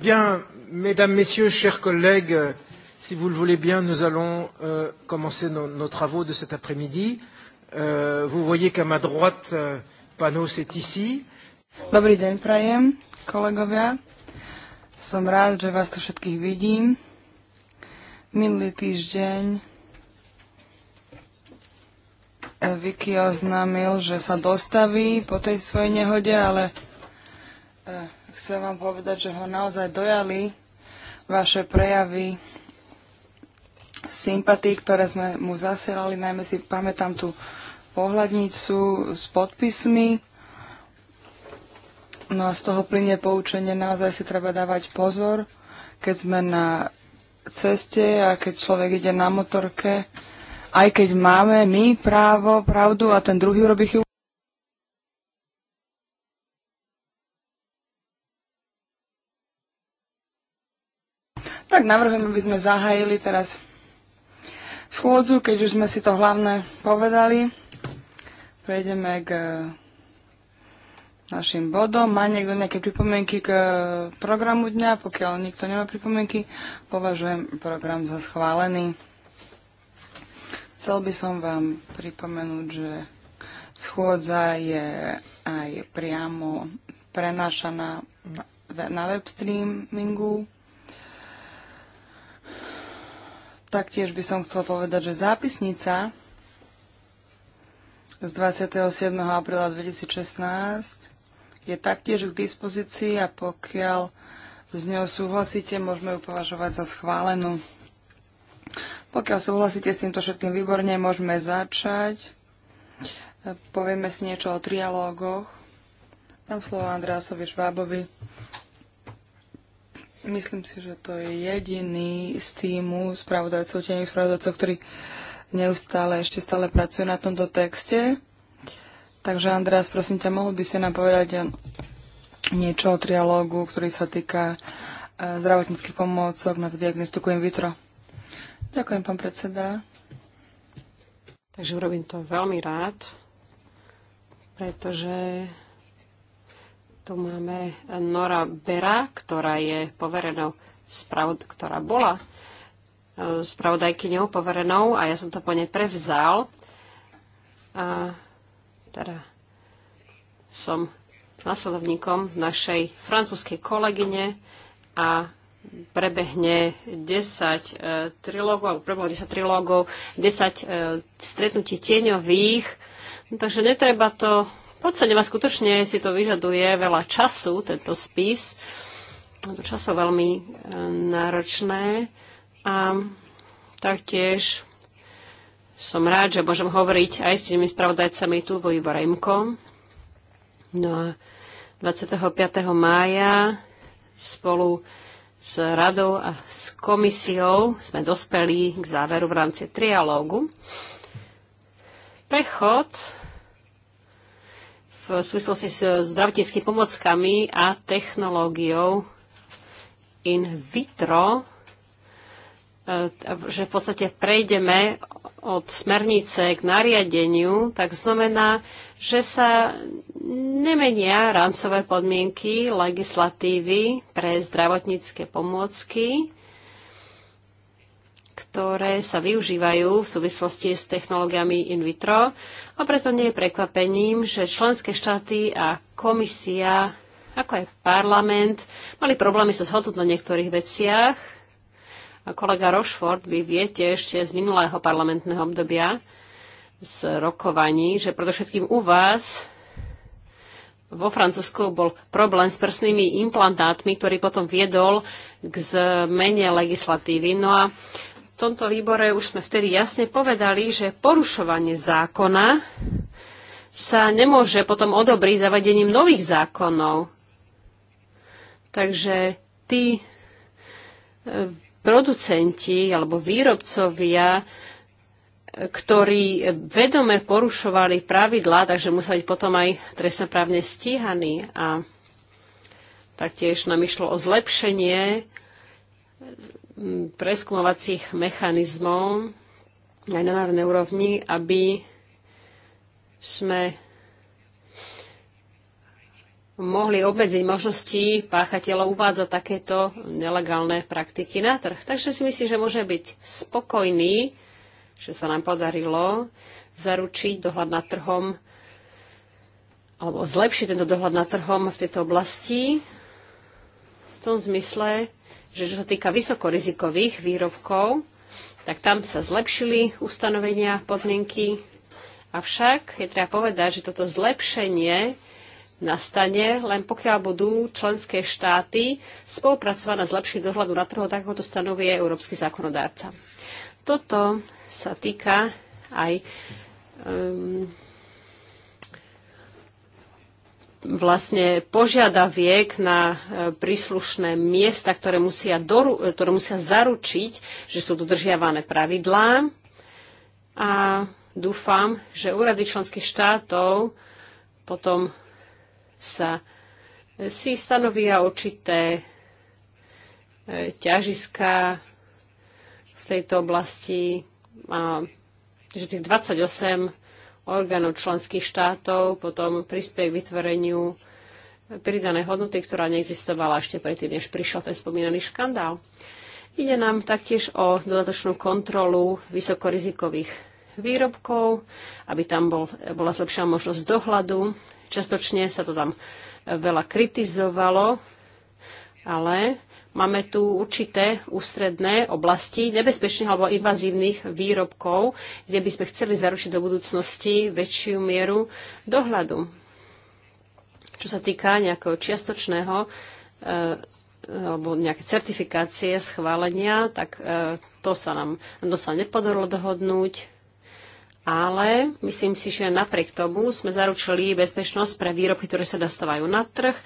Bien, mesdames, messieurs, chers collègues, euh, si vous le voulez bien, nous allons euh, commencer nos, nos travaux de cet après-midi. Euh, vous voyez qu'à ma droite, euh, Panos est ici. Dobrý deň, prajem, kolegovia. Som rád, že vás tu všetkých vidím. Minulý týždeň eh, Vicky oznámil, že sa dostaví po tej svojej nehode, ale eh, chcem vám povedať, že ho naozaj dojali vaše prejavy sympatí, ktoré sme mu zasielali. Najmä si pamätám tú pohľadnicu s podpismi. No a z toho plyne poučenie, naozaj si treba dávať pozor, keď sme na ceste a keď človek ide na motorke, aj keď máme my právo, pravdu a ten druhý robí chybu, tak navrhujem, aby sme zahájili teraz schôdzu, keď už sme si to hlavné povedali. Prejdeme k eh, našim bodom. Má niekto nejaké pripomienky k eh, programu dňa? Pokiaľ nikto nemá pripomienky, považujem program za schválený. Chcel by som vám pripomenúť, že schôdza je aj priamo prenášaná na web streamingu Taktiež by som chcel povedať, že zápisnica z 27. apríla 2016 je taktiež k dispozícii a pokiaľ s ňou súhlasíte, môžeme ju považovať za schválenú. Pokiaľ súhlasíte s týmto všetkým výborne, môžeme začať. Povieme si niečo o trialógoch. Dám slovo Andrásovi Švábovi Myslím si, že to je jediný z týmu spravodajcov, tieňových spravodajcov, ktorý neustále ešte stále pracuje na tomto texte. Takže Andreas, prosím ťa, mohol by si nám povedať niečo o trialógu, ktorý sa týka e, zdravotníckých pomôcok na diagnostiku in vitro. Ďakujem, pán predseda. Takže urobím to veľmi rád, pretože tu máme Nora Bera, ktorá je poverenou spravod- ktorá bola e, spravodajkyňou poverenou a ja som to po nej prevzal. A teda som nasledovníkom našej francúzskej kolegyne a prebehne 10 e, trilógov, alebo prebehlo 10 trilógov, 10 e, stretnutí tieňových. No, takže netreba to podstate ma skutočne si to vyžaduje veľa času, tento spis. Je to časo veľmi e, náročné a taktiež som rád, že môžem hovoriť aj s tými spravodajcami tu vo výbore No a 25. mája spolu s radou a s komisiou sme dospeli k záveru v rámci trialógu. Prechod v súvislosti s zdravotníckými pomockami a technológiou in vitro, e, že v podstate prejdeme od smernice k nariadeniu, tak znamená, že sa nemenia rámcové podmienky legislatívy pre zdravotnícke pomôcky, ktoré sa využívajú v súvislosti s technológiami in vitro a preto nie je prekvapením, že členské štáty a komisia, ako aj parlament, mali problémy sa zhodnúť na niektorých veciach. A kolega Rochford, vy viete ešte z minulého parlamentného obdobia, z rokovaní, že predovšetkým u vás vo Francúzsku bol problém s prsnými implantátmi, ktorý potom viedol k zmene legislatívy. No a tomto výbore už sme vtedy jasne povedali, že porušovanie zákona sa nemôže potom odobriť zavadením nových zákonov. Takže tí e, producenti alebo výrobcovia, e, ktorí vedome porušovali pravidlá, takže museli byť potom aj trestnoprávne stíhaní. A taktiež nám išlo o zlepšenie preskúmovacích mechanizmov aj na národnej úrovni, aby sme mohli obmedziť možnosti páchateľov uvádzať takéto nelegálne praktiky na trh. Takže si myslím, že môže byť spokojný, že sa nám podarilo zaručiť dohľad nad trhom alebo zlepšiť tento dohľad nad trhom v tejto oblasti v tom zmysle, že čo sa týka vysokorizikových výrobkov, tak tam sa zlepšili ustanovenia, podmienky. Avšak je treba povedať, že toto zlepšenie nastane len pokiaľ budú členské štáty spolupracovať na zlepšení dohľadu na trhu, tak ako to stanovuje európsky zákonodárca. Toto sa týka aj um, vlastne požiadaviek na e, príslušné miesta, ktoré musia, doru, ktoré musia zaručiť, že sú dodržiavané pravidlá. A dúfam, že úrady členských štátov potom sa e, si stanovia určité e, ťažiska v tejto oblasti, a, že tých 28 orgánov členských štátov, potom prispieje k vytvoreniu pridanej hodnoty, ktorá neexistovala ešte predtým, než prišiel ten spomínaný škandál. Ide nám taktiež o dodatočnú kontrolu vysokorizikových výrobkov, aby tam bol, bola zlepšená možnosť dohľadu. Častočne sa to tam veľa kritizovalo, ale Máme tu určité ústredné oblasti nebezpečných alebo invazívnych výrobkov, kde by sme chceli zaručiť do budúcnosti väčšiu mieru dohľadu. Čo sa týka nejakého čiastočného eh, alebo nejaké certifikácie, schválenia, tak eh, to sa nám, to sa nepodarilo dohodnúť ale myslím si, že napriek tomu sme zaručili bezpečnosť pre výrobky, ktoré sa dostávajú na trh.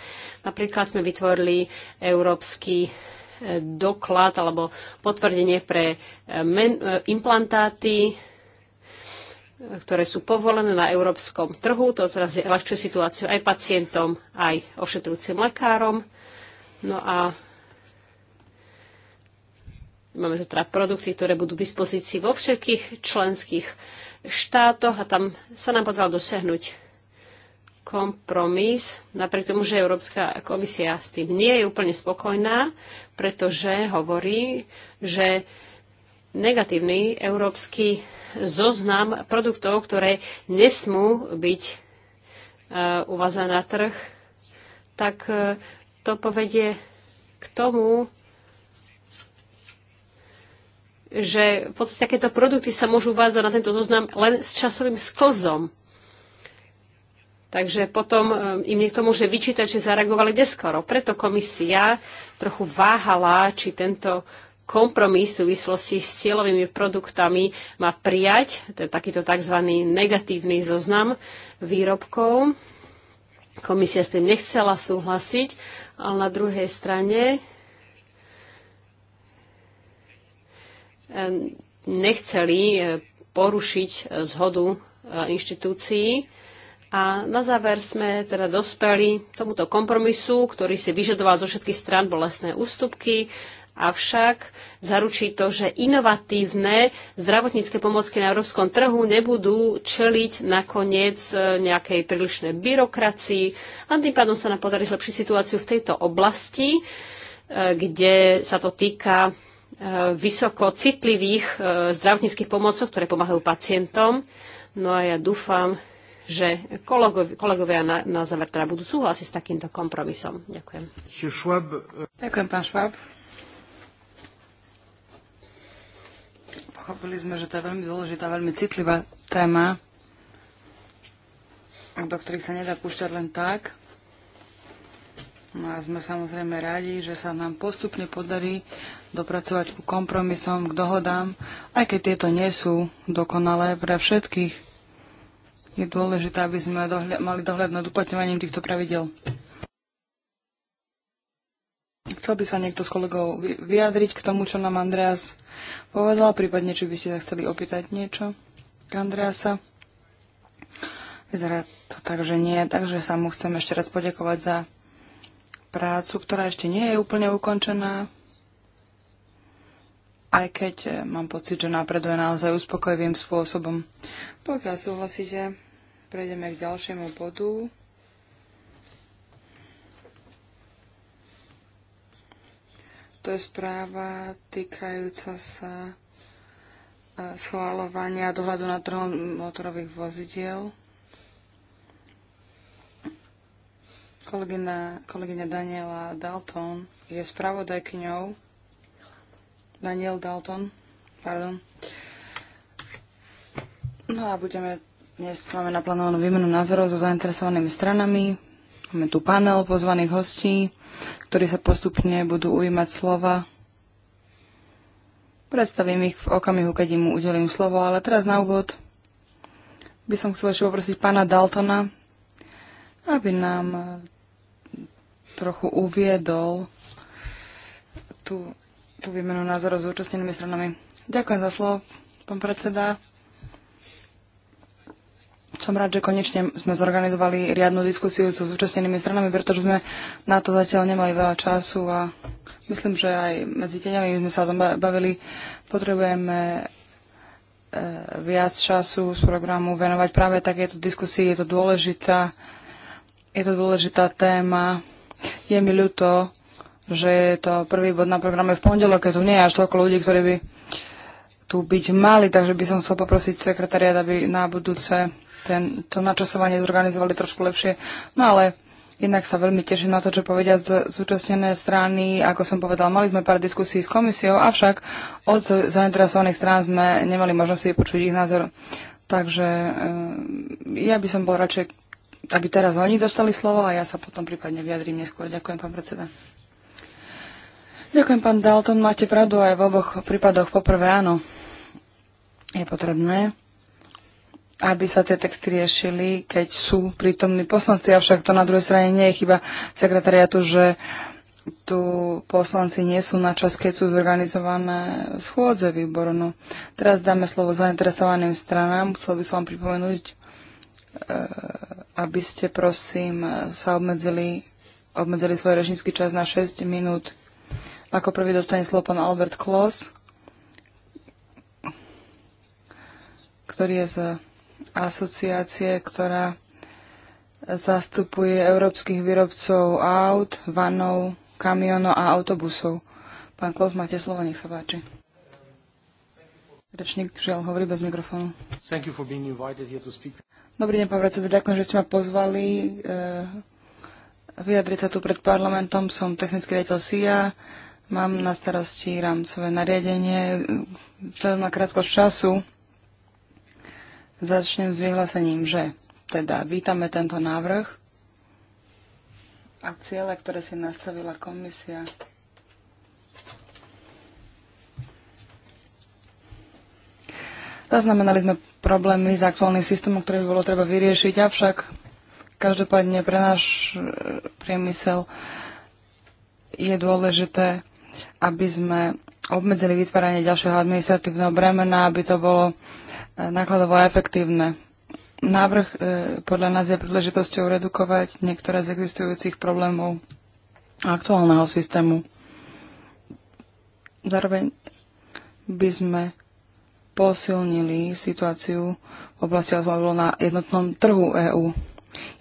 Napríklad sme vytvorili európsky e, doklad alebo potvrdenie pre e, e, implantáty, ktoré sú povolené na európskom trhu. To teraz ľahčuje situáciu aj pacientom, aj ošetrujúcim lekárom. No a máme tu teda produkty, ktoré budú v dispozícii vo všetkých členských štátoch a tam sa nám podarilo dosiahnuť kompromis, napriek tomu, že Európska komisia s tým nie je úplne spokojná, pretože hovorí, že negatívny európsky zoznam produktov, ktoré nesmú byť uvazané e, uvázané na trh, tak e, to povedie k tomu, že v podstate takéto produkty sa môžu uvádzať na tento zoznam len s časovým sklzom. Takže potom e, im niekto môže vyčítať, že zareagovali neskoro. Preto komisia trochu váhala, či tento kompromis v súvislosti s cieľovými produktami má prijať, to je takýto tzv. negatívny zoznam výrobkov. Komisia s tým nechcela súhlasiť, ale na druhej strane nechceli e, porušiť e, zhodu e, inštitúcií. A na záver sme teda dospeli tomuto kompromisu, ktorý si vyžadoval zo všetkých strán bolestné ústupky, avšak zaručí to, že inovatívne zdravotnícke pomocky na európskom trhu nebudú čeliť nakoniec nejakej prílišnej byrokracii a tým pádom sa nám podarí zlepšiť situáciu v tejto oblasti, kde sa to týka E, vysoko citlivých e, zdravotníckých pomocov, ktoré pomáhajú pacientom. No a ja dúfam, že kolegovia na, na záver teda budú súhlasiť s takýmto kompromisom. Ďakujem. E, Ďakujem, pán Schwab. Pochopili sme, že to je veľmi dôležitá, veľmi citlivá téma, do ktorých sa nedá púšťať len tak. No a sme samozrejme radi, že sa nám postupne podarí dopracovať ku kompromisom, k dohodám, aj keď tieto nie sú dokonalé pre všetkých. Je dôležité, aby sme dohľa- mali dohľad nad uplatňovaním týchto pravidel. Chcel by sa niekto z kolegov vyjadriť k tomu, čo nám Andreas povedal, prípadne, či by ste sa chceli opýtať niečo k Andreasa. Vyzerá to tak, že nie, takže sa mu chcem ešte raz poďakovať za prácu, ktorá ešte nie je úplne ukončená, aj keď eh, mám pocit, že napreduje naozaj uspokojivým spôsobom. Pokiaľ súhlasíte, prejdeme k ďalšiemu bodu. To je správa týkajúca sa eh, schváľovania dohľadu na trhom motorových vozidiel. Kolegyňa, kolegyňa Daniela Dalton je spravodajkyňou. Daniel Dalton, pardon. No a budeme dnes máme naplánovanú výmenu názorov so zainteresovanými stranami. Máme tu panel pozvaných hostí, ktorí sa postupne budú ujímať slova. Predstavím ich v okamihu, keď im udelím slovo, ale teraz na úvod by som chcel ešte poprosiť pána Daltona, aby nám trochu uviedol tú, tú výmenu názorov s účastnenými stranami. Ďakujem za slovo, pán predseda. Som rád, že konečne sme zorganizovali riadnu diskusiu so zúčastnenými stranami, pretože sme na to zatiaľ nemali veľa času a myslím, že aj medzi teňami sme sa o tom bavili. Potrebujeme e, viac času z programu venovať práve takéto diskusii. Je to dôležitá, je to dôležitá téma je mi ľúto, že je to prvý bod na programe v pondelok, keď tu nie je až toľko ľudí, ktorí by tu byť mali, takže by som chcel poprosiť sekretariat, aby na budúce ten, to načasovanie zorganizovali trošku lepšie. No ale inak sa veľmi teším na to, čo povedia z, zúčastnené strany. Ako som povedal, mali sme pár diskusí s komisiou, avšak od zainteresovaných strán sme nemali možnosť vypočuť ich názor. Takže eh, ja by som bol radšej, aby teraz oni dostali slovo a ja sa potom prípadne vyjadrím neskôr. Ďakujem, pán predseda. Ďakujem, pán Dalton. Máte pravdu aj v oboch prípadoch. Poprvé, áno, je potrebné, aby sa tie texty riešili, keď sú prítomní poslanci. Avšak to na druhej strane nie je chyba sekretariatu, že tu poslanci nie sú na čas, keď sú zorganizované schôdze výboru. No, teraz dáme slovo zainteresovaným stranám. Chcel by som vám pripomenúť, Eh, aby ste prosím sa obmedzili, obmedzili svoj režimský čas na 6 minút. Ako prvý dostane slovo pán Albert Klos, ktorý je z asociácie, ktorá zastupuje európskych výrobcov aut, vanov, kamionov a autobusov. Pán Klos, máte slovo, nech sa páči. Rečník žiaľ hovorí bez mikrofónu. Dobrý deň, pán predseda, ďakujem, že ste ma pozvali. Eh, vyjadriť sa tu pred parlamentom, som technický riaditeľ SIA, mám na starosti rámcové nariadenie, vzhľadom na krátkosť času. Začnem s vyhlásením, že teda vítame tento návrh a ciele, ktoré si nastavila komisia. Zaznamenali sme problémy s aktuálnym systémom, ktoré by bolo treba vyriešiť, avšak každopádne pre náš e, priemysel je dôležité, aby sme obmedzili vytváranie ďalšieho administratívneho bremena, aby to bolo e, nákladovo efektívne. Návrh e, podľa nás je príležitosťou redukovať niektoré z existujúcich problémov aktuálneho systému. Zároveň by sme posilnili situáciu v oblasti automobilov na jednotnom trhu EÚ.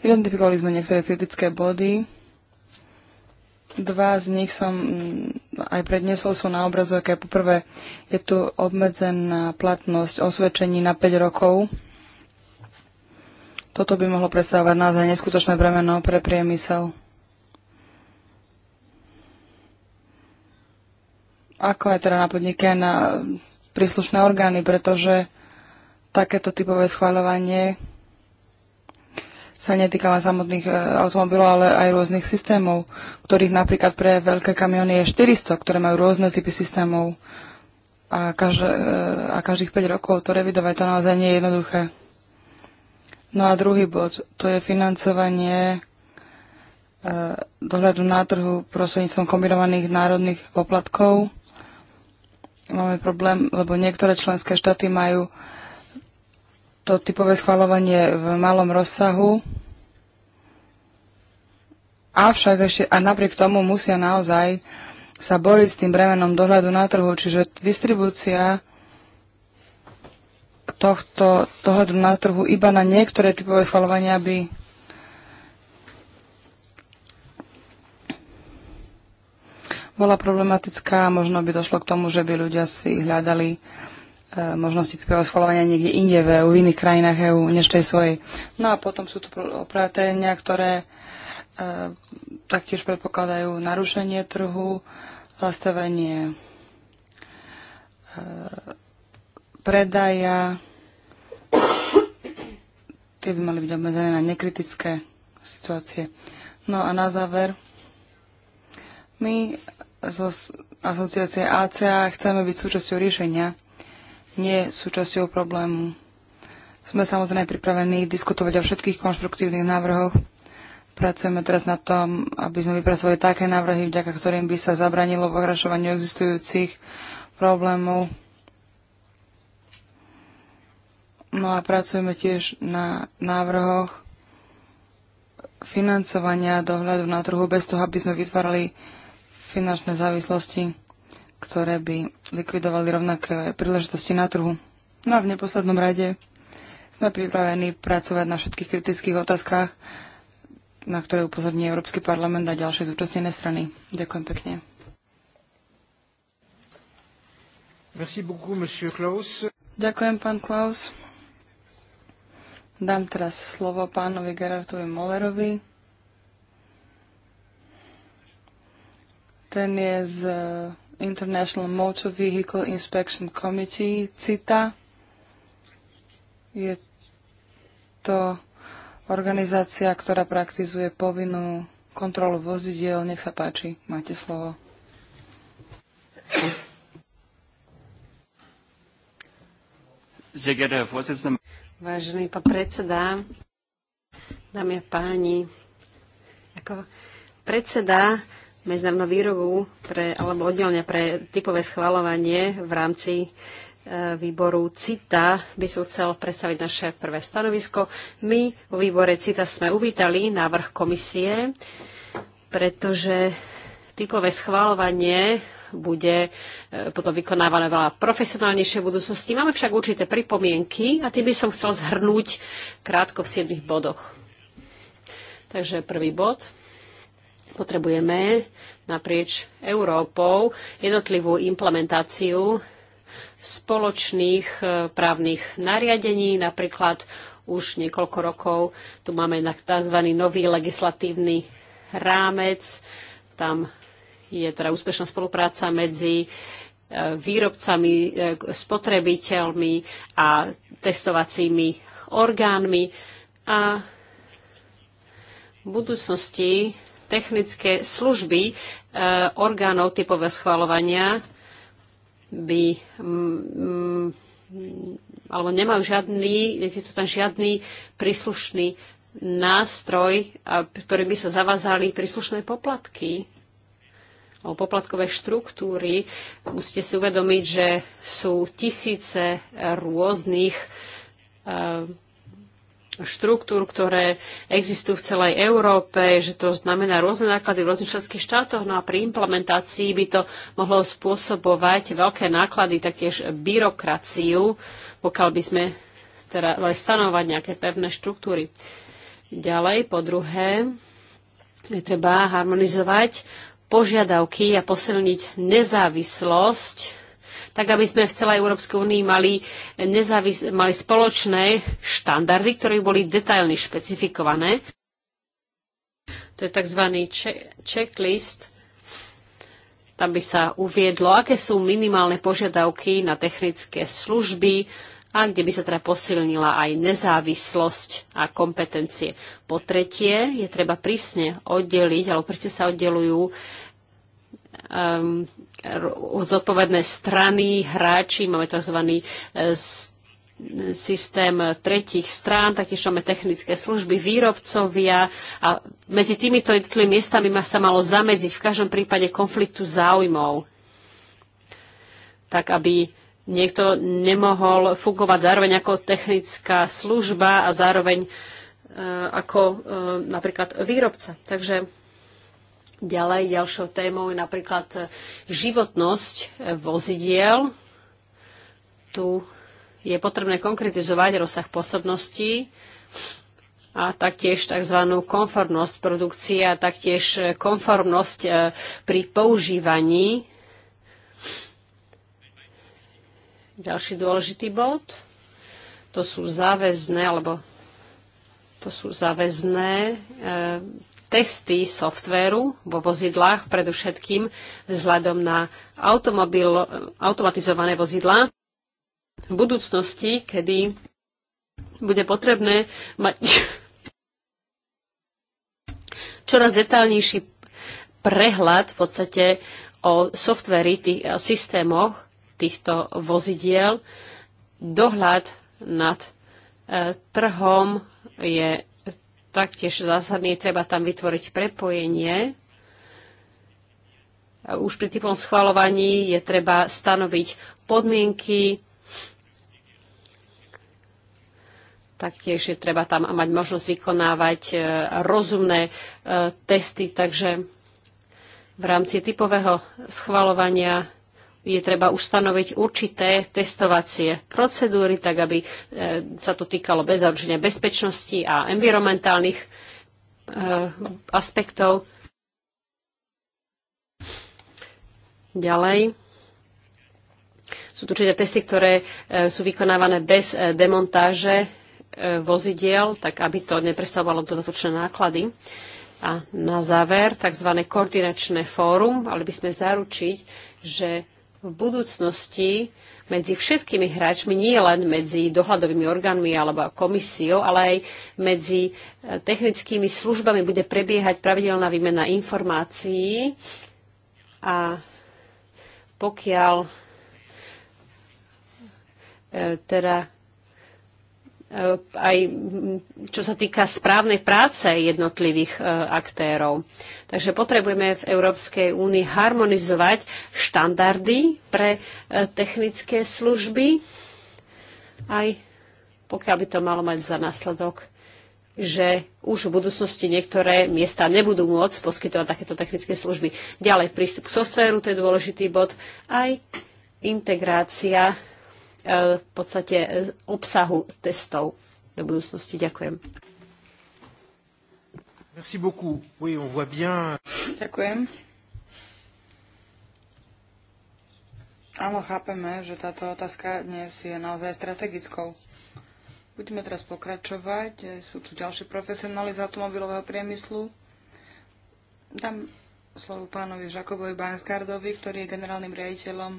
Identifikovali sme niektoré kritické body. Dva z nich som mm, aj prednesol, sú na obrazovke. Poprvé je tu obmedzená platnosť osvedčení na 5 rokov. Toto by mohlo predstavovať naozaj neskutočné bremeno pre priemysel. Ako aj teda na podnike, na príslušné orgány, pretože takéto typové schváľovanie sa netýka len samotných e, automobilov, ale aj rôznych systémov, ktorých napríklad pre veľké kamiony je 400, ktoré majú rôzne typy systémov a, každé, e, a každých 5 rokov to revidovať, to naozaj nie je jednoduché. No a druhý bod, to je financovanie e, dohľadu na trhu prostredníctvom kombinovaných národných poplatkov máme problém, lebo niektoré členské štáty majú to typové schvalovanie v malom rozsahu. Avšak ešte, a napriek tomu musia naozaj sa boriť s tým bremenom dohľadu na trhu, čiže distribúcia tohto dohľadu na trhu iba na niektoré typové schvalovania by bola problematická. Možno by došlo k tomu, že by ľudia si hľadali e, možnosti typového schvalovania niekde inde v EU, v iných krajinách EU, než tej svojej. No a potom sú tu opatrenia, ktoré e, taktiež predpokladajú narušenie trhu, zastavenie e, predaja. Tie by mali byť obmedzené na nekritické situácie. No a na záver my z asociácie ACA chceme byť súčasťou riešenia, nie súčasťou problému. Sme samozrejme pripravení diskutovať o všetkých konštruktívnych návrhoch. Pracujeme teraz na tom, aby sme vypracovali také návrhy, vďaka ktorým by sa zabranilo pohrašovaniu existujúcich problémov. No a pracujeme tiež na návrhoch financovania dohľadu na trhu bez toho, aby sme vytvárali finančné závislosti, ktoré by likvidovali rovnaké príležitosti na trhu. No a v neposlednom rade sme pripravení pracovať na všetkých kritických otázkach, na ktoré upozorní Európsky parlament a ďalšie zúčastnené strany. Ďakujem pekne. Merci beaucoup, monsieur Klaus. Ďakujem, pán Klaus. Dám teraz slovo pánovi Gerardovi Mollerovi Ten je z eh, International Motor Vehicle Inspection Committee, CITA. Je to organizácia, ktorá praktizuje povinnú kontrolu vozidiel. Nech sa páči, máte slovo. Vážený pán predseda, dámy a páni, ako predseda medzinárodnú výrobu pre, alebo oddelenia pre typové schvalovanie v rámci e, výboru CITA by som chcel predstaviť naše prvé stanovisko. My vo výbore CITA sme uvítali návrh komisie, pretože typové schváľovanie bude e, potom vykonávané veľa profesionálnejšie v budúcnosti. Máme však určité pripomienky a tým by som chcel zhrnúť krátko v 7 bodoch. Takže prvý bod Potrebujeme naprieč Európou jednotlivú implementáciu spoločných e, právnych nariadení, napríklad už niekoľko rokov. Tu máme tzv. nový legislatívny rámec. Tam je teda úspešná spolupráca medzi e, výrobcami, e, spotrebiteľmi a testovacími orgánmi. A v budúcnosti technické služby e, orgánov typového schvalovania by alebo nemajú žiadny, neexistuje tam žiadny príslušný nástroj, ktorý by sa zavázali príslušné poplatky o poplatkové štruktúry. Musíte si uvedomiť, že sú tisíce rôznych e, štruktúr, ktoré existujú v celej Európe, že to znamená rôzne náklady v rôznych členských štátoch, no a pri implementácii by to mohlo spôsobovať veľké náklady, taktiež byrokraciu, pokiaľ by sme teda mali stanovať nejaké pevné štruktúry. Ďalej, po druhé, je treba harmonizovať požiadavky a posilniť nezávislosť tak aby sme v celej Európskej únii mali, nezávis- mali spoločné štandardy, ktoré boli detailne špecifikované. To je tzv. checklist. Tam by sa uviedlo, aké sú minimálne požiadavky na technické služby, a kde by sa teda posilnila aj nezávislosť a kompetencie. Po tretie, je treba prísne oddeliť, alebo prísne sa oddelujú um, zodpovedné strany, hráči, máme tzv. E, systém tretich strán, taktiež máme technické služby, výrobcovia a medzi týmito jednotlivými miestami ma sa malo zamedziť v každom prípade konfliktu záujmov, tak aby niekto nemohol fungovať zároveň ako technická služba a zároveň e, ako e, napríklad výrobca. Takže Ďalej, ďalšou témou je napríklad e, životnosť e, vozidiel. Tu je potrebné konkretizovať rozsah pôsobnosti a taktiež tzv. konformnosť produkcie a taktiež e, konformnosť pri používaní. Ďalší dôležitý bod, to sú záväzné, alebo to sú záväzné testy softvéru vo vozidlách, predovšetkým vzhľadom na automobil, automatizované vozidlá. V budúcnosti, kedy bude potrebné mať čoraz detálnejší prehľad v podstate o softvery, tých, o systémoch týchto vozidiel. Dohľad nad e, trhom je taktiež zásadný, treba tam vytvoriť prepojenie. Už pri typom schvalovaní je treba stanoviť podmienky, taktiež je treba tam mať možnosť vykonávať e, rozumné e, testy, takže v rámci typového schvalovania je treba ustanoviť určité testovacie procedúry, tak aby e, sa to týkalo bez zaručenia bezpečnosti a environmentálnych e, aspektov. Ďalej. Sú tu určité testy, ktoré e, sú vykonávané bez demontáže vozidiel, tak aby to neprestavovalo dodatočné náklady. A na záver tzv. koordinačné fórum, ale by sme zaručiť, že v budúcnosti medzi všetkými hráčmi, nie len medzi dohľadovými orgánmi alebo komisiou, ale aj medzi e, technickými službami bude prebiehať pravidelná výmena informácií a pokiaľ e, teda Eh, aj mm, čo sa týka správnej práce jednotlivých eh, aktérov. Takže potrebujeme v Európskej únii harmonizovať štandardy pre eh, technické služby, aj pokiaľ by to malo mať za následok že už v budúcnosti niektoré miesta nebudú môcť poskytovať takéto technické služby. Ďalej prístup k softvéru, to je dôležitý bod, aj integrácia E, v podstate e, obsahu testov do budúcnosti. Ďakujem. Merci beaucoup. Oui, on voit bien. Ďakujem. Áno, chápeme, že táto otázka dnes je naozaj strategickou. Budeme teraz pokračovať. Sú tu ďalší profesionáli z automobilového priemyslu. Dám slovo pánovi Žakobovi Banskardovi, ktorý je generálnym riaditeľom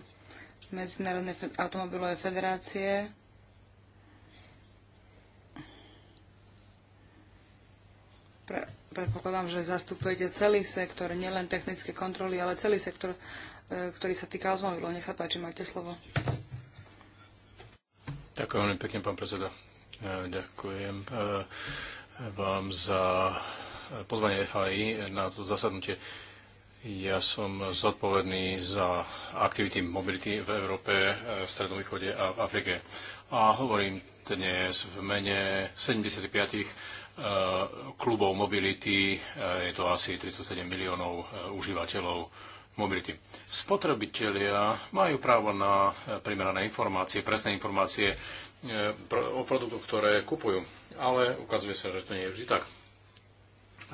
Medzinárodnej automobilovej federácie. Pre, predpokladám, že zastupujete celý sektor, nielen technické kontroly, ale celý sektor, e, ktorý sa týka automobilov. Nech sa páči, máte slovo. Ďakujem veľmi pekne, pán predseda. E, ďakujem e, vám za pozvanie FAI na to zasadnutie. Ja som zodpovedný za aktivity mobility v Európe, e, v Strednom východe a v Afrike. A hovorím dnes v mene 75 e, klubov mobility, e, je to asi 37 miliónov užívateľov mobility. Spotrebitelia majú právo na primerané informácie, presné informácie o produktoch, ktoré kupujú. Ale ukazuje sa, že to nie je vždy tak.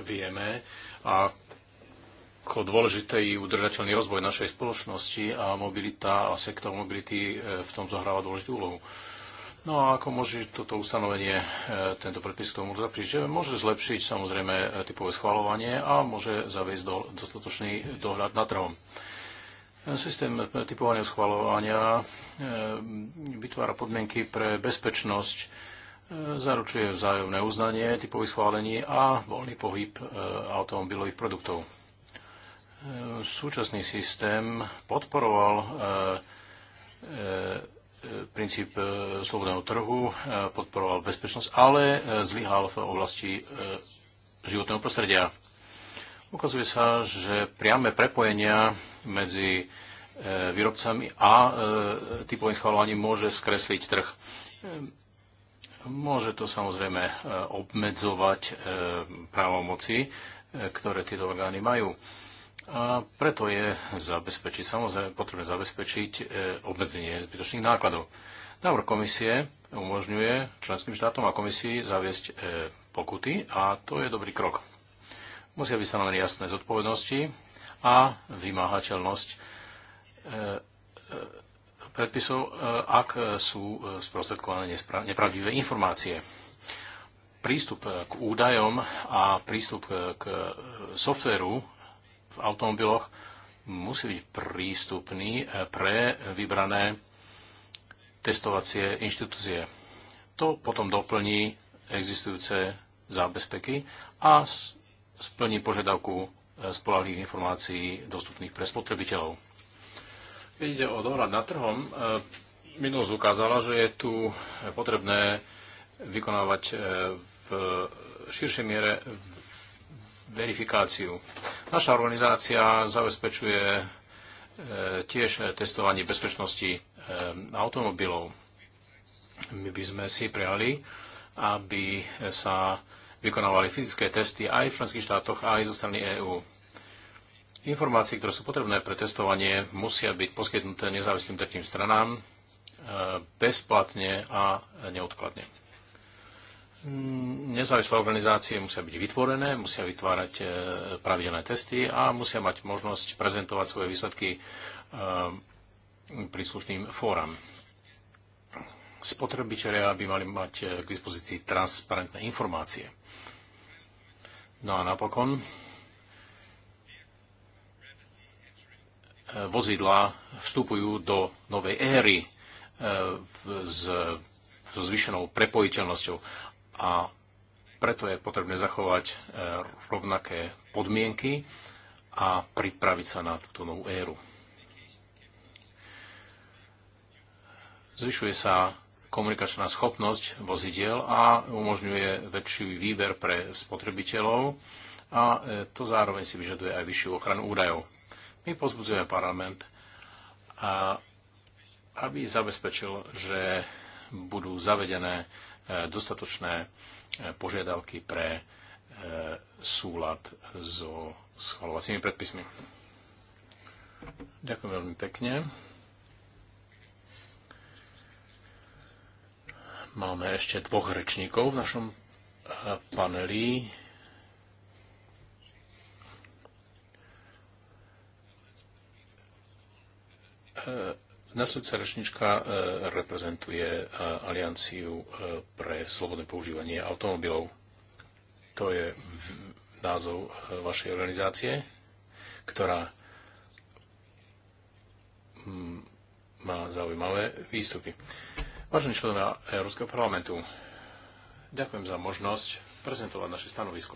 Vieme, a ako dôležitý udržateľný rozvoj našej spoločnosti a mobilita a sektor mobility e, v tom zohráva dôležitú úlohu. No a ako môže toto ustanovenie, e, tento predpis k tomu zapríšť? Môže zlepšiť samozrejme e, typové schvalovanie a môže zaviesť do, dostatočný dohľad nad trhom. Systém typovania schvalovania vytvára podmienky pre bezpečnosť zaručuje vzájomné uznanie, typových schválení a voľný pohyb automobilových produktov súčasný systém podporoval e, e, e, princíp slobodného trhu, podporoval bezpečnosť, ale zlyhal v oblasti životného prostredia. Ukazuje sa, že priame prepojenia medzi výrobcami a typovým schválovaním môže skresliť trh. Môže to samozrejme obmedzovať právomoci, ktoré tieto orgány majú. A preto je zabezpečiť, samozrejme potrebné zabezpečiť e, obmedzenie zbytočných nákladov. Návrh komisie umožňuje členským štátom a komisii zaviesť e, pokuty a to je dobrý krok. Musia byť stanovené jasné zodpovednosti a vymáhateľnosť e, predpisov, ak sú sprostredkované nepravdivé informácie prístup k údajom a prístup k softveru v automobiloch musí byť prístupný eh, pre vybrané testovacie inštitúcie. To potom doplní existujúce zábezpeky a splní požiadavku eh, spolahlivých informácií dostupných pre spotrebiteľov. Keď ide o dohľad nad trhom, eh, minulosť ukázala, že je tu potrebné vykonávať v širšej miere verifikáciu. Naša organizácia zabezpečuje e, tiež e, testovanie bezpečnosti e, automobilov. My by sme si prijali, aby sa vykonávali fyzické testy aj v členských štátoch, aj zo strany EÚ. Informácie, ktoré sú potrebné pre testovanie, musia byť poskytnuté nezávislým tretím stranám bezplatne a neodkladne. Mm, nezávislé organizácie musia byť vytvorené, musia vytvárať e, pravidelné testy a musia mať možnosť prezentovať svoje výsledky e, príslušným fóram. Spotrebitelia by mali mať e, k dispozícii transparentné informácie. No a napokon vozidlá vstupujú do novej éry s zvyšenou prepojiteľnosťou a preto je potrebné zachovať e, rovnaké podmienky a pripraviť sa na túto novú éru. Zvyšuje sa komunikačná schopnosť vozidiel a umožňuje väčší výber pre spotrebiteľov a e, to zároveň si vyžaduje aj vyššiu ochranu údajov. My pozbudzujeme parlament, aby zabezpečil, že budú zavedené dostatočné e, požiadavky pre e, súlad so schvalovacími predpismi. Ďakujem veľmi pekne. Máme ešte dvoch rečníkov v našom e, paneli. Uh... Nasledujúca rečnička e, reprezentuje e, Alianciu e, pre slobodné používanie automobilov. To je názov vašej organizácie, ktorá mm, má zaujímavé výstupy. Vážení členovia Európskeho parlamentu, ďakujem za možnosť prezentovať naše stanovisko.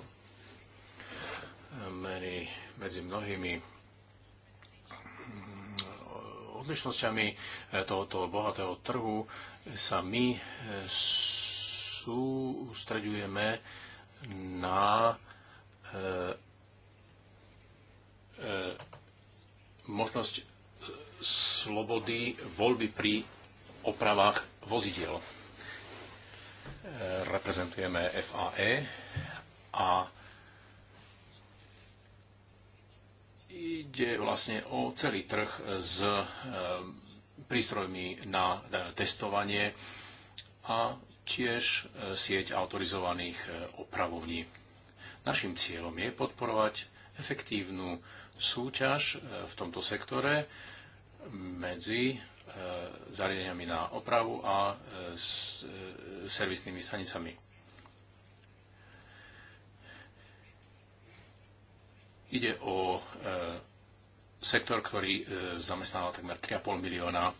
medzi mnohými odlišnosťami e, tohoto bohatého trhu sa my e, sústreďujeme na e, možnosť slobody voľby pri opravách vozidiel. Reprezentujeme FAE a ide vlastne o celý trh s e, prístrojmi na e, testovanie a tiež e, sieť autorizovaných opravovní. Našim cieľom je podporovať efektívnu súťaž v tomto sektore medzi zariadeniami na opravu a servisnými stanicami. Ide o e, sektor, ktorý e, zamestnáva takmer 3,5 milióna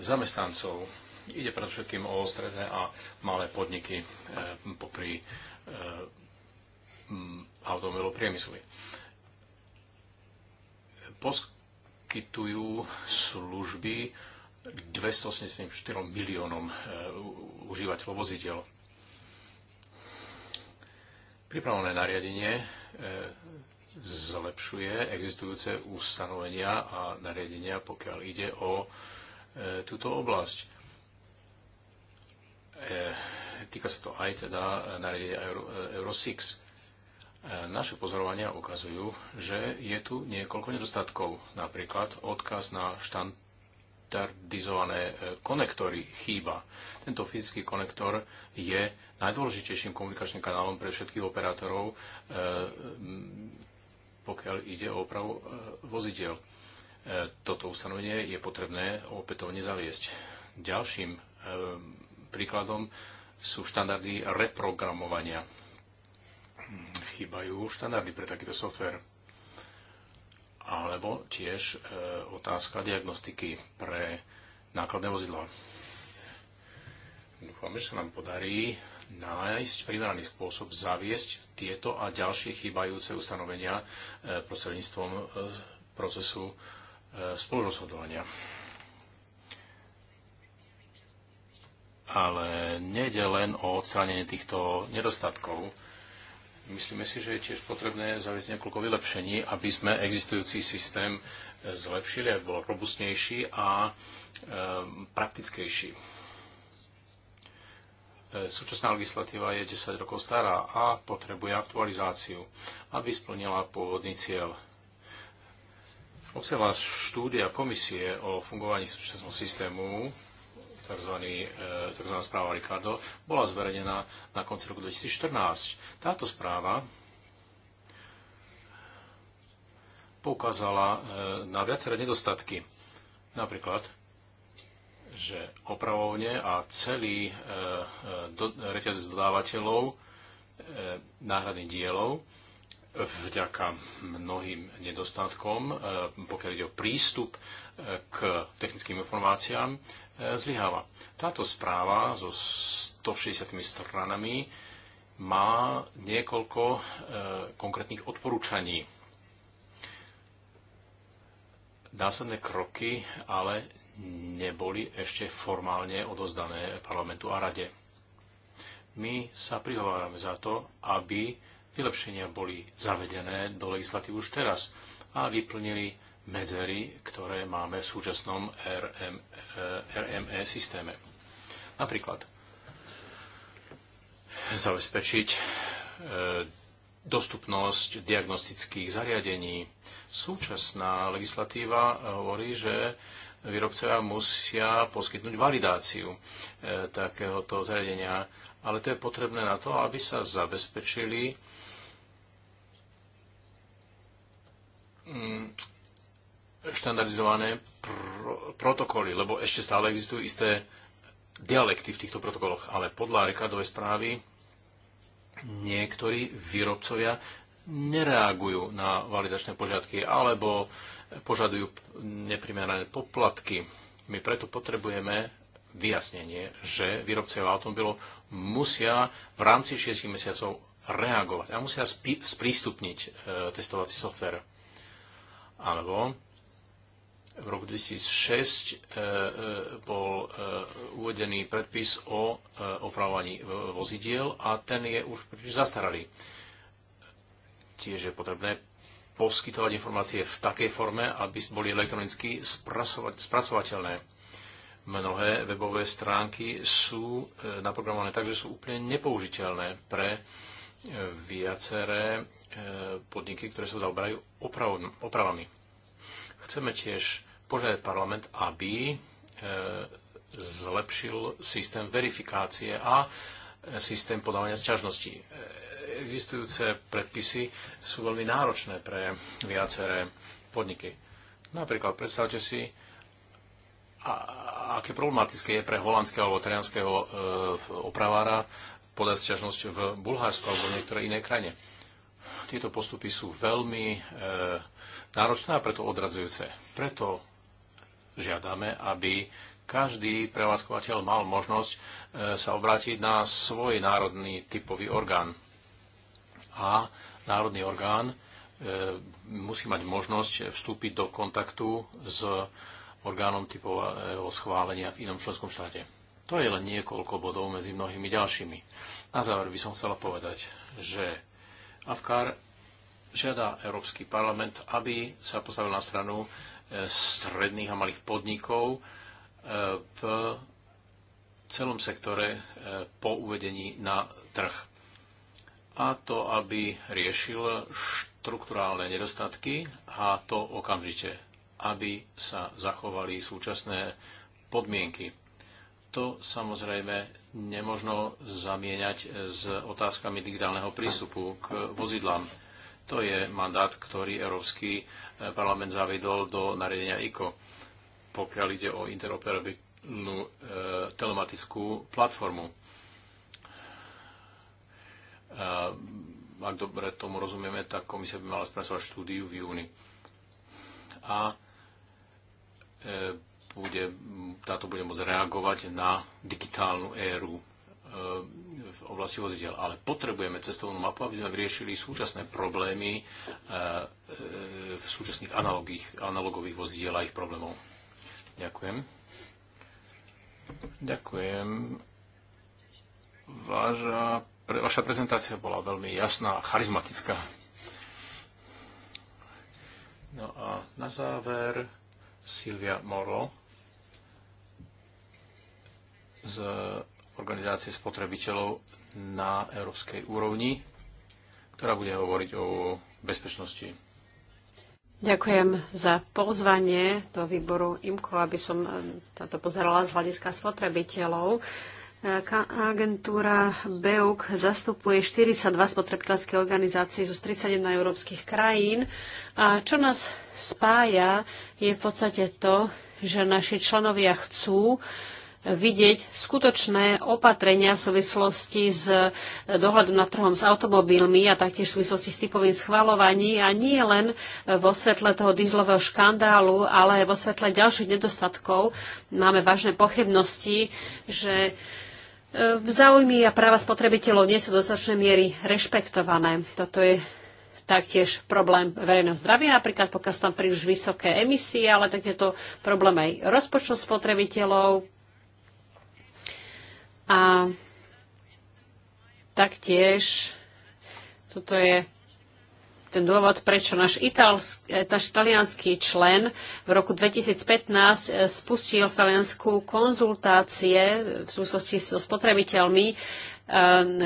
zamestnancov. Ide predovšetkým o stredné a malé podniky e, popri automobilov priemyslu. Poskytujú služby 284 miliónom užívateľov vozidel. Pripravené nariadenie zlepšuje existujúce ustanovenia a nariadenia, pokiaľ ide o e, túto oblasť. E, týka sa to aj teda nariadenia Euro, e, Euro 6. E, naše pozorovania ukazujú, že je tu niekoľko nedostatkov. Napríklad odkaz na štandardizované e, konektory chýba. Tento fyzický konektor je najdôležitejším komunikačným kanálom pre všetkých operátorov pokiaľ ide o opravu e, vozidiel. E, toto ustanovenie je potrebné opätovne zaviesť. Ďalším e, príkladom sú štandardy reprogramovania. Chýbajú štandardy pre takýto software. Alebo tiež otázka diagnostiky pre nákladné vozidla. Dúfam, že sa nám podarí nájsť primeraný spôsob zaviesť tieto a ďalšie chýbajúce ustanovenia e, prostredníctvom e, procesu e, spolurozhodovania. Ale nejde len o odstránenie týchto nedostatkov. Myslíme si, že je tiež potrebné zaviesť niekoľko vylepšení, aby sme existujúci systém zlepšili, aby bol robustnejší a praktickejší. E, súčasná legislatíva je 10 rokov stará a potrebuje aktualizáciu, aby splnila pôvodný cieľ. Obsahová štúdia komisie o fungovaní súčasného systému, tzv. E, tzv. správa Ricardo, bola zverejnená na konci roku 2014. Táto správa poukázala e, na viaceré nedostatky. Napríklad že opravovne a celý e, e, do, reťazec dodávateľov e, náhradných dielov vďaka mnohým nedostatkom, pokiaľ ide o prístup k technickým informáciám, zlyháva. Táto správa so 160 stranami má niekoľko konkrétnych odporúčaní. Následné kroky ale neboli ešte formálne odozdané parlamentu a rade. My sa prihovárame za to, aby vylepšenia boli zavedené do legislatívy už teraz a vyplnili medzery, ktoré máme v súčasnom RM, RME systéme. Napríklad zabezpečiť e, dostupnosť diagnostických zariadení. Súčasná legislatíva hovorí, že výrobcovia musia poskytnúť validáciu e, takéhoto zariadenia. Ale to je potrebné na to, aby sa zabezpečili mm, štandardizované pr- protokoly, lebo ešte stále existujú isté dialekty v týchto protokoloch, ale podľa rekádovej správy niektorí výrobcovia nereagujú na validačné požiadky alebo požadujú neprimerané poplatky. My preto potrebujeme vyjasnenie, že výrobcovia automobilov musia v rámci 6 mesiacov reagovať a musia sprístupniť e, testovací software. Alebo v roku 2006 e, e, bol uvedený predpis o opravovaní vozidiel a ten je už príliš zastaralý. Tiež je potrebné poskytovať informácie v takej forme, aby boli elektronicky spracovateľné. Mnohé webové stránky sú e, naprogramované tak, že sú úplne nepoužiteľné pre e, viaceré e, podniky, ktoré sa zaoberajú opravami. Chceme tiež požiadať parlament, aby zlepšil systém verifikácie a systém podávania sťažností existujúce predpisy sú veľmi náročné pre viaceré podniky. Napríklad predstavte si, a, aké problematické je pre holandského alebo trianského e, opravára podať sťažnosť v Bulharsku alebo v niektorej inej krajine. Tieto postupy sú veľmi e, náročné a preto odradzujúce. Preto žiadame, aby každý prevádzkovateľ mal možnosť e, sa obrátiť na svoj národný typový orgán a národný orgán e, musí mať možnosť vstúpiť do kontaktu s orgánom typového schválenia v inom členskom štáte. To je len niekoľko bodov medzi mnohými ďalšími. Na záver by som chcela povedať, že Afkar žiada Európsky parlament, aby sa postavil na stranu e, stredných a malých podnikov e, v celom sektore po uvedení na trh a to, aby riešil štrukturálne nedostatky a to okamžite, aby sa zachovali súčasné podmienky. To samozrejme nemožno zamieňať s otázkami digitálneho prístupu k vozidlám. To je mandát, ktorý Európsky eh, parlament zavedol do nariadenia ICO, pokiaľ ide o interoperabilitu eh, telematickú platformu Ehm, ak dobre tomu rozumieme, tak komisia by mala spracovať štúdiu v júni. A e, bude, táto bude môcť reagovať na digitálnu éru e, v oblasti vozidel. Ale potrebujeme cestovnú mapu, aby sme vyriešili súčasné problémy v e, súčasných analogových vozidiel a ich problémov. Ďakujem. Ďakujem. Váža vaša prezentácia bola veľmi jasná a charizmatická. No a na záver Silvia Morlo z organizácie spotrebiteľov na európskej úrovni, ktorá bude hovoriť o bezpečnosti. Ďakujem za pozvanie do výboru IMKO, aby som eh, táto pozerala z hľadiska spotrebiteľov. Agentúra BEUK zastupuje 42 spotrebiteľské organizácie zo 31 európskych krajín. A čo nás spája, je v podstate to, že naši členovia chcú vidieť skutočné opatrenia v súvislosti s dohľadom nad trhom s automobilmi a taktiež v súvislosti s typovým schvalovaním a nie len vo svetle toho dýzlového škandálu, ale aj vo svetle ďalších nedostatkov. Máme vážne pochybnosti, že v záujmy a práva spotrebiteľov nie sú do dostatočnej miery rešpektované. Toto je taktiež problém verejného zdravia, napríklad pokiaľ sú tam príliš vysoké emisie, ale tak je to problém aj rozpočtu spotrebiteľov. A taktiež toto je ten dôvod, prečo náš, eh, náš talianský člen v roku 2015 eh, spustil v Taliansku konzultácie eh, v súvislosti so spotrebiteľmi,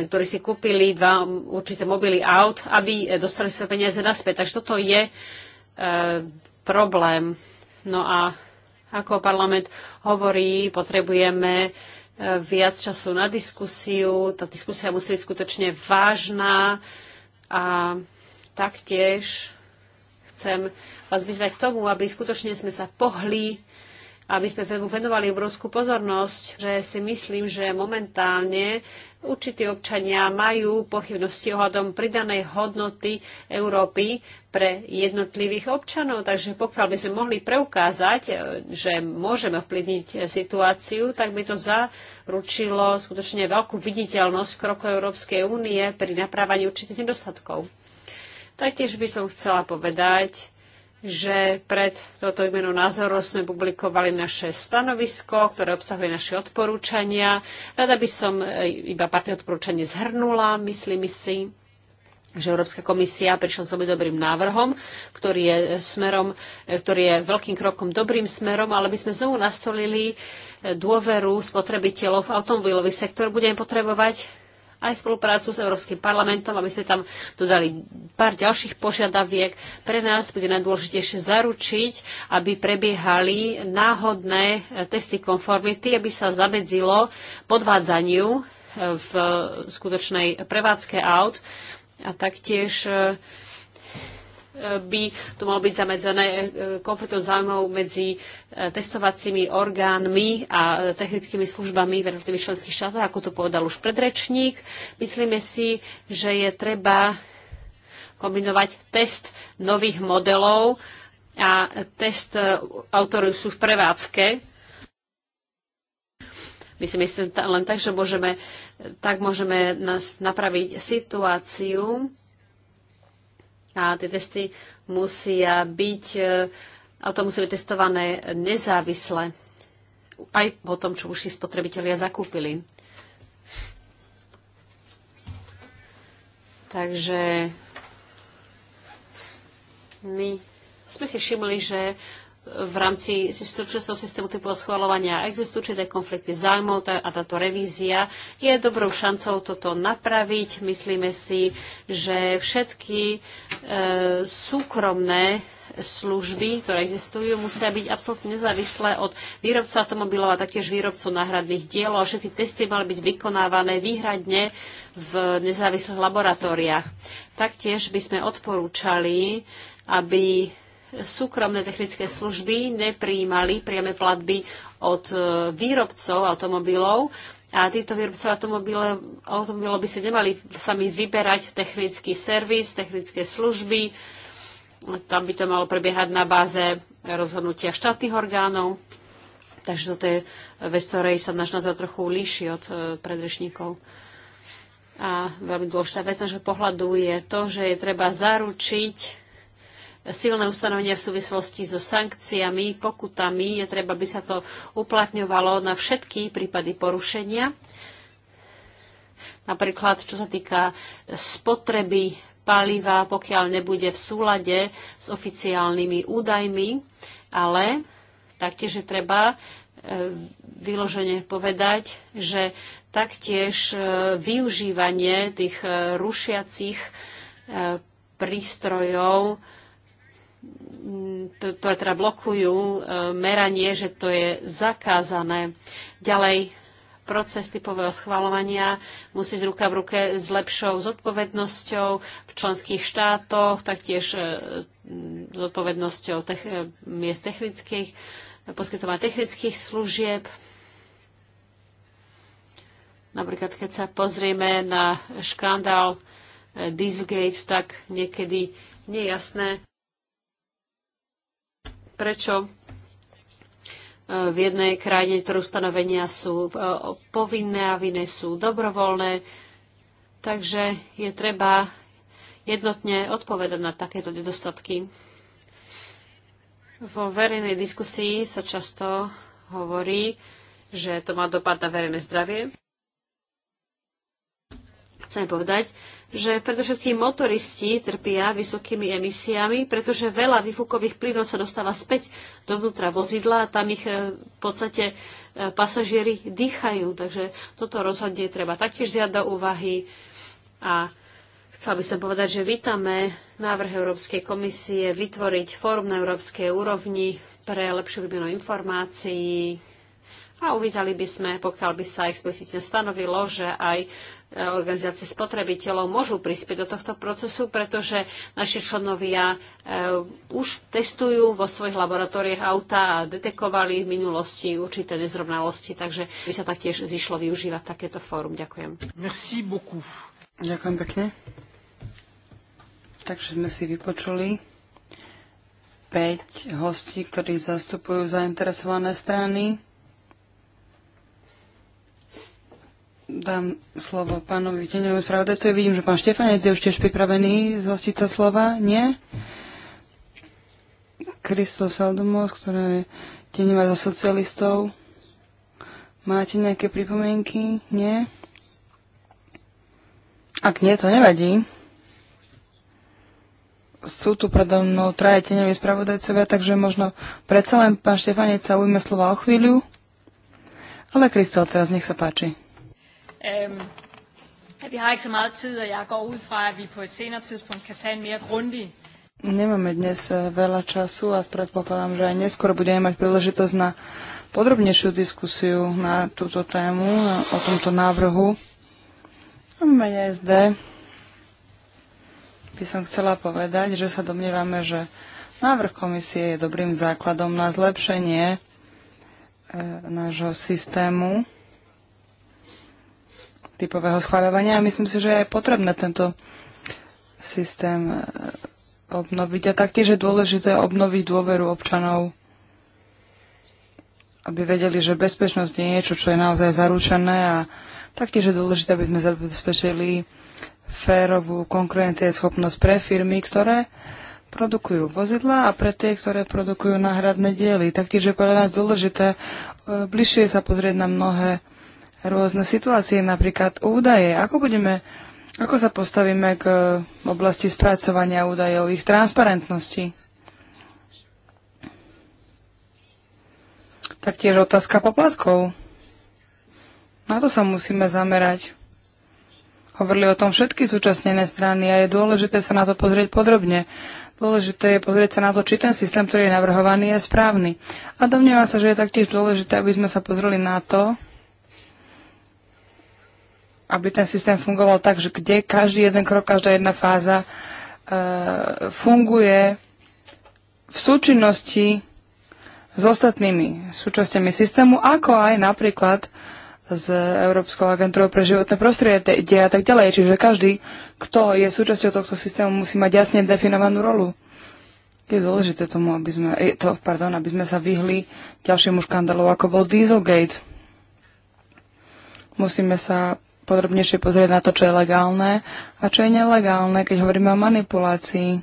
ktorí si kúpili dva určité mobily aut, aby dostali svoje peniaze naspäť. Takže toto je problém. No a ako parlament hovorí, potrebujeme viac času na diskusiu. Tá diskusia musí byť skutočne vážna a Taktiež chcem vás vyzvať k tomu, aby skutočne sme sa pohli, aby sme mu venovali obrovskú pozornosť, že si myslím, že momentálne určití občania majú pochybnosti ohľadom pridanej hodnoty Európy pre jednotlivých občanov. Takže pokiaľ by sme mohli preukázať, e, že môžeme vplyvniť situáciu, tak by to zaručilo skutočne veľkú viditeľnosť krokov Európskej únie pri naprávaní určitých nedostatkov. Taktiež by som chcela povedať, že pred toto imenu názoru sme publikovali naše stanovisko, ktoré obsahuje naše odporúčania. Rada by som e, iba pár odporúčanie zhrnula, myslím si že Európska komisia prišla s veľmi dobrým návrhom, ktorý je, smerom, e, ktorý je veľkým krokom dobrým smerom, ale my sme znovu nastolili e, dôveru spotrebiteľov v automobilový sektor. Budeme potrebovať aj spoluprácu s Európskym parlamentom, aby sme tam dodali pár ďalších požiadaviek. Pre nás bude najdôležitejšie zaručiť, aby prebiehali náhodné eh, testy konformity, aby sa zamedzilo podvádzaniu eh, v skutočnej prevádzke aut a taktiež eh, by tu malo byť zamedzené e, konfliktom záujmov medzi e, testovacími orgánmi a e, technickými službami v jednotlivých členských štátoch, ako to povedal už predrečník. Myslíme si, že je treba kombinovať test nových modelov a test autorov sú v prevádzke. My si myslím len tak, že môžeme, tak môžeme napraviť situáciu, a tie testy musia byť, e, a to musí byť testované nezávisle, aj po tom, čo už si spotrebitelia zakúpili. Takže my sme si všimli, že v rámci súčasného systému typu schvalovania existujú určité konflikty zájmov a táto revízia je dobrou šancou toto napraviť. Myslíme si, že všetky e, súkromné služby, ktoré existujú, musia byť absolútne nezávislé od výrobca automobilov a taktiež výrobcov náhradných dielov a všetky testy mali byť vykonávané výhradne v nezávislých laboratóriách. Taktiež by sme odporúčali, aby súkromné technické služby neprijímali priame platby od e, výrobcov automobilov a títo výrobcov automobilov, by si nemali sami vyberať technický servis, technické služby. Tam by to malo prebiehať na báze rozhodnutia štátnych orgánov. Takže toto je vec, ktorej sa náš názor trochu líši od e, predrečníkov. A veľmi dôležitá vec nášho pohľadu je to, že je treba zaručiť silné ustanovenia v súvislosti so sankciami, pokutami. Je treba, aby sa to uplatňovalo na všetky prípady porušenia. Napríklad, čo sa týka spotreby paliva, pokiaľ nebude v súlade s oficiálnymi údajmi, ale taktiež je treba e, vyložene povedať, že taktiež e, využívanie tých e, rušiacich prístrojov ktoré teda blokujú e, meranie, že to je zakázané. Ďalej, proces typového schvalovania musí z ruka v ruke s lepšou zodpovednosťou v členských štátoch, taktiež e, zodpovednosťou tech, e, miest technických, poskytovania technických služieb. Napríklad, keď sa pozrieme na škandál Dieselgate, tak niekedy nie je jasné, prečo e, v jednej krajine ktoré ustanovenia sú e, povinné a v inej sú dobrovoľné. Takže je treba jednotne odpovedať na takéto nedostatky. Vo verejnej diskusii sa často hovorí, že to má dopad na verejné zdravie. Chcem povedať, že predovšetkým motoristi trpia vysokými emisiami, pretože veľa výfukových plynov sa dostáva späť dovnútra vozidla a tam ich e, v podstate e, pasažieri dýchajú. Takže toto rozhodne treba taktiež zjať do úvahy. A chcel by som povedať, že vítame návrh Európskej komisie vytvoriť fórum na európskej úrovni pre lepšiu výmenu informácií, a uvítali by sme, pokiaľ by sa explicitne stanovilo, že aj organizácie spotrebiteľov môžu prispieť do tohto procesu, pretože naši členovia e, už testujú vo svojich laboratóriách auta a detekovali v minulosti určité nezrovnalosti, takže by sa taktiež zišlo využívať takéto fórum. Ďakujem. Merci beaucoup. Ďakujem pekne. Takže sme si vypočuli 5 hostí, ktorí zastupujú zainteresované strany. dám slovo pánovi Teňovi spravodajcovi. Vidím, že pán Štefanec je už tiež pripravený zhostiť sa slova. Nie? Kristof Saldomos, ktorá je Teňová za socialistov. Máte nejaké pripomienky? Nie? Ak nie, to nevadí. Sú tu predo mnou traje teňoví spravodajcovia, takže možno predsa len pán Štefanec sa ujme slova o chvíľu. Ale Kristel, teraz nech sa páči. Øhm, vi har ikke så meget tid, og jeg går ud fra, at vi på et senere tidspunkt kan tage en mere grundig Nemáme dnes eh, veľa času a predpokladám, že aj neskôr budeme mať príležitosť na podrobnejšiu diskusiu na túto tému, eh, o tomto návrhu. Mene SD by som chcela povedať, že sa domnievame, že návrh komisie je dobrým základom na zlepšenie eh, nášho systému typového schváľovania a myslím si, že je potrebné tento systém e, obnoviť. A taktiež je dôležité obnoviť dôveru občanov, aby vedeli, že bezpečnosť je niečo, čo je naozaj zaručené a taktiež je dôležité, aby sme zabezpečili férovú konkurencieschopnosť pre firmy, ktoré produkujú vozidla a pre tie, ktoré produkujú náhradné diely. Taktiež je pre nás dôležité e, bližšie sa pozrieť na mnohé rôzne situácie, napríklad údaje. Ako budeme, ako sa postavíme k oblasti spracovania údajov, ich transparentnosti? Taktiež otázka poplatkov. Na to sa musíme zamerať. Hovorili o tom všetky súčasnené strany a je dôležité sa na to pozrieť podrobne. Dôležité je pozrieť sa na to, či ten systém, ktorý je navrhovaný, je správny. A domnieva sa, že je taktiež dôležité, aby sme sa pozreli na to, aby ten systém fungoval tak, že kde každý jeden krok, každá jedna fáza e, funguje v súčinnosti s ostatnými súčasťami systému, ako aj napríklad s Európskou agentúrou pre životné prostredie a tak ďalej. Čiže každý, kto je súčasťou tohto systému, musí mať jasne definovanú rolu. Je dôležité tomu, aby sme, e, to, pardon, aby sme sa vyhli ďalšiemu škandalu, ako bol Dieselgate. Musíme sa podrobnejšie pozrieť na to, čo je legálne a čo je nelegálne, keď hovoríme o manipulácii.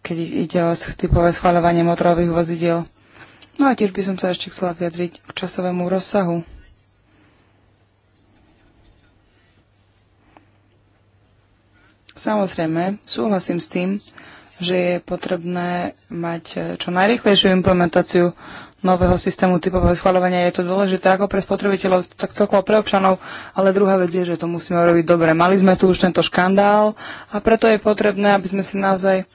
Keď ide o typové schváľovanie motorových vozidiel. No a tiež by som sa ešte chcela vyjadriť k časovému rozsahu. Samozrejme, súhlasím s tým, že je potrebné mať čo najrychlejšiu implementáciu nového systému typového schvaľovania je to dôležité ako pre spotrebiteľov, tak celkovo pre občanov, ale druhá vec je, že to musíme urobiť dobre. Mali sme tu už tento škandál a preto je potrebné, aby sme si naozaj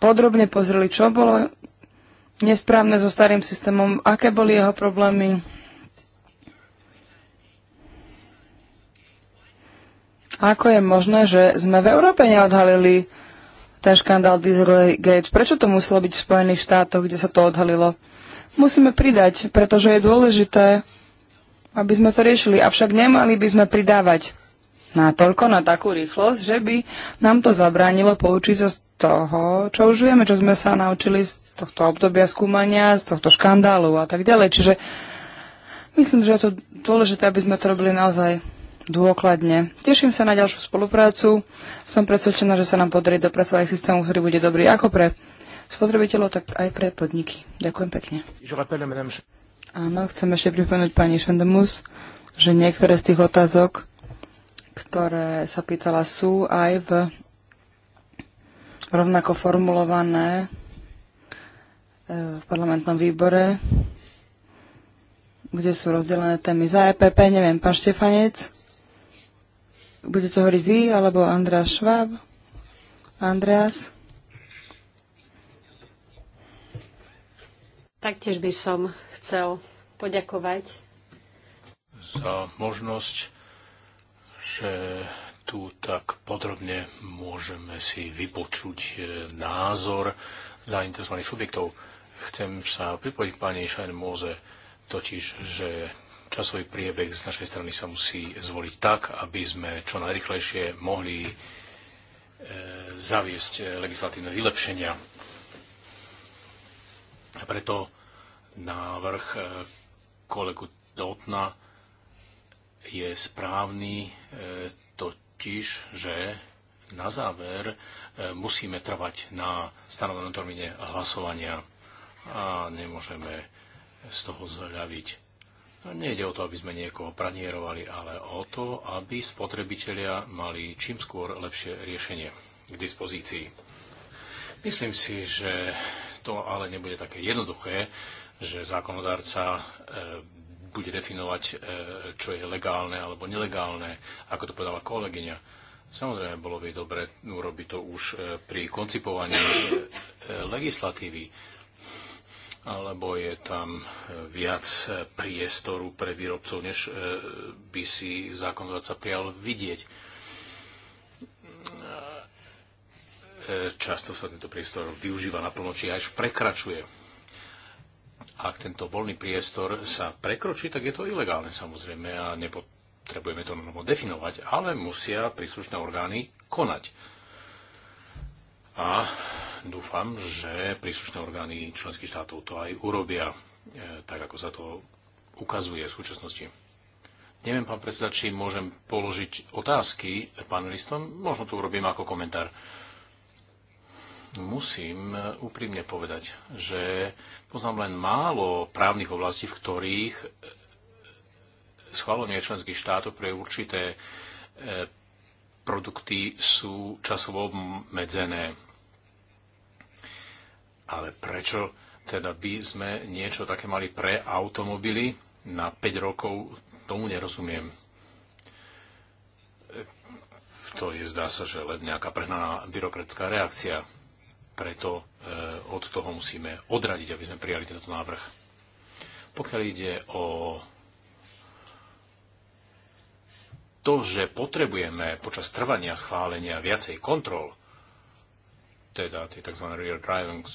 podrobne pozreli, čo bolo nesprávne so starým systémom, aké boli jeho problémy, Ako je možné, že sme v Európe neodhalili ten škandál Dieselgate. Prečo to muselo byť v Spojených štátoch, kde sa to odhalilo? Musíme pridať, pretože je dôležité, aby sme to riešili. Avšak nemali by sme pridávať natoľko na takú rýchlosť, že by nám to zabránilo poučiť sa z toho, čo už vieme, čo sme sa naučili z tohto obdobia skúmania, z tohto škandálu a tak ďalej. Čiže myslím, že je to dôležité, aby sme to robili naozaj dôkladne. Teším sa na ďalšiu spoluprácu. Som presvedčená, že sa nám podarí dopracovať systému, ktorý bude dobrý ako pre spotrebiteľov, tak aj pre podniky. Ďakujem pekne. Áno, chcem ešte pripomenúť pani Šendemus, že niektoré z tých otázok, ktoré sa pýtala, sú aj v rovnako formulované e, v parlamentnom výbore, kde sú rozdelené témy za EPP, neviem, pán Štefanec. Budete hovoriť vy alebo Andreas Šváb? Andreas? Taktiež by som chcel poďakovať za možnosť, že tu tak podrobne môžeme si vypočuť e, názor zainteresovaných subjektov. Chcem sa pripojiť pani Šajn Móze, totiž, že časový priebeh z našej strany sa musí zvoliť tak, aby sme čo najrychlejšie mohli e, zaviesť e, legislatívne vylepšenia. A preto návrh e, kolegu Doutna je správny totiž, že na záver musíme trvať na stanovenom termíne hlasovania a nemôžeme z toho zľaviť. Nejde o to, aby sme niekoho pranierovali, ale o to, aby spotrebitelia mali čím skôr lepšie riešenie k dispozícii. Myslím si, že to ale nebude také jednoduché, že zákonodárca e, bude definovať, e, čo je legálne alebo nelegálne, ako to povedala kolegyňa. Samozrejme, bolo by dobre urobiť to už e, pri koncipovaní legislatívy alebo je tam e, viac e, priestoru pre výrobcov, než e, by si zákonodáca prial vidieť. Často sa tento priestor využíva naplno, či až prekračuje. Ak tento voľný priestor sa prekročí, tak je to ilegálne samozrejme a nepotrebujeme to definovať, ale musia príslušné orgány konať. A dúfam, že príslušné orgány členských štátov to aj urobia, e, tak ako sa to ukazuje v súčasnosti. Neviem, pán predseda, či môžem položiť otázky panelistom. Možno to urobím ako komentár. Musím e, úprimne povedať, že poznám len málo právnych oblastí, v ktorých e, schválenie členských štátov pre určité produkty sú časovo obmedzené. Ale prečo teda by sme niečo také mali pre automobily na 5 rokov? Tomu nerozumiem. To je, zdá sa, že len nejaká prehnaná byrokratická reakcia. Preto e, od toho musíme odradiť, aby sme prijali tento návrh. Pokiaľ ide o to, že potrebujeme počas trvania schválenia viacej kontrol, teda tie tzv. real driving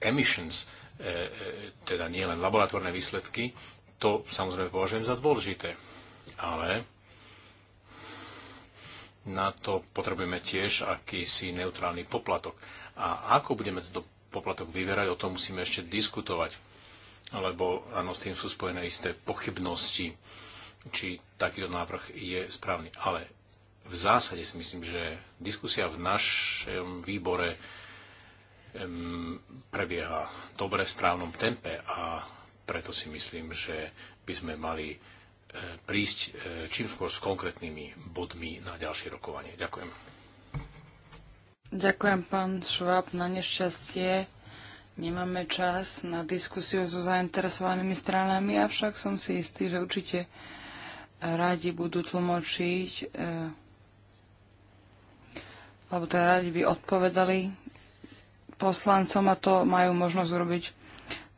emissions, e, e, teda nie len laboratórne výsledky, to samozrejme považujem za dôležité. Ale na to potrebujeme tiež akýsi neutrálny poplatok. A ako budeme tento poplatok vyverať, o tom musíme ešte diskutovať. Lebo áno, s tým sú spojené isté pochybnosti, či takýto návrh je správny. Ale v zásade si myslím, že diskusia v našom výbore prebieha dobre v správnom tempe a preto si myslím, že by sme mali e, prísť e, čím skôr s konkrétnymi bodmi na ďalšie rokovanie. Ďakujem. Ďakujem, pán Šváb. Na nešťastie nemáme čas na diskusiu so zainteresovanými stranami, avšak som si istý, že určite rádi budú tlmočiť, e, alebo teda rádi by odpovedali poslancom a to majú možnosť urobiť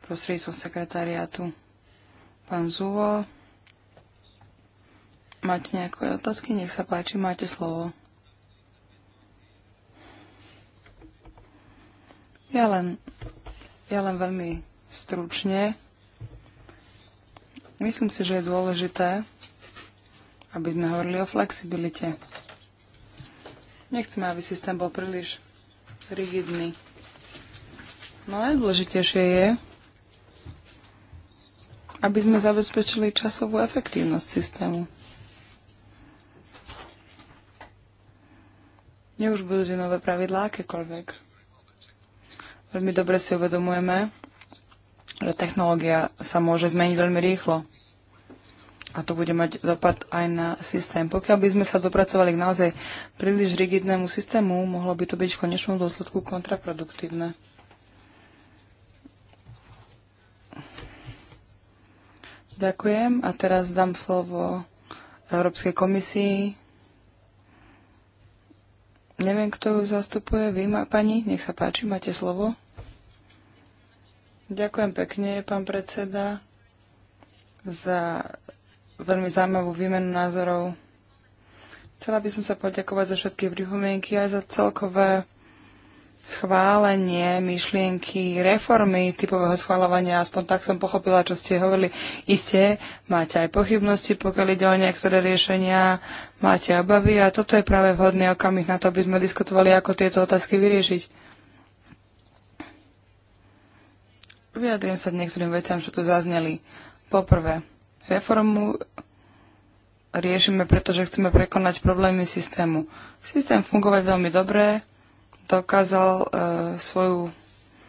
prostredníctvom sekretariátu. Pán Zulo, máte nejaké otázky? Nech sa páči, máte slovo. Ja len, ja len veľmi stručne. Myslím si, že je dôležité, aby sme hovorili o flexibilite. Nechceme, aby systém bol príliš rigidný. No najdôležitejšie je, aby sme zabezpečili časovú efektívnosť systému. Mne už budú tie nové pravidlá akékoľvek. Veľmi dobre si uvedomujeme, že technológia sa môže zmeniť veľmi rýchlo. A to bude mať dopad aj na systém. Pokiaľ by sme sa dopracovali k naozaj príliš rigidnému systému, mohlo by to byť v konečnom dôsledku kontraproduktívne. Ďakujem a teraz dám slovo Európskej komisii. Neviem, kto ju zastupuje. Vy, ma, pani, nech sa páči, máte slovo. Ďakujem pekne, pán predseda, za veľmi zaujímavú výmenu názorov. Chcela by som sa poďakovať za všetky pripomienky aj za celkové schválenie myšlienky reformy typového schváľovania, aspoň tak som pochopila, čo ste hovorili. Isté, máte aj pochybnosti, pokiaľ ide o niektoré riešenia, máte obavy a toto je práve vhodný okamih na to, aby sme diskutovali, ako tieto otázky vyriešiť. Vyjadrím sa k niektorým veciam, čo tu zazneli. Poprvé, reformu riešime, pretože chceme prekonať problémy systému. Systém fungovať veľmi dobre, dokázal e, svoju,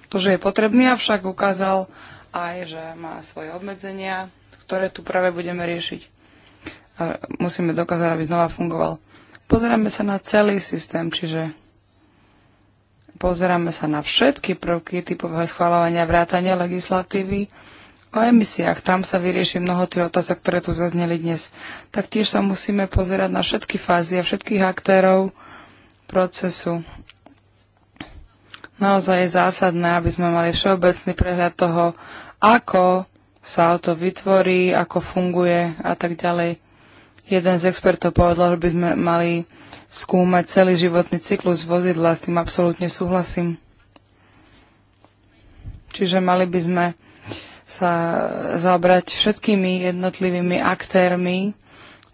to, že je potrebný, avšak ukázal aj, že má svoje obmedzenia, ktoré tu práve budeme riešiť. A musíme dokázať, aby znova fungoval. Pozeráme sa na celý systém, čiže pozeráme sa na všetky prvky typového schváľovania vrátania legislatívy o emisiách. Tam sa vyrieši mnoho tých otázok, ktoré tu zazneli dnes. Taktiež sa musíme pozerať na všetky fázy a všetkých aktérov procesu naozaj je zásadné, aby sme mali všeobecný prehľad toho, ako sa auto vytvorí, ako funguje a tak ďalej. Jeden z expertov povedal, že by sme mali skúmať celý životný cyklus vozidla, s tým absolútne súhlasím. Čiže mali by sme sa zabrať všetkými jednotlivými aktérmi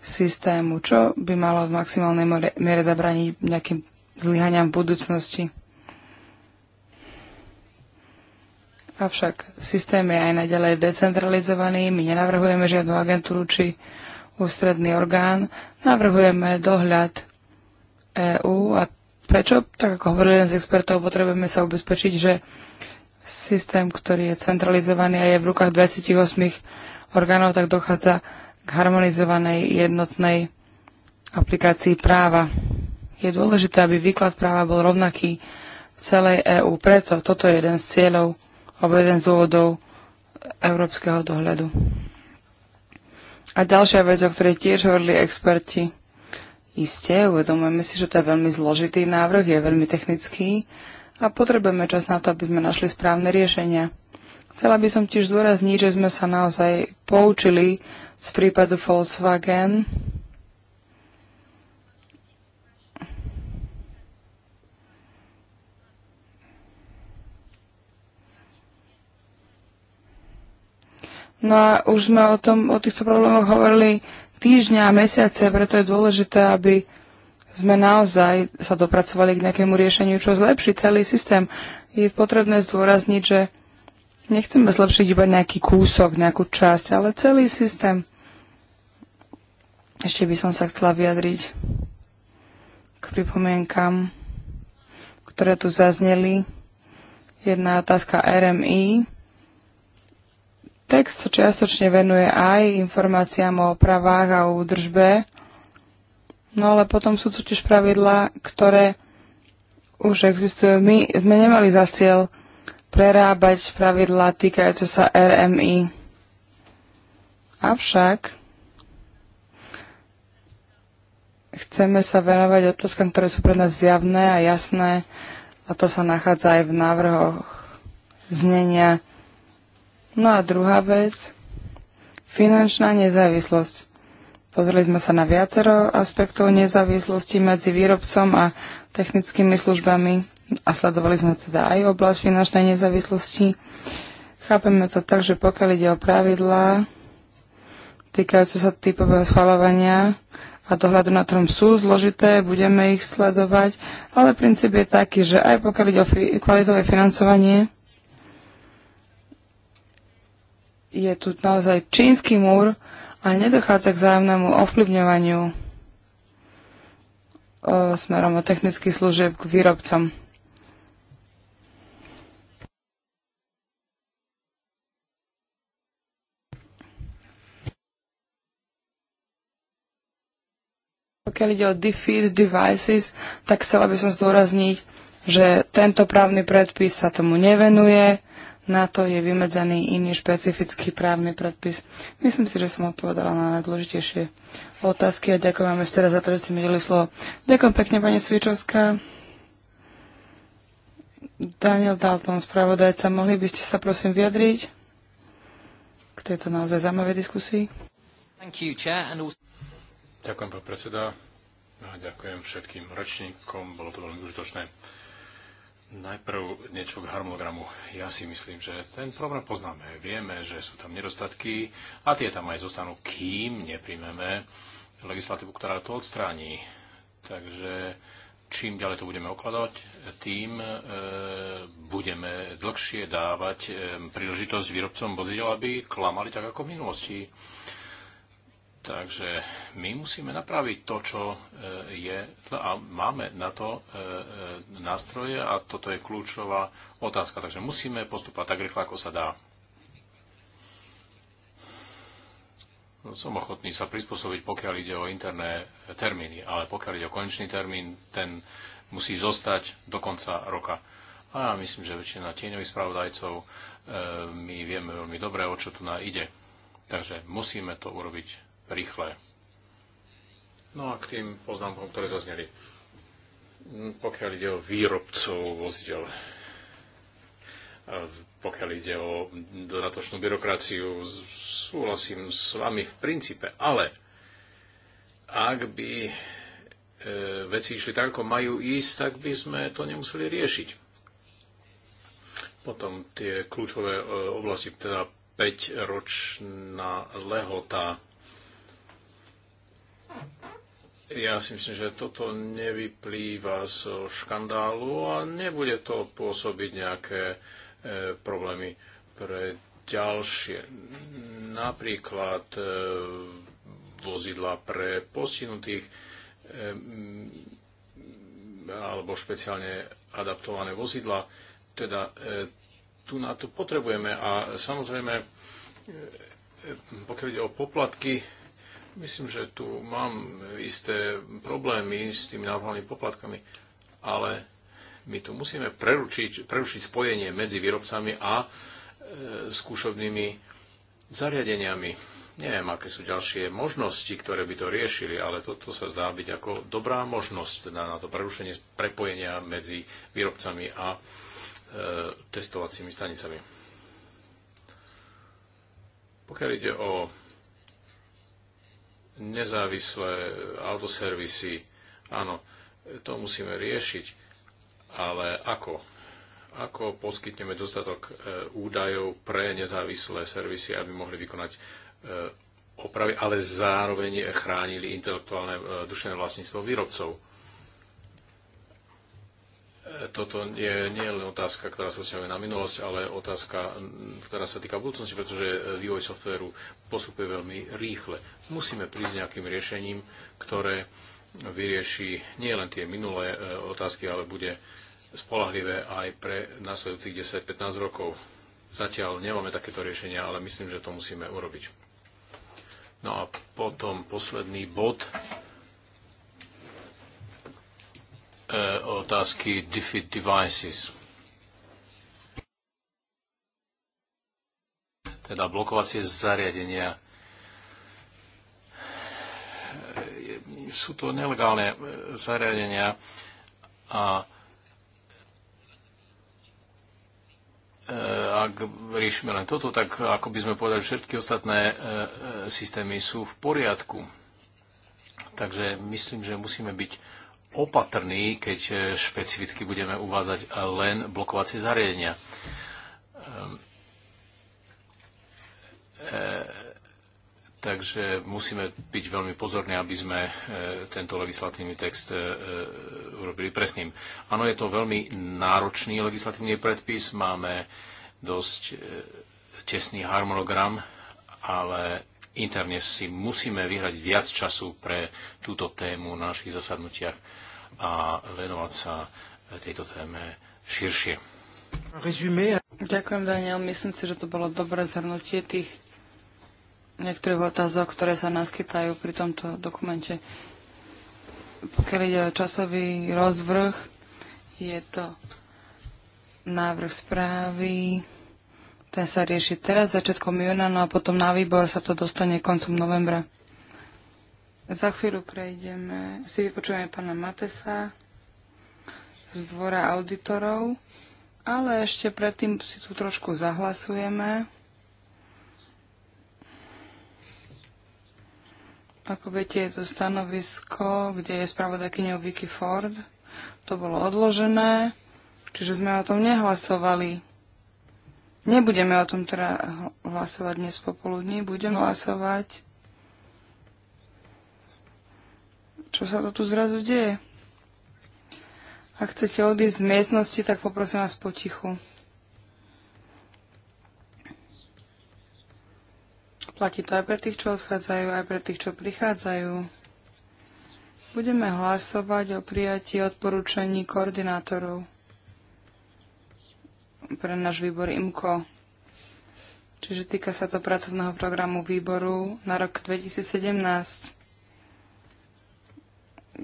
systému, čo by malo v maximálnej miere zabraniť nejakým zlyhaniam v budúcnosti. Avšak systém je aj naďalej decentralizovaný, my nenavrhujeme žiadnu agentúru či ústredný orgán, navrhujeme dohľad EÚ a prečo? Tak ako hovoril jeden z expertov, potrebujeme sa ubezpečiť, že systém, ktorý je centralizovaný a je v rukách 28 orgánov, tak dochádza k harmonizovanej jednotnej aplikácii práva. Je dôležité, aby výklad práva bol rovnaký v celej EÚ. Preto toto je jeden z cieľov alebo jeden z dôvodov európskeho dohľadu. A ďalšia vec, o ktorej tiež hovorili experti, Isté, uvedomujeme si, že to je veľmi zložitý návrh, je veľmi technický a potrebujeme čas na to, aby sme našli správne riešenia. Chcela by som tiež zdôrazniť, že sme sa naozaj poučili z prípadu Volkswagen, No a už sme o, tom, o týchto problémoch hovorili týždňa a mesiace, preto je dôležité, aby sme naozaj sa dopracovali k nejakému riešeniu, čo zlepší celý systém. Je potrebné zdôrazniť, že nechceme zlepšiť iba nejaký kúsok, nejakú časť, ale celý systém. Ešte by som sa chcela vyjadriť k pripomienkam, ktoré tu zazneli. Jedna otázka RMI Text sa čiastočne venuje aj informáciám o pravách a o údržbe, no ale potom sú tu tiež pravidlá, ktoré už existujú. My sme nemali za cieľ prerábať pravidlá týkajúce sa RMI. Avšak chceme sa venovať otázkam, ktoré sú pre nás zjavné a jasné a to sa nachádza aj v návrhoch znenia No a druhá vec, finančná nezávislosť. Pozreli sme sa na viacero aspektov nezávislosti medzi výrobcom a technickými službami a sledovali sme teda aj oblasť finančnej nezávislosti. Chápeme to tak, že pokiaľ ide o pravidlá týkajúce sa typového schvalovania a dohľadu na trhom sú zložité, budeme ich sledovať, ale princíp je taký, že aj pokiaľ ide o kvalitové financovanie, je tu naozaj čínsky múr a nedochádza k zájomnému ovplyvňovaniu e, smerom o technických služieb k výrobcom. Pokiaľ ide o defeat devices, tak chcela by som zdôrazniť, že tento právny predpis sa tomu nevenuje, na to je vymedzený iný špecifický právny predpis. Myslím si, že som odpovedala na najdôležitejšie otázky a ďakujem vám ešte raz za to, že ste mi dali slovo. Ďakujem pekne, pani Svičovská. Daniel Dalton, spravodajca, mohli by ste sa prosím vyjadriť k tejto naozaj zaujímavej diskusii? You, chair, also... Ďakujem, pán predseda. A no, ďakujem všetkým ročníkom, bolo to veľmi užitočné. Najprv niečo k harmonogramu. Ja si myslím, že ten problém poznáme. Vieme, že sú tam nedostatky a tie tam aj zostanú, kým nepríjmeme legislatívu, ktorá to odstráni. Takže čím ďalej to budeme okladať, tým e, budeme dlhšie dávať e, príležitosť výrobcom vozidel, aby klamali tak ako v minulosti. Takže my musíme napraviť to, čo e, je a máme na to e, e, nástroje a toto je kľúčová otázka. Takže musíme postupovať tak rýchlo, ako sa dá. No, som ochotný sa prispôsobiť, pokiaľ ide o interné termíny, ale pokiaľ ide o konečný termín, ten musí zostať do konca roka. A ja myslím, že väčšina tieňových spravodajcov my vieme veľmi dobre, o čo tu ide. Takže musíme to urobiť rýchle. No a k tým poznámkom, ktoré zazneli. Mm, pokiaľ ide o výrobcov vozidel, e, pokiaľ ide o dodatočnú byrokraciu, súhlasím s vami v princípe, ale ak by e, veci išli tak, ako majú ísť, tak by sme to nemuseli riešiť. Potom tie kľúčové e, oblasti, teda 5-ročná lehota ja si myslím, že toto nevyplýva z škandálu a nebude to pôsobiť nejaké e, problémy pre ďalšie. Napríklad e, vozidla pre postihnutých e, alebo špeciálne adaptované vozidla. Teda e, tu na to potrebujeme a samozrejme, e, e pokiaľ ide o poplatky, Myslím, že tu mám isté problémy s tými národnými poplatkami, ale my tu musíme preručiť, prerušiť spojenie medzi výrobcami a e, skúšobnými zariadeniami. Neviem, aké sú ďalšie možnosti, ktoré by to riešili, ale toto sa zdá byť ako dobrá možnosť teda na to prerušenie prepojenia medzi výrobcami a e, testovacími stanicami. Pokiaľ ide o nezávislé autoservisy, áno, to musíme riešiť, ale ako? Ako poskytneme dostatok e, údajov pre nezávislé servisy, aby mohli vykonať e, opravy, ale zároveň chránili intelektuálne e, dušené vlastníctvo výrobcov? toto je nie len otázka, ktorá sa vzťahuje na minulosť, ale otázka, mm, ktorá sa týka budúcnosti, pretože e, vývoj softvéru postupuje veľmi rýchle. Musíme prísť nejakým riešením, ktoré vyrieši nie len tie minulé e, otázky, ale bude spolahlivé aj pre nasledujúcich 10-15 rokov. Zatiaľ nemáme takéto riešenia, ale myslím, že to musíme urobiť. No a potom posledný bod Eh, otázky DFID devices. Teda blokovacie zariadenia. Sú to nelegálne eh, zariadenia a eh, ak riešime len toto, tak ako by sme povedali, všetky ostatné systémy sú v poriadku. Takže myslím, že musíme byť opatrní, keď e, špecificky budeme uvádzať len blokovacie zariadenia. Ehm, e, takže musíme byť veľmi pozorní, aby sme e, tento legislatívny text urobili presným. Áno, je to veľmi náročný legislatívny predpis, máme dosť tesný harmonogram, ale interne si musíme vyhrať viac času pre túto tému na našich zasadnutiach a venovať sa tejto téme širšie. Ďakujem, Daniel. Myslím si, že to bolo dobré zhrnutie tých niektorých otázok, ktoré sa naskytajú pri tomto dokumente. Pokiaľ ide o časový rozvrh, je to návrh správy ten sa rieši teraz začiatkom júna, no a potom na výbor sa to dostane koncom novembra. Za chvíľu prejdeme, si vypočujeme pána Matesa z dvora auditorov, ale ešte predtým si tu trošku zahlasujeme. Ako viete, je to stanovisko, kde je spravodajkyňou Vicky Ford. To bolo odložené, čiže sme o tom nehlasovali. Nebudeme o tom teda hlasovať dnes popoludní, budem hlasovať. Čo sa to tu zrazu deje? Ak chcete odísť z miestnosti, tak poprosím vás potichu. Platí to aj pre tých, čo odchádzajú, aj pre tých, čo prichádzajú. Budeme hlasovať o prijatí odporúčaní koordinátorov pre náš výbor IMKO. Čiže týka sa to pracovného programu výboru na rok 2017.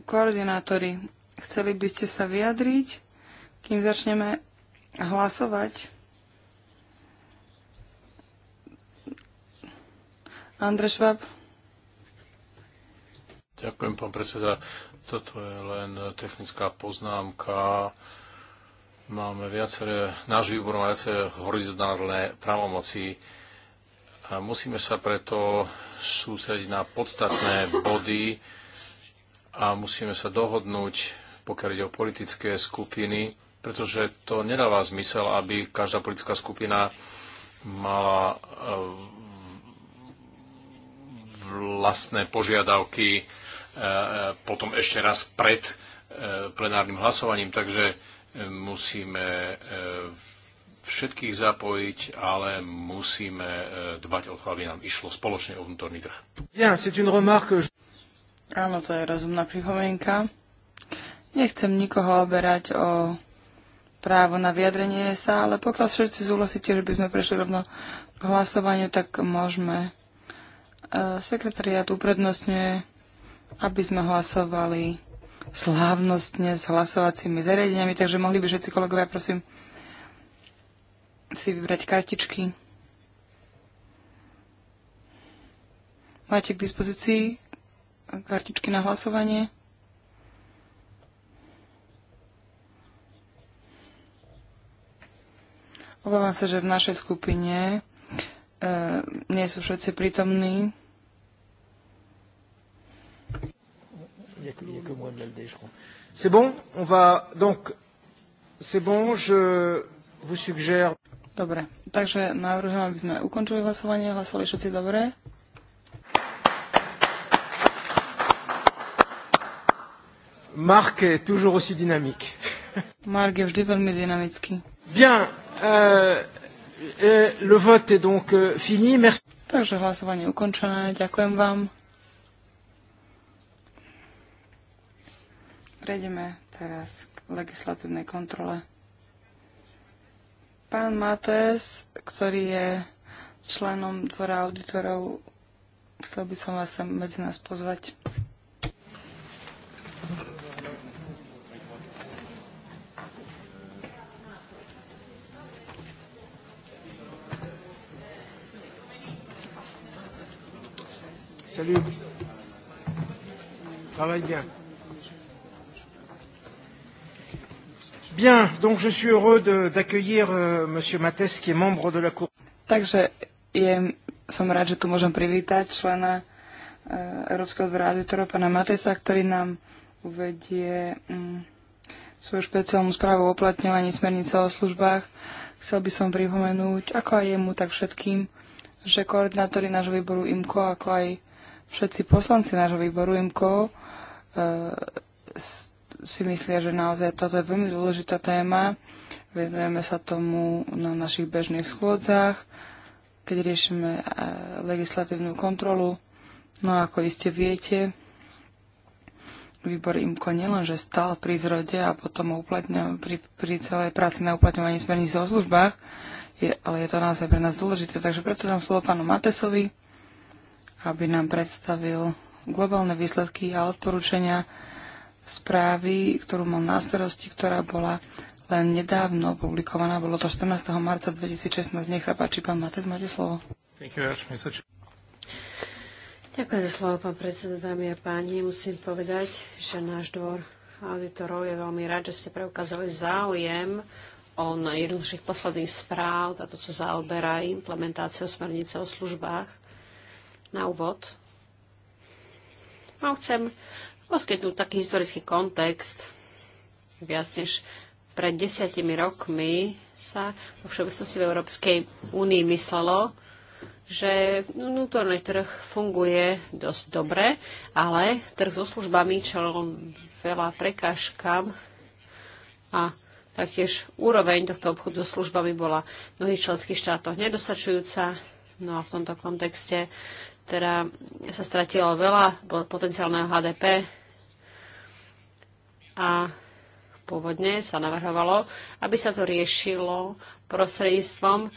Koordinátori, chceli by ste sa vyjadriť, kým začneme hlasovať? Andrej Švab. Ďakujem, pán predseda. Toto je len technická poznámka Máme viaceré, náš výbor má viaceré horizontálne právomoci a musíme sa preto sústrediť na podstatné body a musíme sa dohodnúť, pokiaľ ide o politické skupiny, pretože to nedáva zmysel, aby každá politická skupina mala eh, vlastné požiadavky eh, eh, potom ešte raz pred plenárnym hlasovaním. Takže Musíme eh, všetkých zapojiť, ale musíme eh, dbať o to, aby nám išlo spoločne o vnútorný trh. Áno, to je rozumná pripomienka. Nechcem nikoho oberať o právo na vyjadrenie sa, ale pokiaľ všetci súhlasíte, že by sme prešli rovno k hlasovaniu, tak môžeme. Eh, Sekretariat uprednostňuje, aby sme hlasovali slávnostne s hlasovacími zariadeniami, takže mohli by všetci kolegovia, prosím, si vybrať kartičky. Máte k dispozícii kartičky na hlasovanie? Obávam sa, že v našej skupine e, nie sú všetci prítomní. n'y a, a que moi de l'ALDE, je crois. C'est bon, on va donc. C'est bon, je vous suggère. Dobre, takže navrhujem, aby sme ukončili hlasovanie. Hlasovali všetci dobre? Marc est toujours aussi dynamique. Marc est vždy veľmi dynamický. Bien, euh, euh le vote est donc euh, fini. Merci. Takže hlasovanie ukončené. Ďakujem vám. Prejdeme teraz k legislatívnej kontrole. Pán Mates, ktorý je členom dvora auditorov, chcel by som vás sem medzi nás pozvať. Salut. Travaille bien. Bien, donc je suis heureux d'accueillir euh, M. Mates, qui est membre de la Cour. Takže je, som rád, že tu môžem privítať člena uh, Európskeho dvora auditorov, pána Matesa, ktorý nám uvedie um, svoju špeciálnu správu o uplatňovaní smernice o službách. Chcel by som pripomenúť, ako aj jemu, tak všetkým, že koordinátori nášho výboru IMCO, ako aj všetci poslanci nášho výboru IMCO uh, si myslia, že naozaj toto je veľmi dôležitá téma. Venujeme sa tomu na našich bežných schôdzach, keď riešime eh, legislatívnu kontrolu. No a ako iste viete, výbor IMKO nielenže stal pri zrode a potom uplatňo, pri, pri celej práci na uplatňovaní smerníc o službách, je, ale je to naozaj pre nás dôležité, takže preto dám slovo pánu Matesovi, aby nám predstavil globálne výsledky a odporúčania správy, ktorú mal na starosti, ktorá bola len nedávno publikovaná. Bolo to 14. marca 2016. Nech sa páči, pán Matec, máte slovo. Ďakujem za slovo, pán predseda, dámy a páni. Musím povedať, že náš dvor auditorov je veľmi rád, že ste preukázali záujem o najjednoduchších posledných správ. Táto sa zaoberá implementáciou smernice o službách. Na úvod. A no, chcem poskytnúť taký historický kontext. Viac než pred desiatimi rokmi sa vo všeobecnosti v Európskej únii myslelo, že vnútorný trh funguje dosť dobre, ale trh so službami čel veľa prekážkam a taktiež úroveň tohto obchodu so službami bola v mnohých členských štátoch nedostačujúca. No a v tomto kontexte teda sa stratilo veľa potenciálneho HDP a pôvodne sa navrhovalo, aby sa to riešilo prostredníctvom e,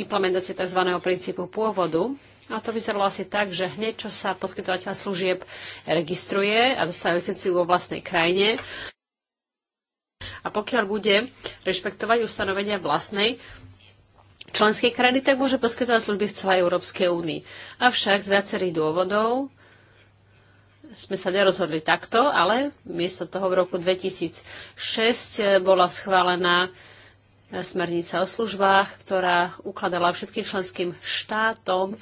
implementácie tzv. princípu pôvodu. A to vyzeralo asi tak, že hneď, čo sa poskytovateľ služieb registruje a dostane licenciu vo vlastnej krajine, a pokiaľ bude rešpektovať ustanovenia vlastnej členskej krajiny, tak môže poskytovať služby v celej Európskej únii. Avšak z viacerých dôvodov sme sa nerozhodli takto, ale miesto toho v roku 2006 eh, bola schválená eh, smernica o službách, ktorá ukladala všetkým členským štátom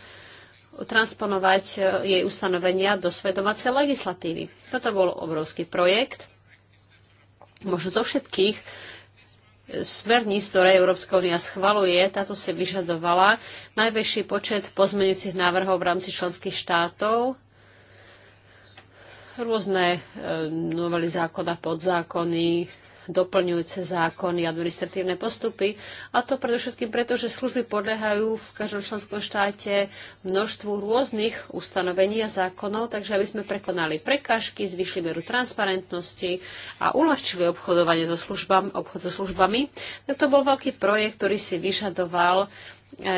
transponovať eh, jej ustanovenia do svojej domácej legislatívy. Toto bol obrovský projekt. Možno zo všetkých smerníc, ktoré Európska únia schvaluje, táto si vyžadovala najväčší počet pozmeňujúcich návrhov v rámci členských štátov rôzne e, novely zákona, podzákony, doplňujúce zákony, administratívne postupy. A to predovšetkým preto, že služby podliehajú v každom členskom štáte množstvu rôznych ustanovení a zákonov, takže aby sme prekonali prekážky, zvyšili mieru transparentnosti a uľahčili obchodovanie so službami, obchod so službami, tak to bol veľký projekt, ktorý si vyžadoval e,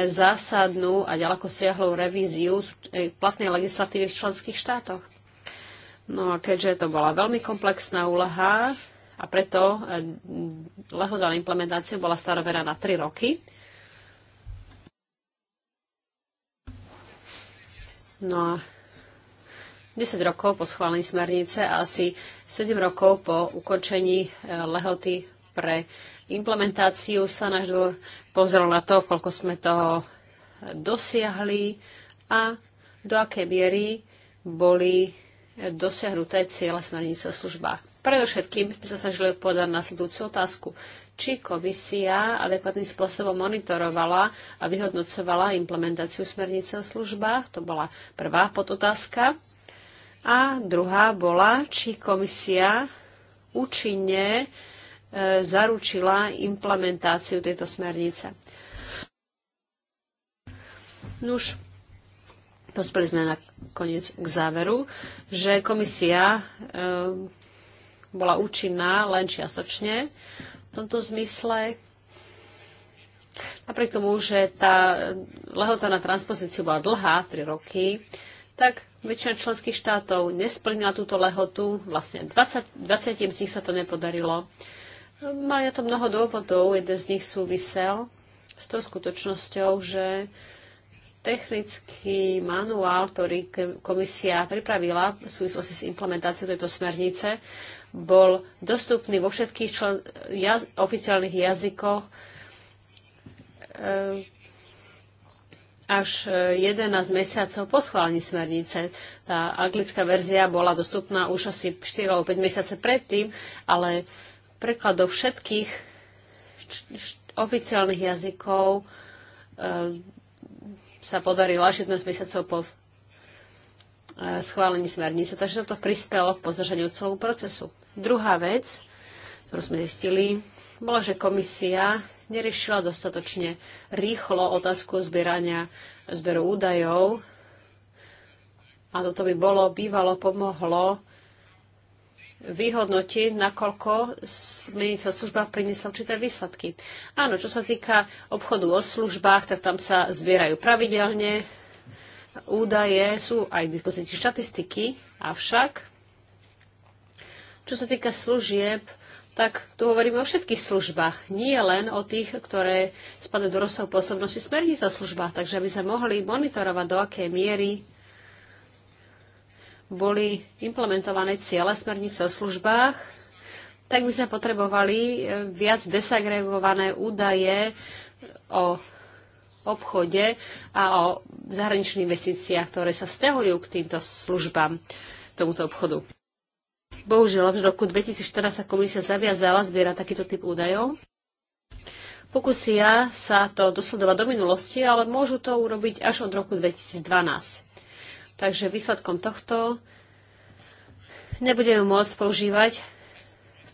zásadnú a ďaleko siahlou revíziu e, platnej legislatívy v členských štátoch. No a keďže to bola veľmi komplexná úloha a preto eh, lehoda na implementáciu bola stanovená na 3 roky, No a 10 rokov po schválení smernice a asi 7 rokov po ukončení eh, lehoty pre implementáciu sa náš dvor pozrel na to, koľko sme toho eh, dosiahli a do akej miery boli dosiahnuté ciele smernice o službách. Predovšetkým by sa snažili odpovedať na sledujúcu otázku, či komisia adekvátnym spôsobom monitorovala a vyhodnocovala implementáciu smernice o službách. To bola prvá podotázka. A druhá bola, či komisia účinne e, zaručila implementáciu tejto smernice. Nuž, dospeli sme na koniec k záveru, že komisia e, bola účinná len čiastočne v tomto zmysle. Napriek tomu, že tá lehota na transpozíciu bola dlhá, 3 roky, tak väčšina členských štátov nesplnila túto lehotu. Vlastne 20, 20 z nich sa to nepodarilo. Mali na to mnoho dôvodov. Jeden z nich súvisel s tou skutočnosťou, že technický manuál, ktorý komisia pripravila v súvislosti s implementáciou tejto smernice, bol dostupný vo všetkých člen, jaz, oficiálnych jazykoch e, až 11 eh, mesiacov po schválení smernice. Tá anglická verzia bola dostupná už asi 4 alebo 5 mesiace predtým, ale preklad do všetkých oficiálnych jazykov e, sa podarilo až 16 mesiacov po e, schválení smernice, takže toto prispelo k pozdržaniu celú procesu. Druhá vec, ktorú sme zistili, bola, že komisia neriešila dostatočne rýchlo otázku zbierania zberu údajov a toto by bolo bývalo pomohlo vyhodnotiť, nakoľko menica služba priniesla určité výsledky. Áno, čo sa týka obchodu o službách, tak tam sa zbierajú pravidelne. Údaje sú aj k dispozícii štatistiky, avšak čo sa týka služieb, tak tu hovoríme o všetkých službách, nie len o tých, ktoré spadajú do rozsahu pôsobnosti smerníca o službách. Takže aby sme mohli monitorovať, do akej miery boli implementované ciele smernice o službách, tak by sme potrebovali e, viac desagregované údaje o obchode a o zahraničných investíciách, ktoré sa vzťahujú k týmto službám, tomuto obchodu. Bohužiaľ, v roku 2014 sa komisia zaviazala zbierať takýto typ údajov. Pokusia sa to dosledovať do minulosti, ale môžu to urobiť až od roku 2012. Takže výsledkom tohto nebudeme môcť používať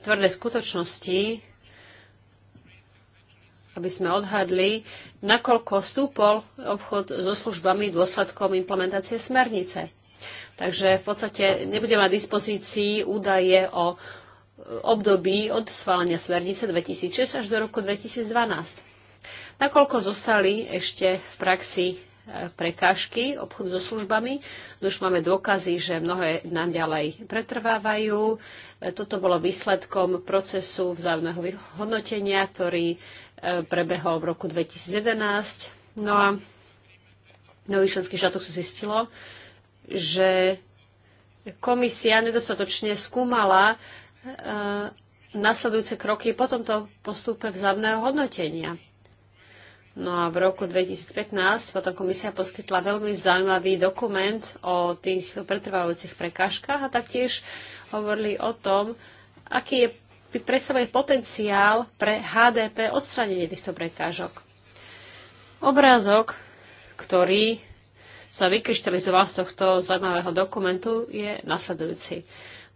tvrdé skutočnosti, aby sme odhadli, nakoľko stúpol obchod so službami dôsledkom implementácie smernice. Takže v podstate nebudeme mať dispozícii údaje o období od schválenia smernice 2006 až do roku 2012. Nakoľko zostali ešte v praxi prekážky obchodu so službami. No už máme dôkazy, že mnohé nám ďalej pretrvávajú. Toto bolo výsledkom procesu vzájomného hodnotenia, ktorý e, prebehol v roku 2011. No a nový členský štátoch sa zistilo, že komisia nedostatočne skúmala e, nasledujúce kroky po tomto postupe vzájomného hodnotenia. No a v roku 2015 potom komisia poskytla veľmi zaujímavý dokument o tých pretrvávajúcich prekážkach a taktiež hovorili o tom, aký je predstavuje potenciál pre HDP odstranenie týchto prekážok. Obrázok, ktorý sa vykryštalizoval z tohto zaujímavého dokumentu, je nasledujúci.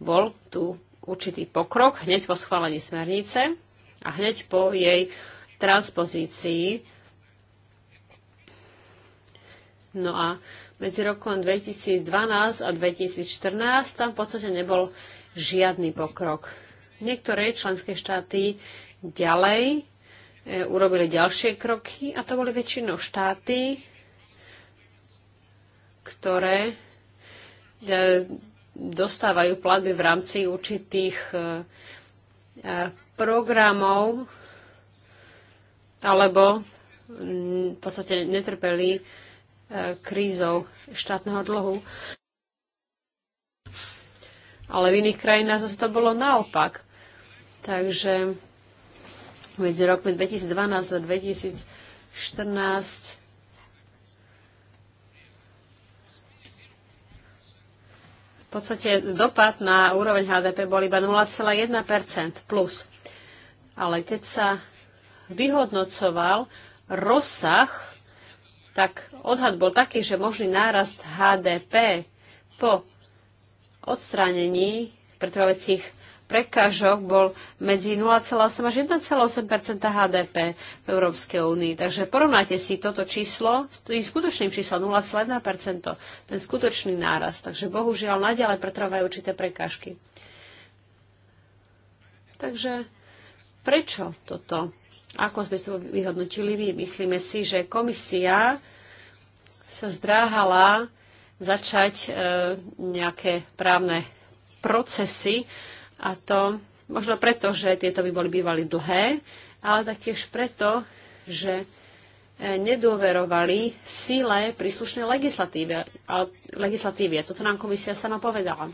Bol tu určitý pokrok hneď po schválení smernice a hneď po jej transpozícii No a medzi rokom 2012 a 2014 tam v podstate nebol žiadny pokrok. Niektoré členské štáty ďalej e, urobili ďalšie kroky a to boli väčšinou štáty, ktoré e, dostávajú platby v rámci určitých e, e programov alebo v podstate netrpeli E, krízou štátneho dlhu. Ale v iných krajinách zase to bolo naopak. Takže medzi rokmi 2012 a 2014 v podstate dopad na úroveň HDP bol iba 0,1% plus. Ale keď sa vyhodnocoval rozsah tak odhad bol taký, že možný nárast HDP po odstránení pretrvávacích prekážok bol medzi 0,8 až 1,8 HDP v Európskej únii. Takže porovnáte si toto číslo s tým skutočným číslom 0,1 ten skutočný náraz. Takže bohužiaľ naďalej pretrvajú určité prekážky. Takže prečo toto? Ako sme to vyhodnotili my? Myslíme si, že komisia sa zdráhala začať e, nejaké právne procesy a to možno preto, že tieto by boli bývali dlhé, ale taktiež preto, že e, nedôverovali síle príslušnej legislatívy. A, legislatívy. toto nám komisia sama povedala.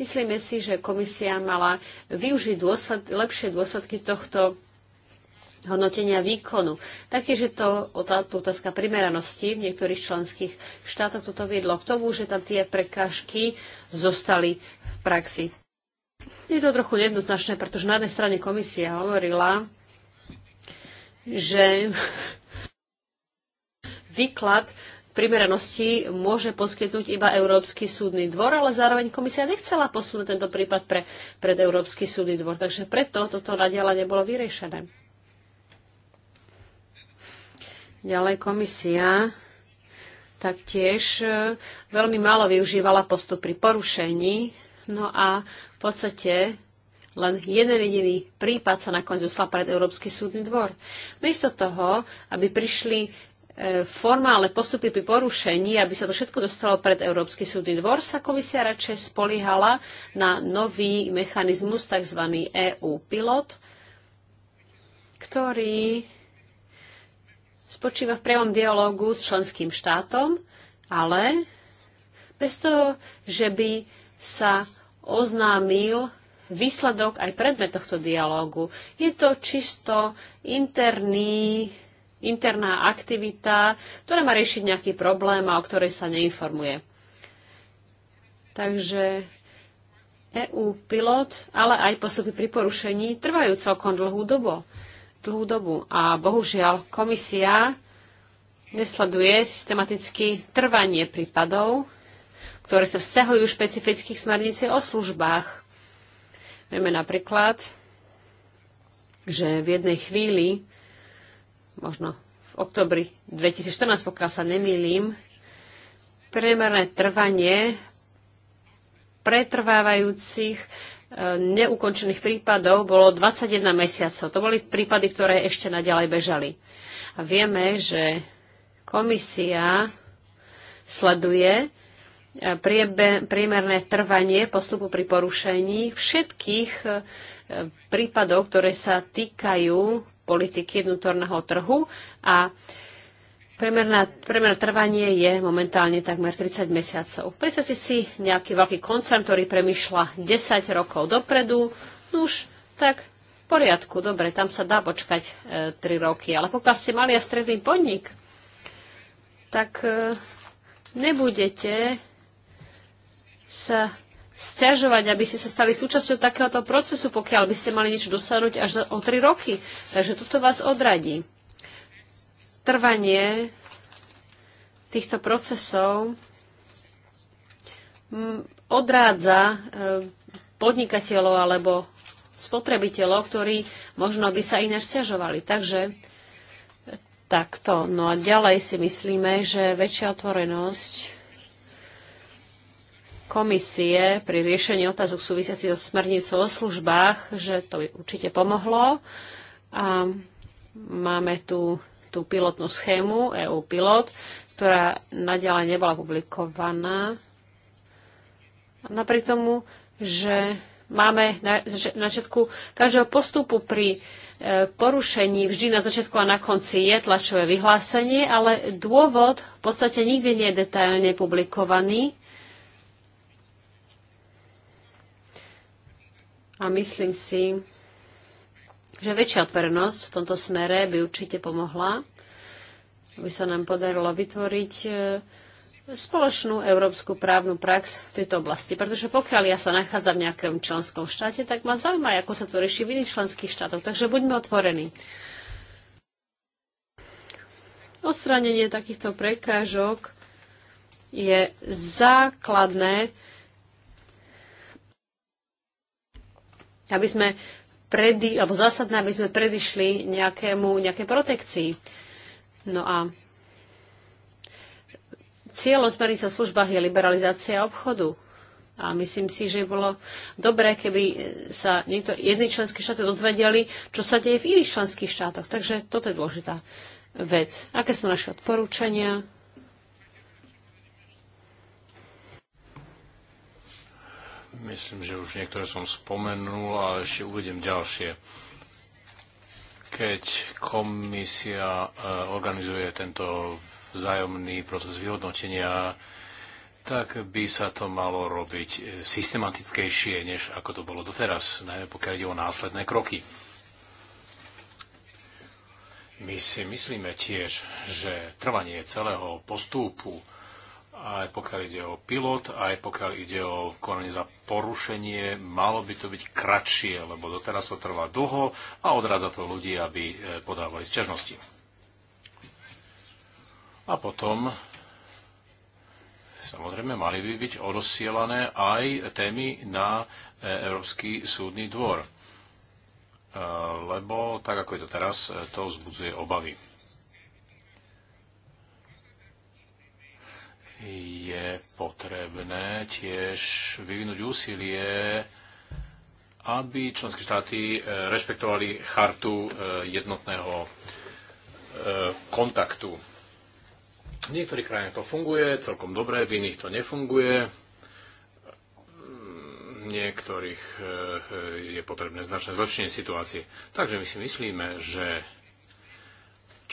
Myslíme si, že komisia mala využiť dôsled, lepšie dôsledky tohto hodnotenia výkonu. Taktiež je to otázka primeranosti. V niektorých členských štátoch toto viedlo k tomu, že tam tie prekážky zostali v praxi. Je to trochu jednoznačné, pretože na jednej strane komisia hovorila, že výklad primeranosti môže poskytnúť iba Európsky súdny dvor, ale zároveň komisia nechcela posunúť tento prípad pre, pred Európsky súdny dvor. Takže preto toto nadiaľa nebolo vyriešené. Ďalej komisia taktiež e, veľmi málo využívala postup pri porušení. No a v podstate len jeden jediný prípad sa nakoniec dostal pred Európsky súdny dvor. Miesto toho, aby prišli e, formálne postupy pri porušení, aby sa to všetko dostalo pred Európsky súdny dvor, sa komisia radšej spoliehala na nový mechanizmus, tzv. EU pilot, ktorý spočíva v priamom dialogu s členským štátom, ale bez toho, že by sa oznámil výsledok aj predmet tohto dialógu. Je to čisto interný, interná aktivita, ktorá má riešiť nejaký problém a o ktorej sa neinformuje. Takže EU pilot, ale aj postupy pri porušení trvajú celkom dlhú dobu dlhú dobu. A bohužiaľ, komisia nesleduje systematicky trvanie prípadov, ktoré sa vzťahujú špecifických smernici o službách. Vieme napríklad, že v jednej chvíli, možno v oktobri 2014, pokiaľ sa nemýlim, priemerné trvanie pretrvávajúcich neukončených prípadov bolo 21 mesiacov. To boli prípady, ktoré ešte naďalej bežali. A vieme, že komisia sleduje e, priebe, priemerné trvanie postupu pri porušení všetkých e, prípadov, ktoré sa týkajú politiky vnútorného trhu a Premerná, premerné trvanie je momentálne takmer 30 mesiacov. Predstavte si nejaký veľký koncern, ktorý premyšľa 10 rokov dopredu. No už tak v poriadku, dobre, tam sa dá počkať e, 3 roky. Ale pokiaľ ste mali a stredný podnik, tak e, nebudete sa stiažovať, aby ste sa stali súčasťou takéhoto procesu, pokiaľ by ste mali niečo dosiahnuť až o 3 roky. Takže toto vás odradí trvanie týchto procesov odrádza e, podnikateľov alebo spotrebiteľov, ktorí možno by sa ináč ťažovali. Takže e, takto. No a ďalej si myslíme, že väčšia otvorenosť komisie pri riešení otázok súvisiacich so smernicou o službách, že to by určite pomohlo. A máme tu tú pilotnú schému EU Pilot, ktorá naďalej nebola publikovaná. Napriek tomu, že máme na, na začiatku každého postupu pri e, porušení vždy na začiatku a na konci je tlačové vyhlásenie, ale dôvod v podstate nikdy nie je detailne publikovaný. A myslím si, že väčšia otvorenosť v tomto smere by určite pomohla, aby sa nám podarilo vytvoriť e, spoločnú európsku právnu prax v tejto oblasti. Pretože pokiaľ ja sa nachádzam v nejakom členskom štáte, tak ma zaujíma, ako sa to rieši v iných členských štátoch. Takže buďme otvorení. Odstránenie takýchto prekážok je základné, aby sme predi, alebo zásadné, aby sme predišli nejakému, nejaké protekcii. No a cieľom smernice o službách je liberalizácia obchodu. A myslím si, že bolo dobré, keby sa niektorí jedni členské štáty dozvedeli, čo sa deje v iných členských štátoch. Takže toto je dôležitá vec. Aké sú naše odporúčania? Myslím, že už niektoré som spomenul a ešte uvedem ďalšie. Keď komisia e, organizuje tento vzájomný proces vyhodnotenia, tak by sa to malo robiť systematickejšie, než ako to bolo doteraz, najmä pokiaľ ide o následné kroky. My si myslíme tiež, že trvanie celého postupu aj pokiaľ ide o pilot, aj pokiaľ ide o konanie za porušenie, malo by to byť kratšie, lebo doteraz to trvá dlho a odrádza to ľudí, aby e, podávali sťažnosti. A potom, samozrejme, mali by byť odosielané aj témy na e, Európsky súdny dvor, e, lebo tak ako je to teraz, to vzbudzuje obavy. je potrebné tiež vyvinúť úsilie, aby členské štáty eh, rešpektovali chartu eh, jednotného eh, kontaktu. V niektorých krajinách to funguje celkom dobre, v iných to nefunguje. V niektorých je potrebné značné zlepšenie situácie. Takže my si myslíme, že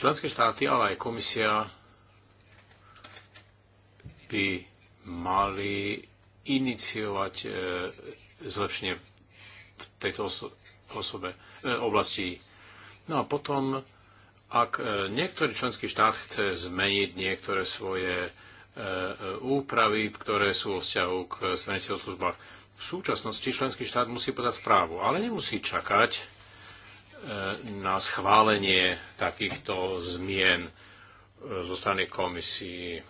členské štáty, ale aj komisia by mali iniciovať e, zlepšenie v tejto oso- osobe, e, oblasti. No a potom, ak e, niektorý členský štát chce zmeniť niektoré svoje e, e úpravy, ktoré sú vo vzťahu k smernici o službách, v súčasnosti členský štát musí podať správu, ale nemusí čakať e, na schválenie takýchto zmien e, zo strany komisii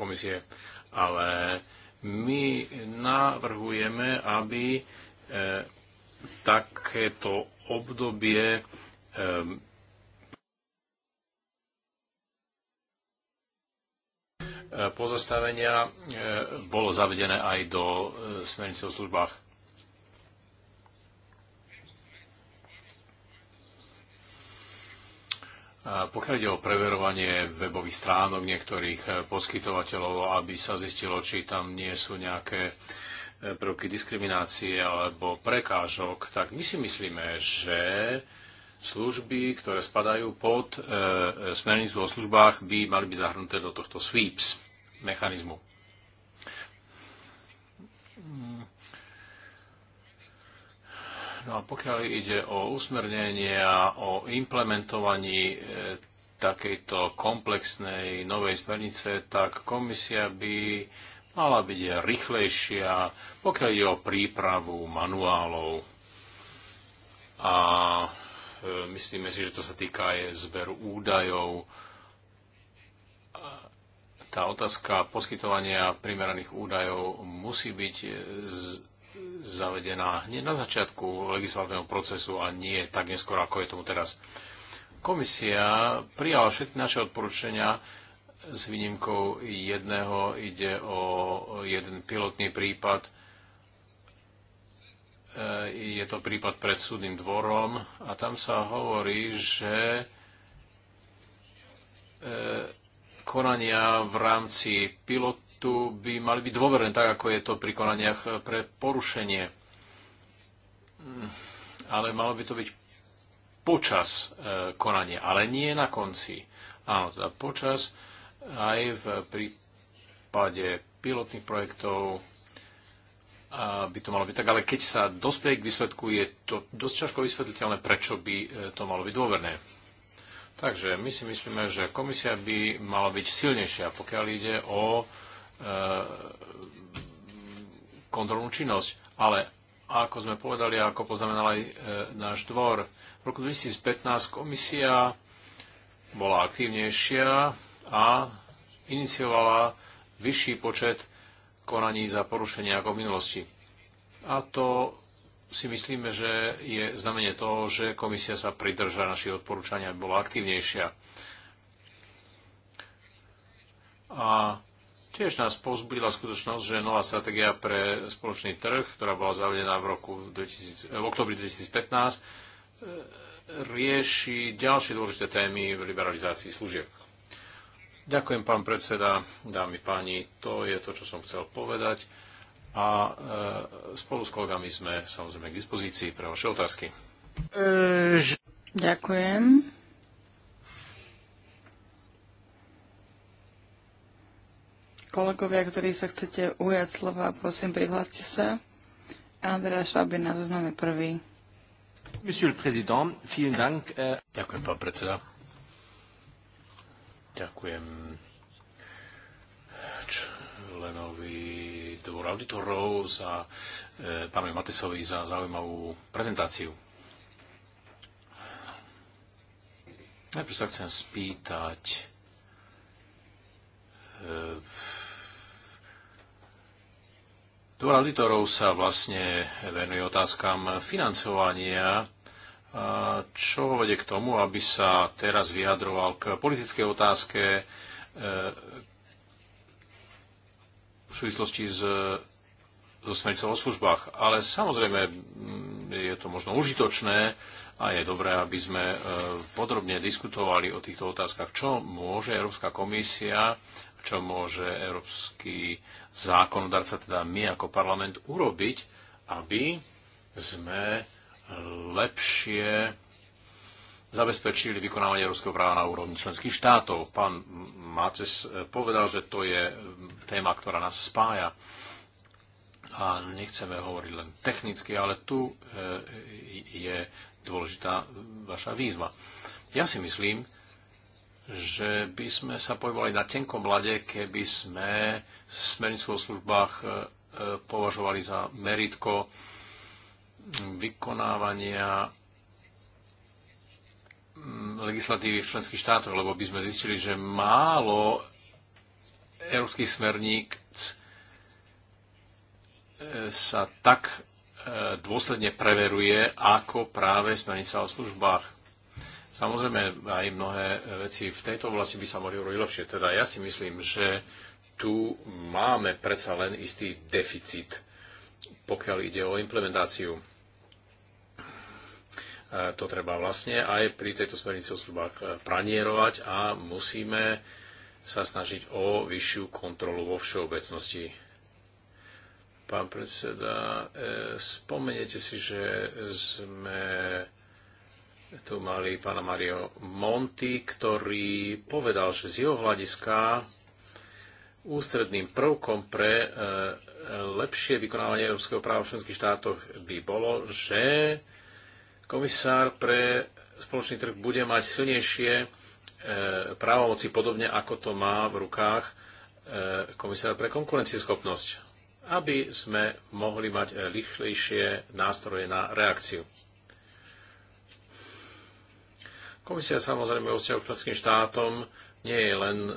komisie, ale my navrhujeme, aby eh, takéto obdobie eh, pozastavenia eh, bolo zavedené aj do smernice o službách. Pokiaľ ide o preverovanie webových stránok niektorých eh, poskytovateľov, aby sa zistilo, či tam nie sú nejaké eh, prvky diskriminácie alebo prekážok, tak my si myslíme, že služby, ktoré spadajú pod e, smernicu o službách, by mali byť zahrnuté do tohto SWEEPS mechanizmu. No a pokiaľ ide o usmernenie a o implementovaní e, takejto komplexnej novej smernice, tak komisia by mala byť rýchlejšia, pokiaľ ide o prípravu manuálov. A e, myslíme si, že to sa týka aj zberu údajov. Tá otázka poskytovania primeraných údajov musí byť e, zavedená hneď na začiatku legislatívneho procesu a nie tak neskôr ako je tomu teraz. Komisia prijala všetky naše odporúčania s výnimkou jedného. Ide o jeden pilotný prípad. E, je to prípad pred súdnym dvorom a tam sa hovorí, že e, konania v rámci pilot tu by mali byť dôverné, tak ako je to pri konaniach eh, pre porušenie. Mm, ale malo by to byť počas eh, konania, ale nie na konci. Áno, teda počas aj v prípade pilotných projektov by to malo byť tak, ale keď sa dospie k výsledku, je to dosť ťažko vysvetliteľné, prečo by eh, to malo byť dôverné. Takže my si myslíme, že komisia by mala byť silnejšia, pokiaľ ide o E, kontrolnú činnosť. Ale ako sme povedali, ako poznamenal aj e, náš dvor, v roku 2015 komisia bola aktívnejšia a iniciovala vyšší počet konaní za porušenie ako v minulosti. A to si myslíme, že je znamenie toho, že komisia sa pridrža našich odporúčania, bola aktívnejšia. A Tiež nás pozbudila skutočnosť, že nová stratégia pre spoločný trh, ktorá bola zavedená v, roku 2000, v oktobri 2015, e, rieši ďalšie dôležité témy v liberalizácii služieb. Ďakujem, pán predseda, dámy páni, to je to, čo som chcel povedať a e, spolu s kolegami sme samozrejme k dispozícii pre vaše otázky. E, Ďakujem. Kolegovia, ktorí sa chcete ujať slova, prosím, prihláste sa. Andrea Švabina, je na zozname prvý. Monsieur le Président, vielen Dank. Eh. Ďakujem, pán predseda. Ďakujem členovi dvor auditorov za e, pánovi Matisovi za zaujímavú prezentáciu. Najprv sa chcem spýtať, e, Dvor auditorov sa vlastne venuje otázkam financovania, čo vedie k tomu, aby sa teraz vyjadroval k politickej otázke e, v súvislosti s so smernicou o službách. Ale samozrejme mm, je to možno užitočné a je dobré, aby sme e, podrobne diskutovali o týchto otázkach, čo môže Európska komisia čo môže európsky zákonodarca, teda my ako parlament, urobiť, aby sme lepšie zabezpečili vykonávanie európskeho práva na úrovni členských štátov. Pán Mátes povedal, že to je téma, ktorá nás spája. A nechceme hovoriť len technicky, ale tu e, je dôležitá vaša výzva. Ja si myslím, že by sme sa pohybovali na tenkom lade, keby sme smernicu o službách e, e, považovali za meritko vykonávania mm, legislatívy v členských štátoch, lebo by sme zistili, že málo európskych smerník e, sa tak dôsledne preveruje, ako práve smernica o službách Samozrejme, aj mnohé e, veci v tejto oblasti by sa mohli urobiť lepšie. Teda ja si myslím, že tu máme predsa len istý deficit, pokiaľ ide o implementáciu. E, to treba vlastne aj pri tejto smernici o službách e, pranierovať a musíme sa snažiť o vyššiu kontrolu vo všeobecnosti. Pán predseda, spomeniete si, že sme tu mali pána Mario Monti, ktorý povedal, že z jeho hľadiska ústredným prvkom pre e, lepšie vykonávanie európskeho práva v členských štátoch by bolo, že komisár pre spoločný trh bude mať silnejšie e, právomoci, podobne ako to má v rukách e, komisár pre konkurencieschopnosť, aby sme mohli mať rýchlejšie nástroje na reakciu. Komisia samozrejme o vzťahu k členským štátom nie je len e,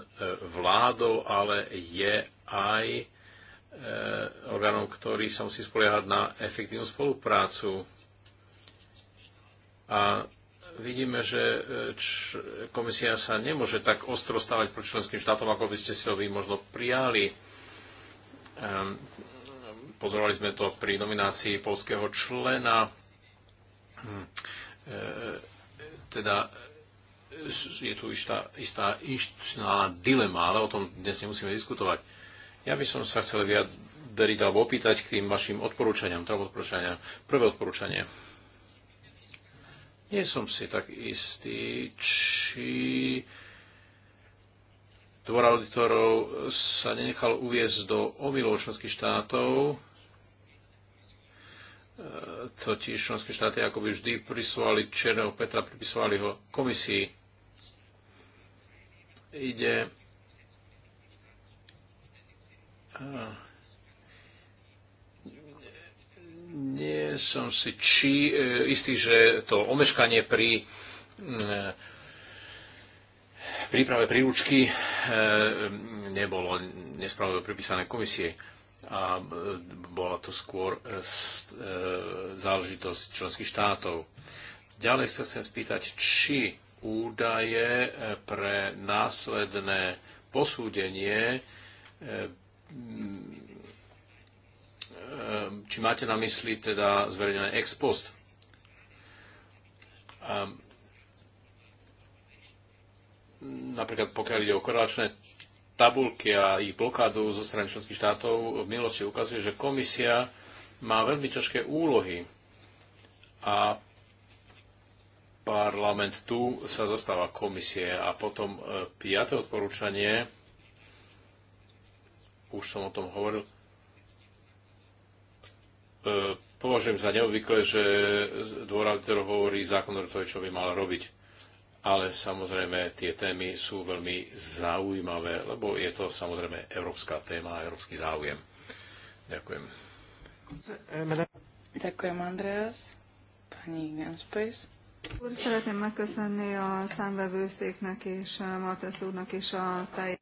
vládou, ale je aj e, orgánom, ktorý sa musí spoliehať na efektívnu spoluprácu. A vidíme, že e, č, komisia sa nemôže tak ostro stávať proti členským štátom, ako by ste si ho vy možno prijali. Ehm, pozorovali sme to pri nominácii polského člena. Hm. E, teda je tu istá, istá inštitucionálna dilema, ale o tom dnes nemusíme diskutovať. Ja by som sa chcel vyjadriť alebo opýtať k tým vašim odporúčaniam, trom teda odporúčania. Prvé odporúčanie. Nie som si tak istý, či dvor auditorov sa nenechal uviezť do omylov členských štátov, e, totiž členské štáty akoby vždy prisúvali Černého Petra, pripisovali ho komisii ide nie som si či, e, istý, že to omeškanie pri mm, e, príprave príručky e, nebolo nesprávne pripísané komisie a bola to skôr záležitosť členských štátov. Ďalej sa chcem spýtať, či údaje e, pre následné posúdenie, e, e, či máte na mysli teda zverejnené ex post. Napríklad pokiaľ ide o korelačné tabulky a ich blokádu zo strany členských štátov v minulosti ukazuje, že komisia má veľmi ťažké úlohy a parlament tu sa zastáva komisie a potom e, piate odporúčanie, už som o tom hovoril, e, považujem za neobvyklé, že dvor auditorov hovorí zákonodarcovi, čo by mal robiť. Ale samozrejme tie témy sú veľmi zaujímavé, lebo je to samozrejme európska téma a európsky záujem. Ďakujem. Ďakujem, Andreas. Pani Ganspace. Úr, Szeretném megköszönni a számvevőszéknek és a Matesz úrnak is a tej...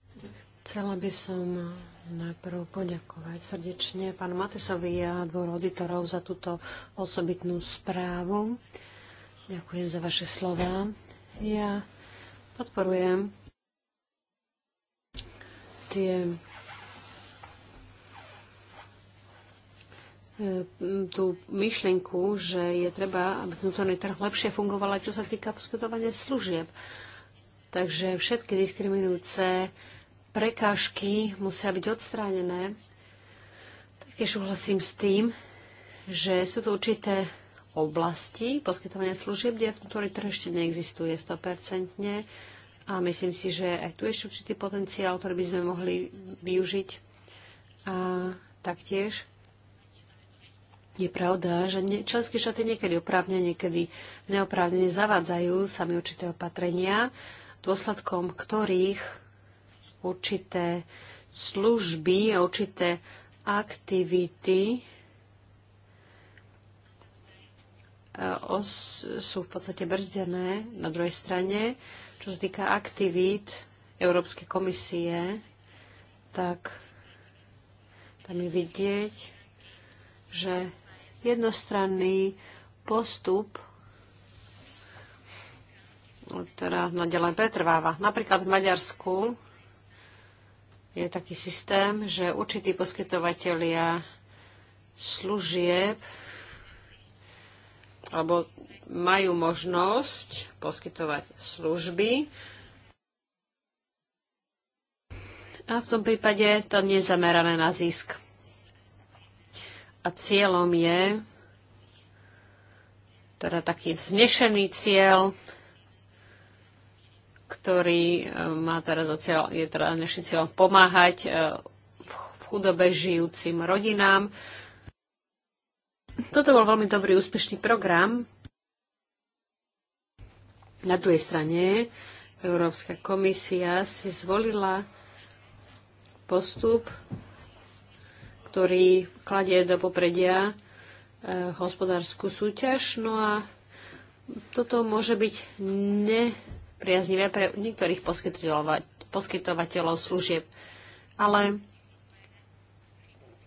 Chcela by som najprv poďakovať srdečne pánu Matesovi a dvor auditorov za túto osobitnú správu. Ďakujem za vaše slova. Ja podporujem tie tú myšlienku, že je treba, aby vnútorný trh lepšie fungoval čo sa týka poskytovania služieb. Takže všetky diskriminujúce prekážky musia byť odstránené. Taktiež súhlasím s tým, že sú tu určité oblasti poskytovania služieb, kde vnútorný trh ešte neexistuje 100%. A myslím si, že aj tu ešte určitý potenciál, ktorý by sme mohli využiť. A taktiež je pravda, že ne, členské štáty niekedy oprávne, niekedy neoprávne zavádzajú sami určité opatrenia, dôsledkom ktorých určité služby a určité aktivity e, os, sú v podstate brzdené na druhej strane. Čo sa týka aktivít Európskej komisie, tak tam je vidieť, že jednostranný postup ktorá nadalej pretrváva. Napríklad v Maďarsku je taký systém, že určití poskytovateľia služieb alebo majú možnosť poskytovať služby. A v tom prípade to nie je zamerané na zisk a cieľom je teda taký vznešený cieľ, ktorý e, má teraz za cieľ, je teda dnešným cieľom pomáhať e, v chudobe žijúcim rodinám. Toto bol veľmi dobrý, úspešný program. Na druhej strane Európska komisia si zvolila postup, ktorý kladie do popredia e, hospodárskú súťaž. No a toto môže byť nepriaznivé pre niektorých poskytovateľov, služieb. Ale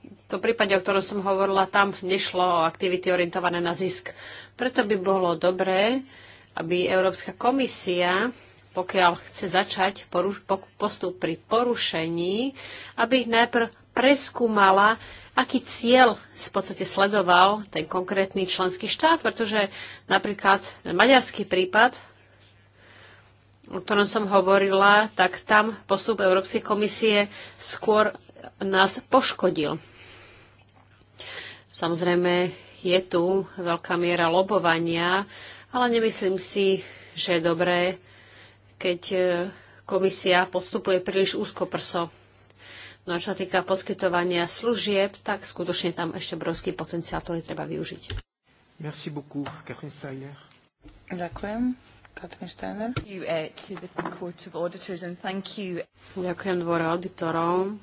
v tom prípade, o ktorom som hovorila, tam nešlo o aktivity orientované na zisk. Preto by bolo dobré, aby Európska komisia pokiaľ chce začať postup pri porušení, aby najprv preskúmala, aký cieľ v podstate sledoval ten konkrétny členský štát, pretože napríklad maďarský prípad, o ktorom som hovorila, tak tam postup Európskej komisie skôr nás poškodil. Samozrejme, je tu veľká miera lobovania, ale nemyslím si, že je dobré keď e, komisia postupuje príliš úzko prso. No a čo sa týka poskytovania služieb, tak skutočne tam ešte obrovský potenciál, ktorý treba využiť. Merci beaucoup, Catherine Steiner. Ďakujem. Katrin Steiner. Eh, Ďakujem dvore auditorom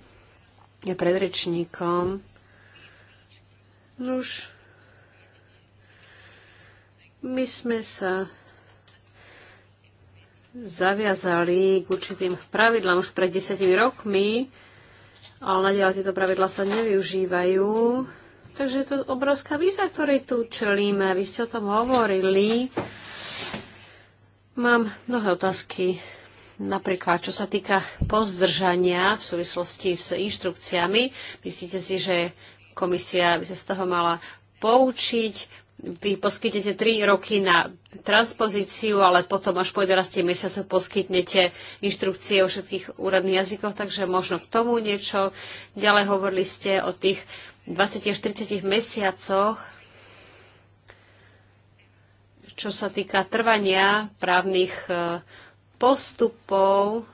a predrečníkom. Nuž, no my sme sa zaviazali k určitým pravidlám už pred desiatimi rokmi, ale naďalej tieto pravidlá sa nevyužívajú. Takže je to obrovská výzva, ktorej tu čelíme. Vy ste o tom hovorili. Mám mnohé otázky. Napríklad, čo sa týka pozdržania v súvislosti s inštrukciami, myslíte si, že komisia by sa z toho mala poučiť? vy poskytnete 3 roky na transpozíciu, ale potom až po 11 mesiacoch poskytnete inštrukcie o všetkých úradných jazykoch, takže možno k tomu niečo. Ďalej hovorili ste o tých 20 až 30 mesiacoch, čo sa týka trvania právnych e, postupov.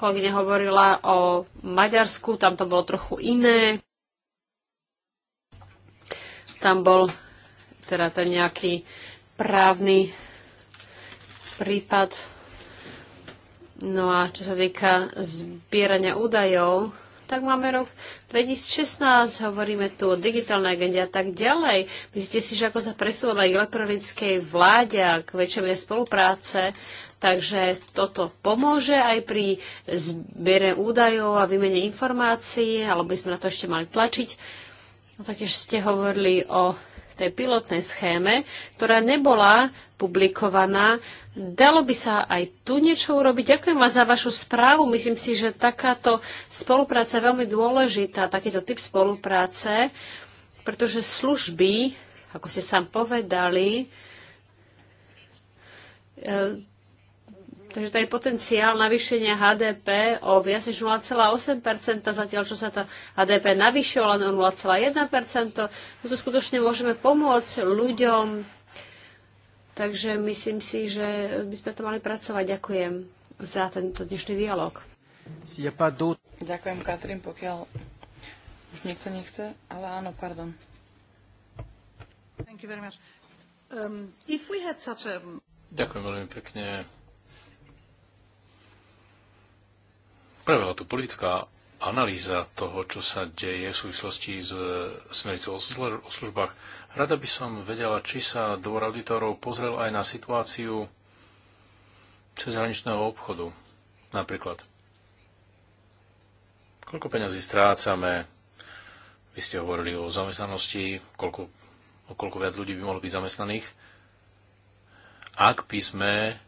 Kolegyňa hovorila o Maďarsku, tam to bolo trochu iné tam bol teda ten nejaký právny prípad. No a čo sa týka zbierania údajov, tak máme rok 2016, hovoríme tu o digitálnej agende a tak ďalej. Myslíte si, že ako sa presúvame k elektronickej vláde a k väčšej spolupráce, takže toto pomôže aj pri zbiere údajov a výmene informácií, alebo by sme na to ešte mali tlačiť. No taktiež ste hovorili o tej pilotnej schéme, ktorá nebola publikovaná. Dalo by sa aj tu niečo urobiť. Ďakujem vás za vašu správu. Myslím si, že takáto spolupráca je veľmi dôležitá, takýto typ spolupráce, pretože služby, ako ste sám povedali, e, Takže to je potenciál navýšenia HDP o viac než 0,8%, zatiaľ čo sa tá HDP navýšila len o 0,1%. No to skutočne môžeme pomôcť ľuďom. Takže myslím si, že by sme to mali pracovať. Ďakujem za tento dnešný dialog. Ďakujem, Katrin, pokiaľ už nikto nechce, ale áno, pardon. Um, Ďakujem veľmi pekne spravila tu politická analýza toho, čo sa deje v súvislosti s smericou o službách. Rada by som vedela, či sa dvor auditorov pozrel aj na situáciu cezhraničného obchodu. Napríklad, koľko peňazí strácame, vy ste hovorili o zamestnanosti, koľko, o koľko viac ľudí by mohlo byť zamestnaných, ak by sme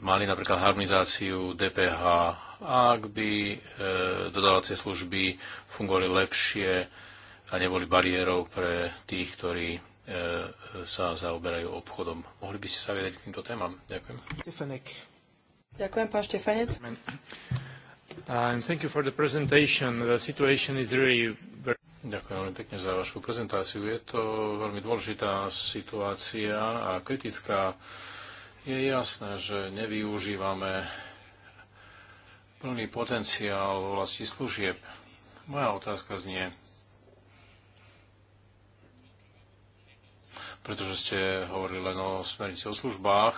mali napríklad harmonizáciu DPH, ak by e, dodávacie služby fungovali lepšie a neboli bariérou pre tých, ktorí e, sa zaoberajú obchodom. Mohli by ste sa vedieť k týmto témam? Ďakujem. Štefanek. Ďakujem, pán Štefanec. Uh, Ďakujem veľmi pekne za vašu prezentáciu. Je to veľmi dôležitá situácia a kritická je jasné, že nevyužívame plný potenciál v oblasti služieb. Moja otázka znie, pretože ste hovorili len o smernici o službách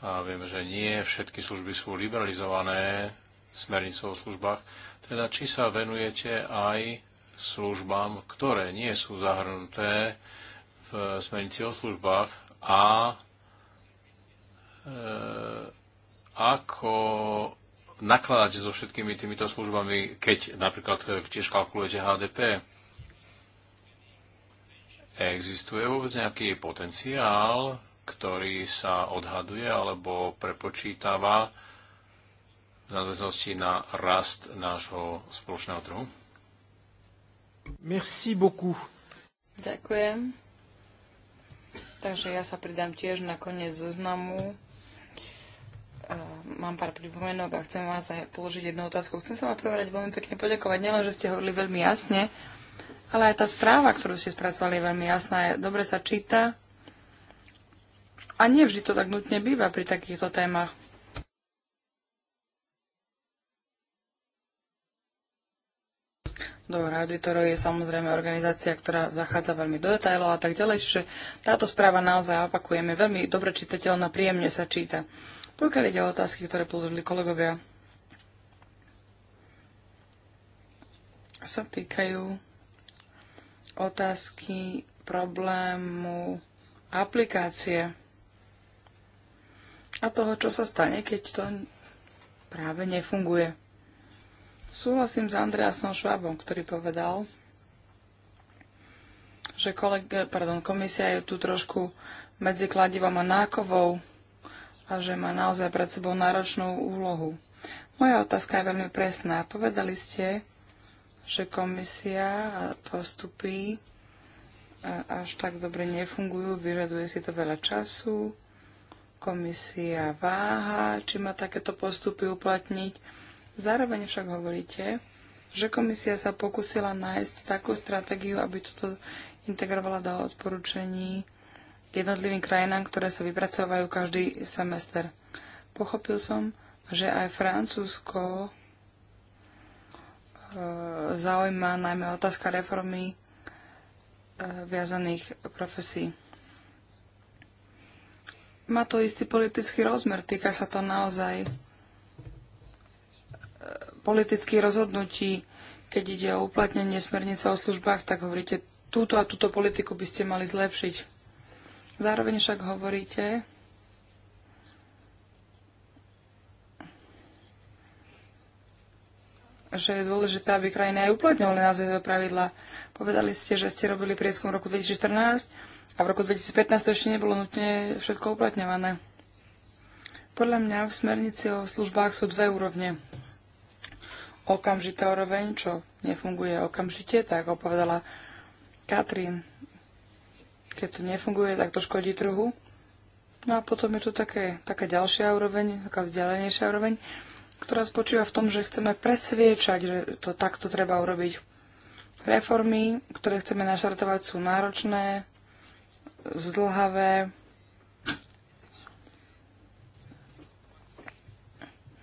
a vieme, že nie všetky služby sú liberalizované smernicou o službách. Teda či sa venujete aj službám, ktoré nie sú zahrnuté v smernici o službách a E, ako nakladať so všetkými týmito službami, keď napríklad e, tiež kalkulujete HDP? Existuje vôbec nejaký potenciál, ktorý sa odhaduje alebo prepočítava v nadväznosti na rast nášho spoločného trhu? Merci beaucoup. Ďakujem. Takže ja sa pridám tiež na koniec zoznamu E, mám pár pripomienok a chcem vás aj položiť jednu otázku. Chcem sa vám prvorať veľmi pekne poďakovať, nielen, že ste hovorili veľmi jasne, ale aj tá správa, ktorú ste spracovali, je veľmi jasná, dobre sa číta a nevždy to tak nutne býva pri takýchto témach. Dobre auditorov je samozrejme organizácia, ktorá zachádza veľmi do detajlov a tak ďalej, čiže táto správa naozaj opakujeme, veľmi dobre čitateľná, príjemne sa číta. Pokiaľ ide o otázky, ktoré položili kolegovia, sa týkajú otázky problému aplikácie a toho, čo sa stane, keď to práve nefunguje. Súhlasím s Andreasom Švábom, ktorý povedal, že kolega, pardon, komisia je tu trošku medzi kladivom a nákovou a že má naozaj pred sebou náročnú úlohu. Moja otázka je veľmi presná. Povedali ste, že komisia a postupy e, až tak dobre nefungujú, vyžaduje si to veľa času, komisia váha, či má takéto postupy uplatniť. Zároveň však hovoríte, že komisia sa pokusila nájsť takú stratégiu, aby toto integrovala do odporúčení jednotlivým krajinám, ktoré sa vypracovajú každý semester. Pochopil som, že aj Francúzsko e, zaujíma najmä otázka reformy e, viazaných profesí. Má to istý politický rozmer, týka sa to naozaj e, politických rozhodnutí, keď ide o uplatnenie smernice o službách, tak hovoríte, túto a túto politiku by ste mali zlepšiť. Zároveň však hovoríte, že je dôležité, aby krajiny aj uplatňovali naozaj tieto pravidla. Povedali ste, že ste robili prieskum v roku 2014 a v roku 2015 to ešte nebolo nutne všetko uplatňované. Podľa mňa v smernici o službách sú dve úrovne. Okamžitá úroveň, čo nefunguje okamžite, tak povedala Katrin. Keď to nefunguje, tak to škodí trhu. No a potom je tu také, taká ďalšia úroveň, taká vzdialenejšia úroveň, ktorá spočíva v tom, že chceme presviečať, že to takto treba urobiť. Reformy, ktoré chceme naštartovať, sú náročné, zdlhavé.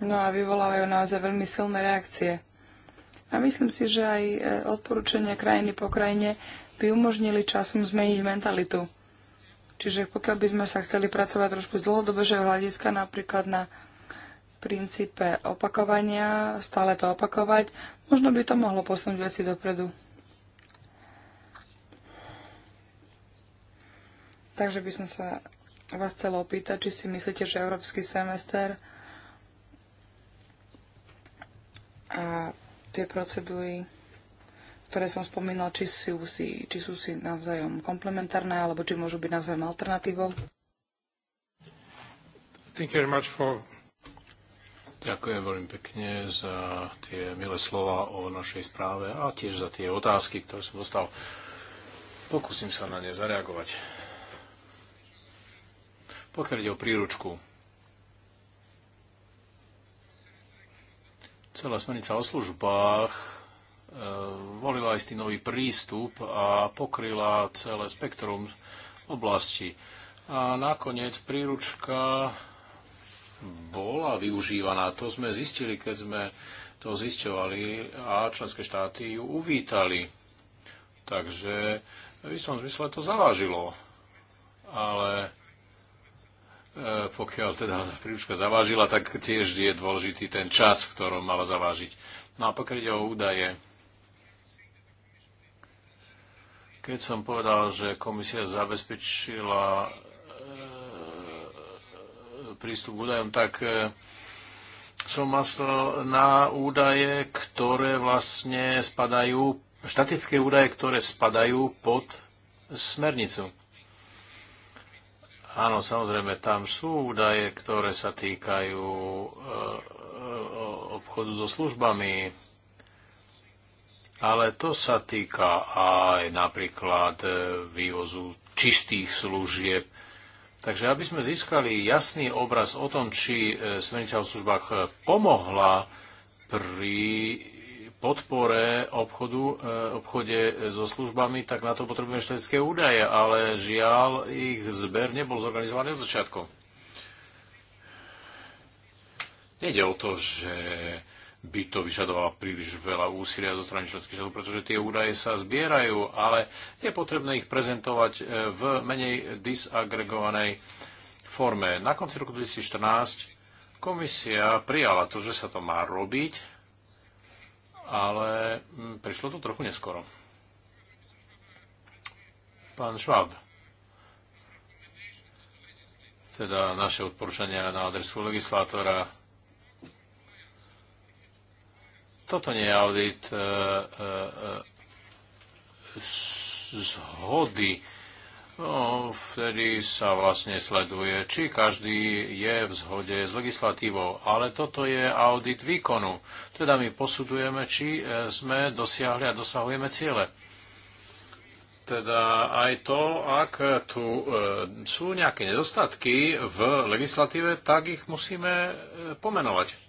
No a vyvolávajú naozaj veľmi silné reakcie. A myslím si, že aj e, odporúčania krajiny po krajine by umožnili časom zmeniť mentalitu. Čiže pokiaľ by sme sa chceli pracovať trošku z dlhodobého hľadiska, napríklad na princípe opakovania, stále to opakovať, možno by to mohlo posunúť veci dopredu. Takže by som sa vás chcela opýtať, či si myslíte, že európsky semester a tie procedúry ktoré som spomínal, či sú si, či sú si navzájom komplementárne, alebo či môžu byť navzájom alternatívou? Thank you very much for... Ďakujem veľmi pekne za tie milé slova o našej správe a tiež za tie otázky, ktoré som dostal. Pokúsim sa na ne zareagovať. Pokiaľ ide o príručku, celá smernica o službách E, volila istý nový prístup a pokryla celé spektrum oblasti. A nakoniec príručka bola využívaná. To sme zistili, keď sme to zisťovali a členské štáty ju uvítali. Takže v istom zmysle to zavážilo. Ale e, pokiaľ teda príručka zavážila, tak tiež je dôležitý ten čas, v ktorom mala zavážiť. No a pokiaľ ide o údaje, Keď som povedal, že komisia zabezpečila e, e, prístup k údajom, tak e, som myslel na údaje, ktoré vlastne spadajú, štatické údaje, ktoré spadajú pod smernicu. Áno, samozrejme, tam sú údaje, ktoré sa týkajú obchodu so službami, ale to sa týka aj napríklad e, vývozu čistých služieb. Takže aby sme získali jasný obraz o tom, či e, smernica o službách e, pomohla pri podpore obchodu, obchode so službami, tak na to potrebujeme štedecké údaje, ale žiaľ, ich zber nebol zorganizovaný od začiatku. Nede o to, že by to vyžadovalo príliš veľa úsilia zo strany členských štátov, pretože tie údaje sa zbierajú, ale je potrebné ich prezentovať e, v menej disagregovanej forme. Na konci roku 2014 komisia prijala to, že sa to má robiť, ale mm, prišlo to trochu neskoro. Pán Schwab, teda naše odporúčania na adresu legislátora Toto nie je audit e, e, e zhody. No, vtedy sa vlastne sleduje, či každý je v zhode s legislatívou. Ale toto je audit výkonu. Teda my posudujeme, či e, sme dosiahli a dosahujeme ciele. Teda aj to, ak tu e, sú nejaké nedostatky v legislatíve, tak ich musíme pomenovať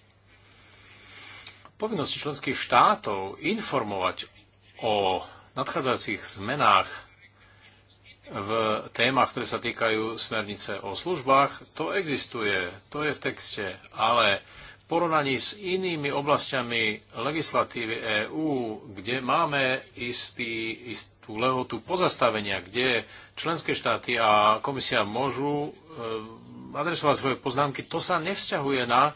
povinnosti členských štátov informovať o nadchádzajúcich zmenách v témach, ktoré sa týkajú smernice o službách, to existuje, to je v texte, ale v porovnaní s inými oblastiami legislatívy EÚ, kde máme istý, istú lehotu pozastavenia, kde členské štáty a komisia môžu e, adresovať svoje poznámky, to sa nevzťahuje na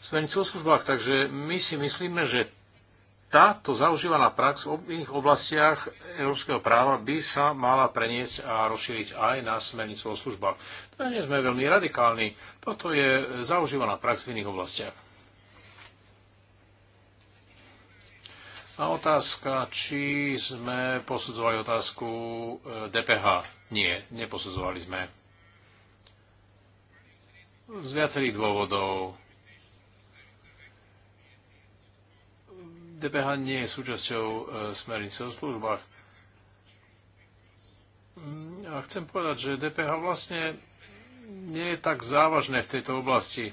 smernicu o službách. Takže my si myslíme, že táto zaužívaná prax v iných oblastiach európskeho práva by sa mala preniesť a rozšíriť aj na smernicu o službách. To nie sme veľmi radikálni, toto je zaužívaná prax v iných oblastiach. A otázka, či sme posudzovali otázku e, DPH. Nie, neposudzovali sme. Z viacerých dôvodov DPH nie je súčasťou e, smernice o službách. Mm, a chcem povedať, že DPH vlastne nie je tak závažné v tejto oblasti.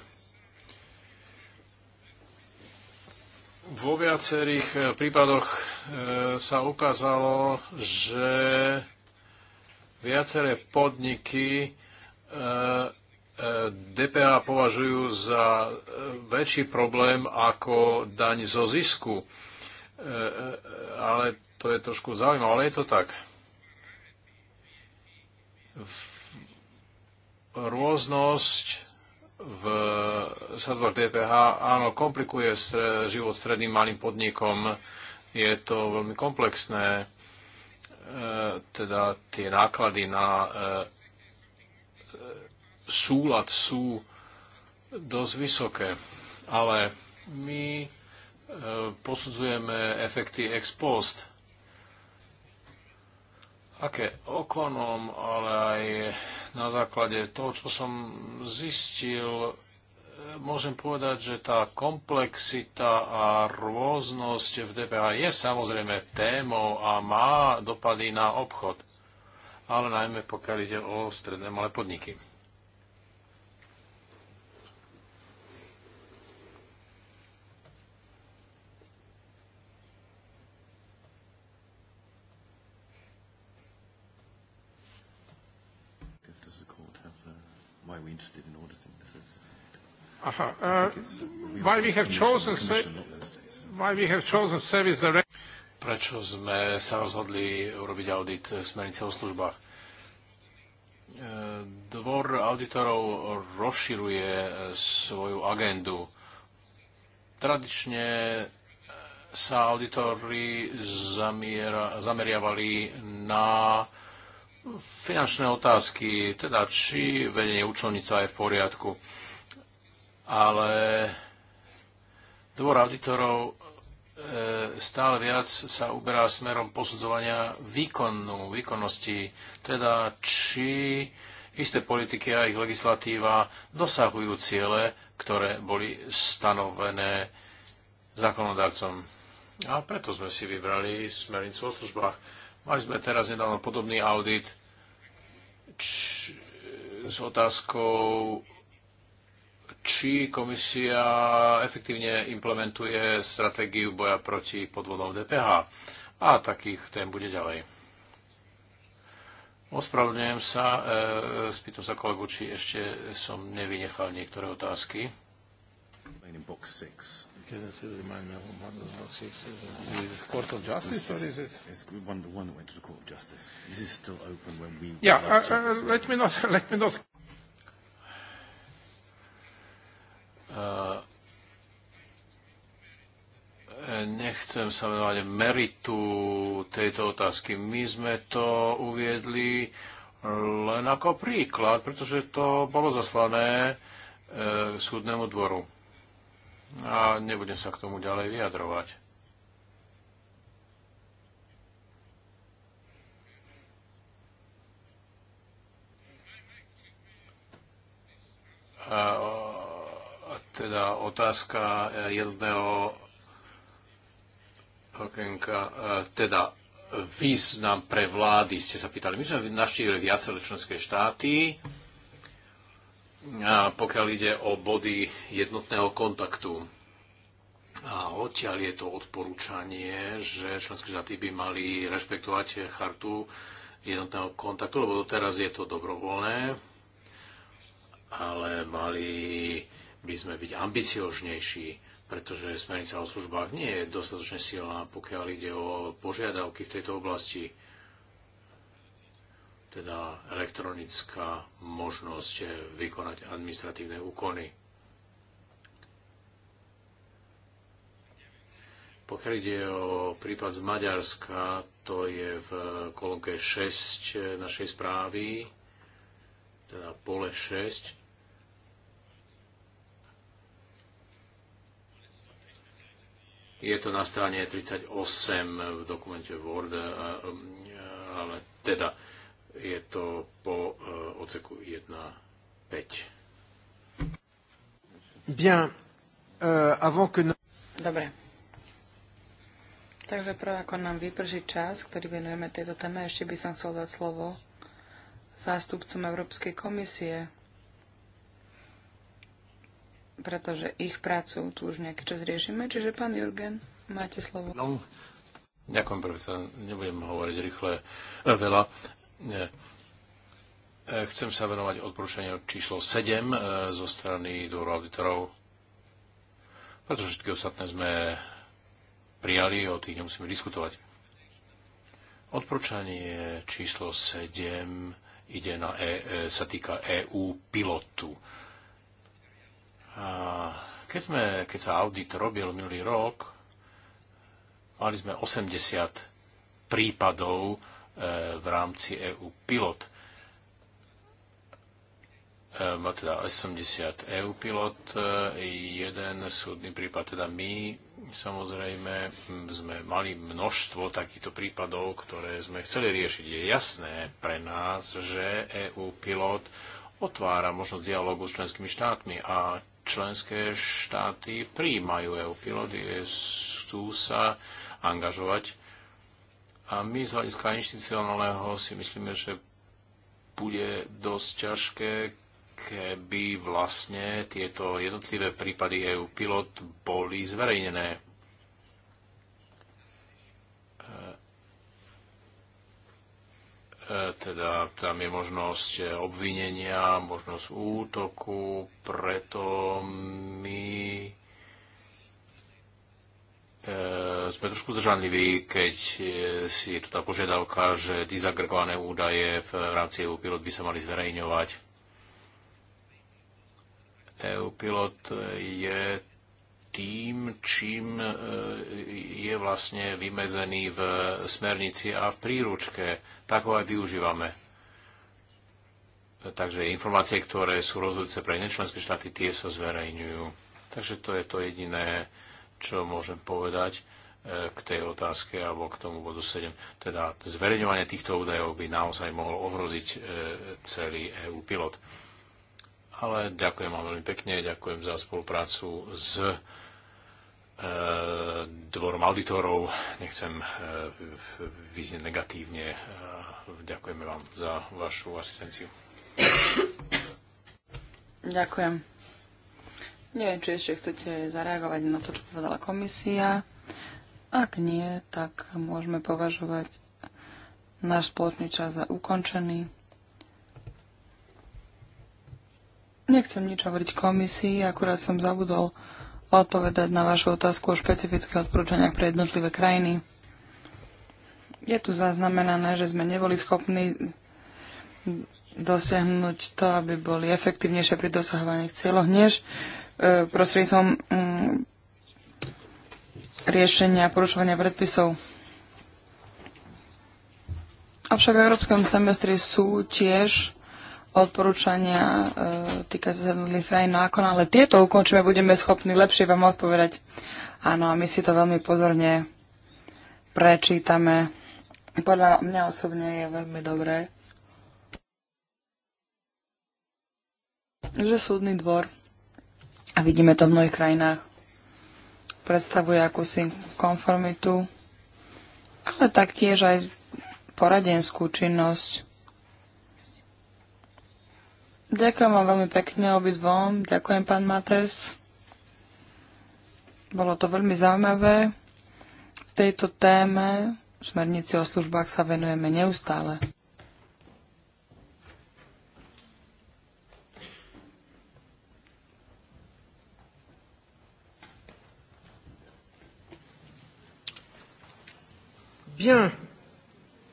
Vo viacerých e, prípadoch e, sa ukázalo, že viaceré podniky DPA považujú za e, väčší problém ako daň zo zisku. E, e, ale to je trošku zaujímavé, ale je to tak. Rôznosť v sadzbách DPH áno, komplikuje život stredným malým podnikom. Je to veľmi komplexné, teda tie náklady na súlad sú dosť vysoké, ale my e, posudzujeme efekty ex post. Aké okonom, ale aj na základe toho, čo som zistil, e, môžem povedať, že tá komplexita a rôznosť v DPH je samozrejme témou a má dopady na obchod, ale najmä pokiaľ ide o stredné malé podniky. Uh, prečo sme sa rozhodli urobiť audit smernice o službách. E, dvor auditorov rozširuje svoju agendu. Tradične sa auditori zameriavali na finančné otázky, teda či vedenie účelníctva je v poriadku ale dvor auditorov e, stále viac sa uberá smerom posudzovania výkonu, výkonnosti, teda či isté politiky a ich legislatíva dosahujú ciele, ktoré boli stanovené zákonodarcom. A preto sme si vybrali smernicu o službách. Mali sme teraz nedávno podobný audit či, s otázkou či komisia efektívne implementuje stratégiu boja proti podvodom DPH. A takých tém bude ďalej. Ospravedlňujem sa, e, spýtam sa kolegu, či ešte som nevynechal niektoré otázky. Yeah, uh, uh, let me not, let me not Eh, nechcem sa venovať meritu tejto otázky. My sme to uviedli len ako príklad, pretože to bolo zaslané k eh, súdnemu dvoru. A nebudem sa k tomu ďalej vyjadrovať. A, teda otázka eh, jedného okienka, eh, teda význam pre vlády, ste sa pýtali. My sme navštívili viaceré členské štáty, a pokiaľ ide o body jednotného kontaktu. A odtiaľ je to odporúčanie, že členské štáty by mali rešpektovať chartu jednotného kontaktu, lebo doteraz je to dobrovoľné, ale mali by sme byť ambiciožnejší, pretože smernica o službách nie je dostatočne silná, pokiaľ ide o požiadavky v tejto oblasti, teda elektronická možnosť vykonať administratívne úkony. Pokiaľ ide o prípad z Maďarska, to je v kolónke 6 našej správy, teda pole 6, Je to na strane 38 v dokumente Word, ale teda je to po e, oceku 1.5. Bien. Euh, avant que... No- Dobre. Takže prv, ako nám vyprží čas, ktorý venujeme tejto téme, ešte by som chcel dať slovo zástupcom Európskej komisie pretože ich prácu tu už nejaký čas riešime. Čiže, pán Jurgen, máte slovo. No, ďakujem, profesor. Nebudem hovoriť rýchle e, veľa. Nie. Eh, e, eh, chcem sa venovať odporúčaniu číslo 7 e, zo strany dvoru auditorov, pretože všetky ostatné sme prijali, o tých nemusíme diskutovať. Odporúčanie číslo 7 ide na e, e, sa týka EU pilotu a keď, sme, keď sa audit robil minulý rok, mali sme 80 prípadov e, v rámci EU pilot. E, má teda 80 EU pilot, e, jeden súdny prípad, teda my samozrejme sme mali množstvo takýchto prípadov, ktoré sme chceli riešiť. Je jasné pre nás, že EU pilot otvára možnosť dialogu s členskými štátmi a členské štáty príjmajú EU piloty, chcú sa angažovať. A my z hľadiska inštitucionálneho si myslíme, že bude dosť ťažké, keby vlastne tieto jednotlivé prípady EU pilot boli zverejnené E, teda tam je možnosť e, obvinenia, možnosť útoku, preto my e, sme trošku zdržanliví, keď si je tu tá požiadavka, že dizagregované údaje v rámci EU pilot by sa mali zverejňovať. EU pilot je tým, čím e, je vlastne vymezený v smernici a v príručke. Tak ho aj využívame. Takže informácie, ktoré sú rozhodujúce pre nečlenské štáty, tie sa zverejňujú. Takže to je to jediné, čo môžem povedať e, k tej otázke alebo k tomu bodu 7. Teda zverejňovanie týchto údajov by naozaj mohol ohroziť e, celý EU pilot. Ale ďakujem vám veľmi pekne, ďakujem za spoluprácu s E, dvorom auditorov. Nechcem e, vyznieť negatívne. Ďakujeme vám za vašu asistenciu. Ďakujem. Neviem, či ešte chcete zareagovať na to, čo povedala komisia. Ak nie, tak môžeme považovať náš spoločný čas za ukončený. Nechcem nič hovoriť komisii, akurát som zabudol odpovedať na vašu otázku o špecifických odporúčaniach pre jednotlivé krajiny. Je tu zaznamenané, že sme neboli schopní dosiahnuť to, aby boli efektívnejšie pri dosahovaní cieľoch, než prosím e, prostredníctvom mm, riešenia riešenia porušovania predpisov. Avšak v európskom semestri sú tiež odporúčania e, týka sa jednotlivých krajín no nákon, ale tieto ukončíme, budeme schopní lepšie vám odpovedať. Áno, a my si to veľmi pozorne prečítame. Podľa mňa osobne je veľmi dobré, že súdny dvor, a vidíme to v mnohých krajinách, predstavuje akúsi konformitu, ale taktiež aj poradenskú činnosť Ďakujem vám veľmi pekne obidvom. Ďakujem, pán Mates. Bolo to veľmi zaujímavé. V tejto téme v smernici o službách sa venujeme neustále. Bien.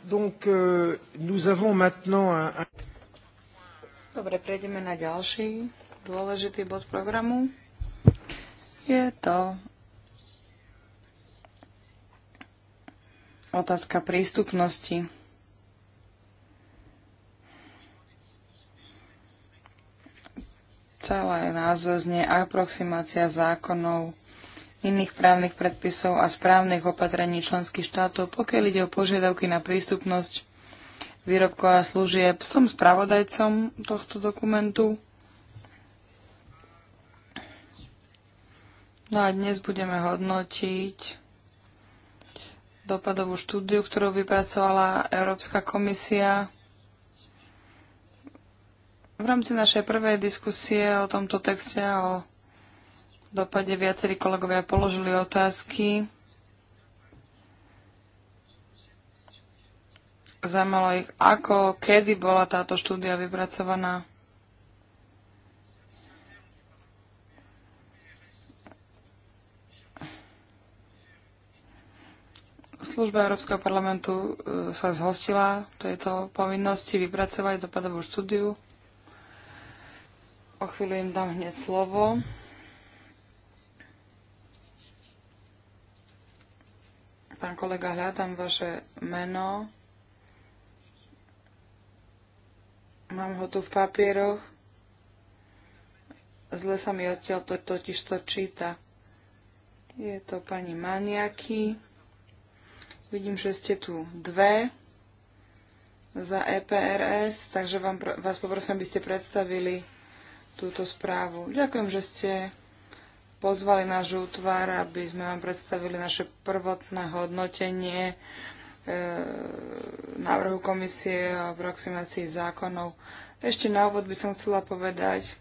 Donc, euh, nous avons maintenant un. un... Dobre, prejdeme na ďalší dôležitý bod programu. Je to otázka prístupnosti. Celé názov znie aproximácia zákonov iných právnych predpisov a správnych opatrení členských štátov, pokiaľ ide o požiadavky na prístupnosť výrobkov a služieb. Som spravodajcom tohto dokumentu. No a dnes budeme hodnotiť dopadovú štúdiu, ktorú vypracovala Európska komisia. V rámci našej prvej diskusie o tomto texte a o dopade viacerí kolegovia položili otázky. Zajímalo ich, ako, kedy bola táto štúdia vypracovaná. Služba Európskeho parlamentu e, sa zhostila tejto povinnosti vypracovať dopadovú štúdiu. O chvíľu im dám hneď slovo. Pán kolega, hľadám vaše meno. Mám ho tu v papieroch. Zle sa mi odtiaľ to, totiž to číta. Je to pani Maniaky. Vidím, že ste tu dve za EPRS, takže vám, vás poprosím, aby ste predstavili túto správu. Ďakujem, že ste pozvali náš útvar, aby sme vám predstavili naše prvotné hodnotenie E, návrhu komisie o aproximácii zákonov. Ešte na úvod by som chcela povedať,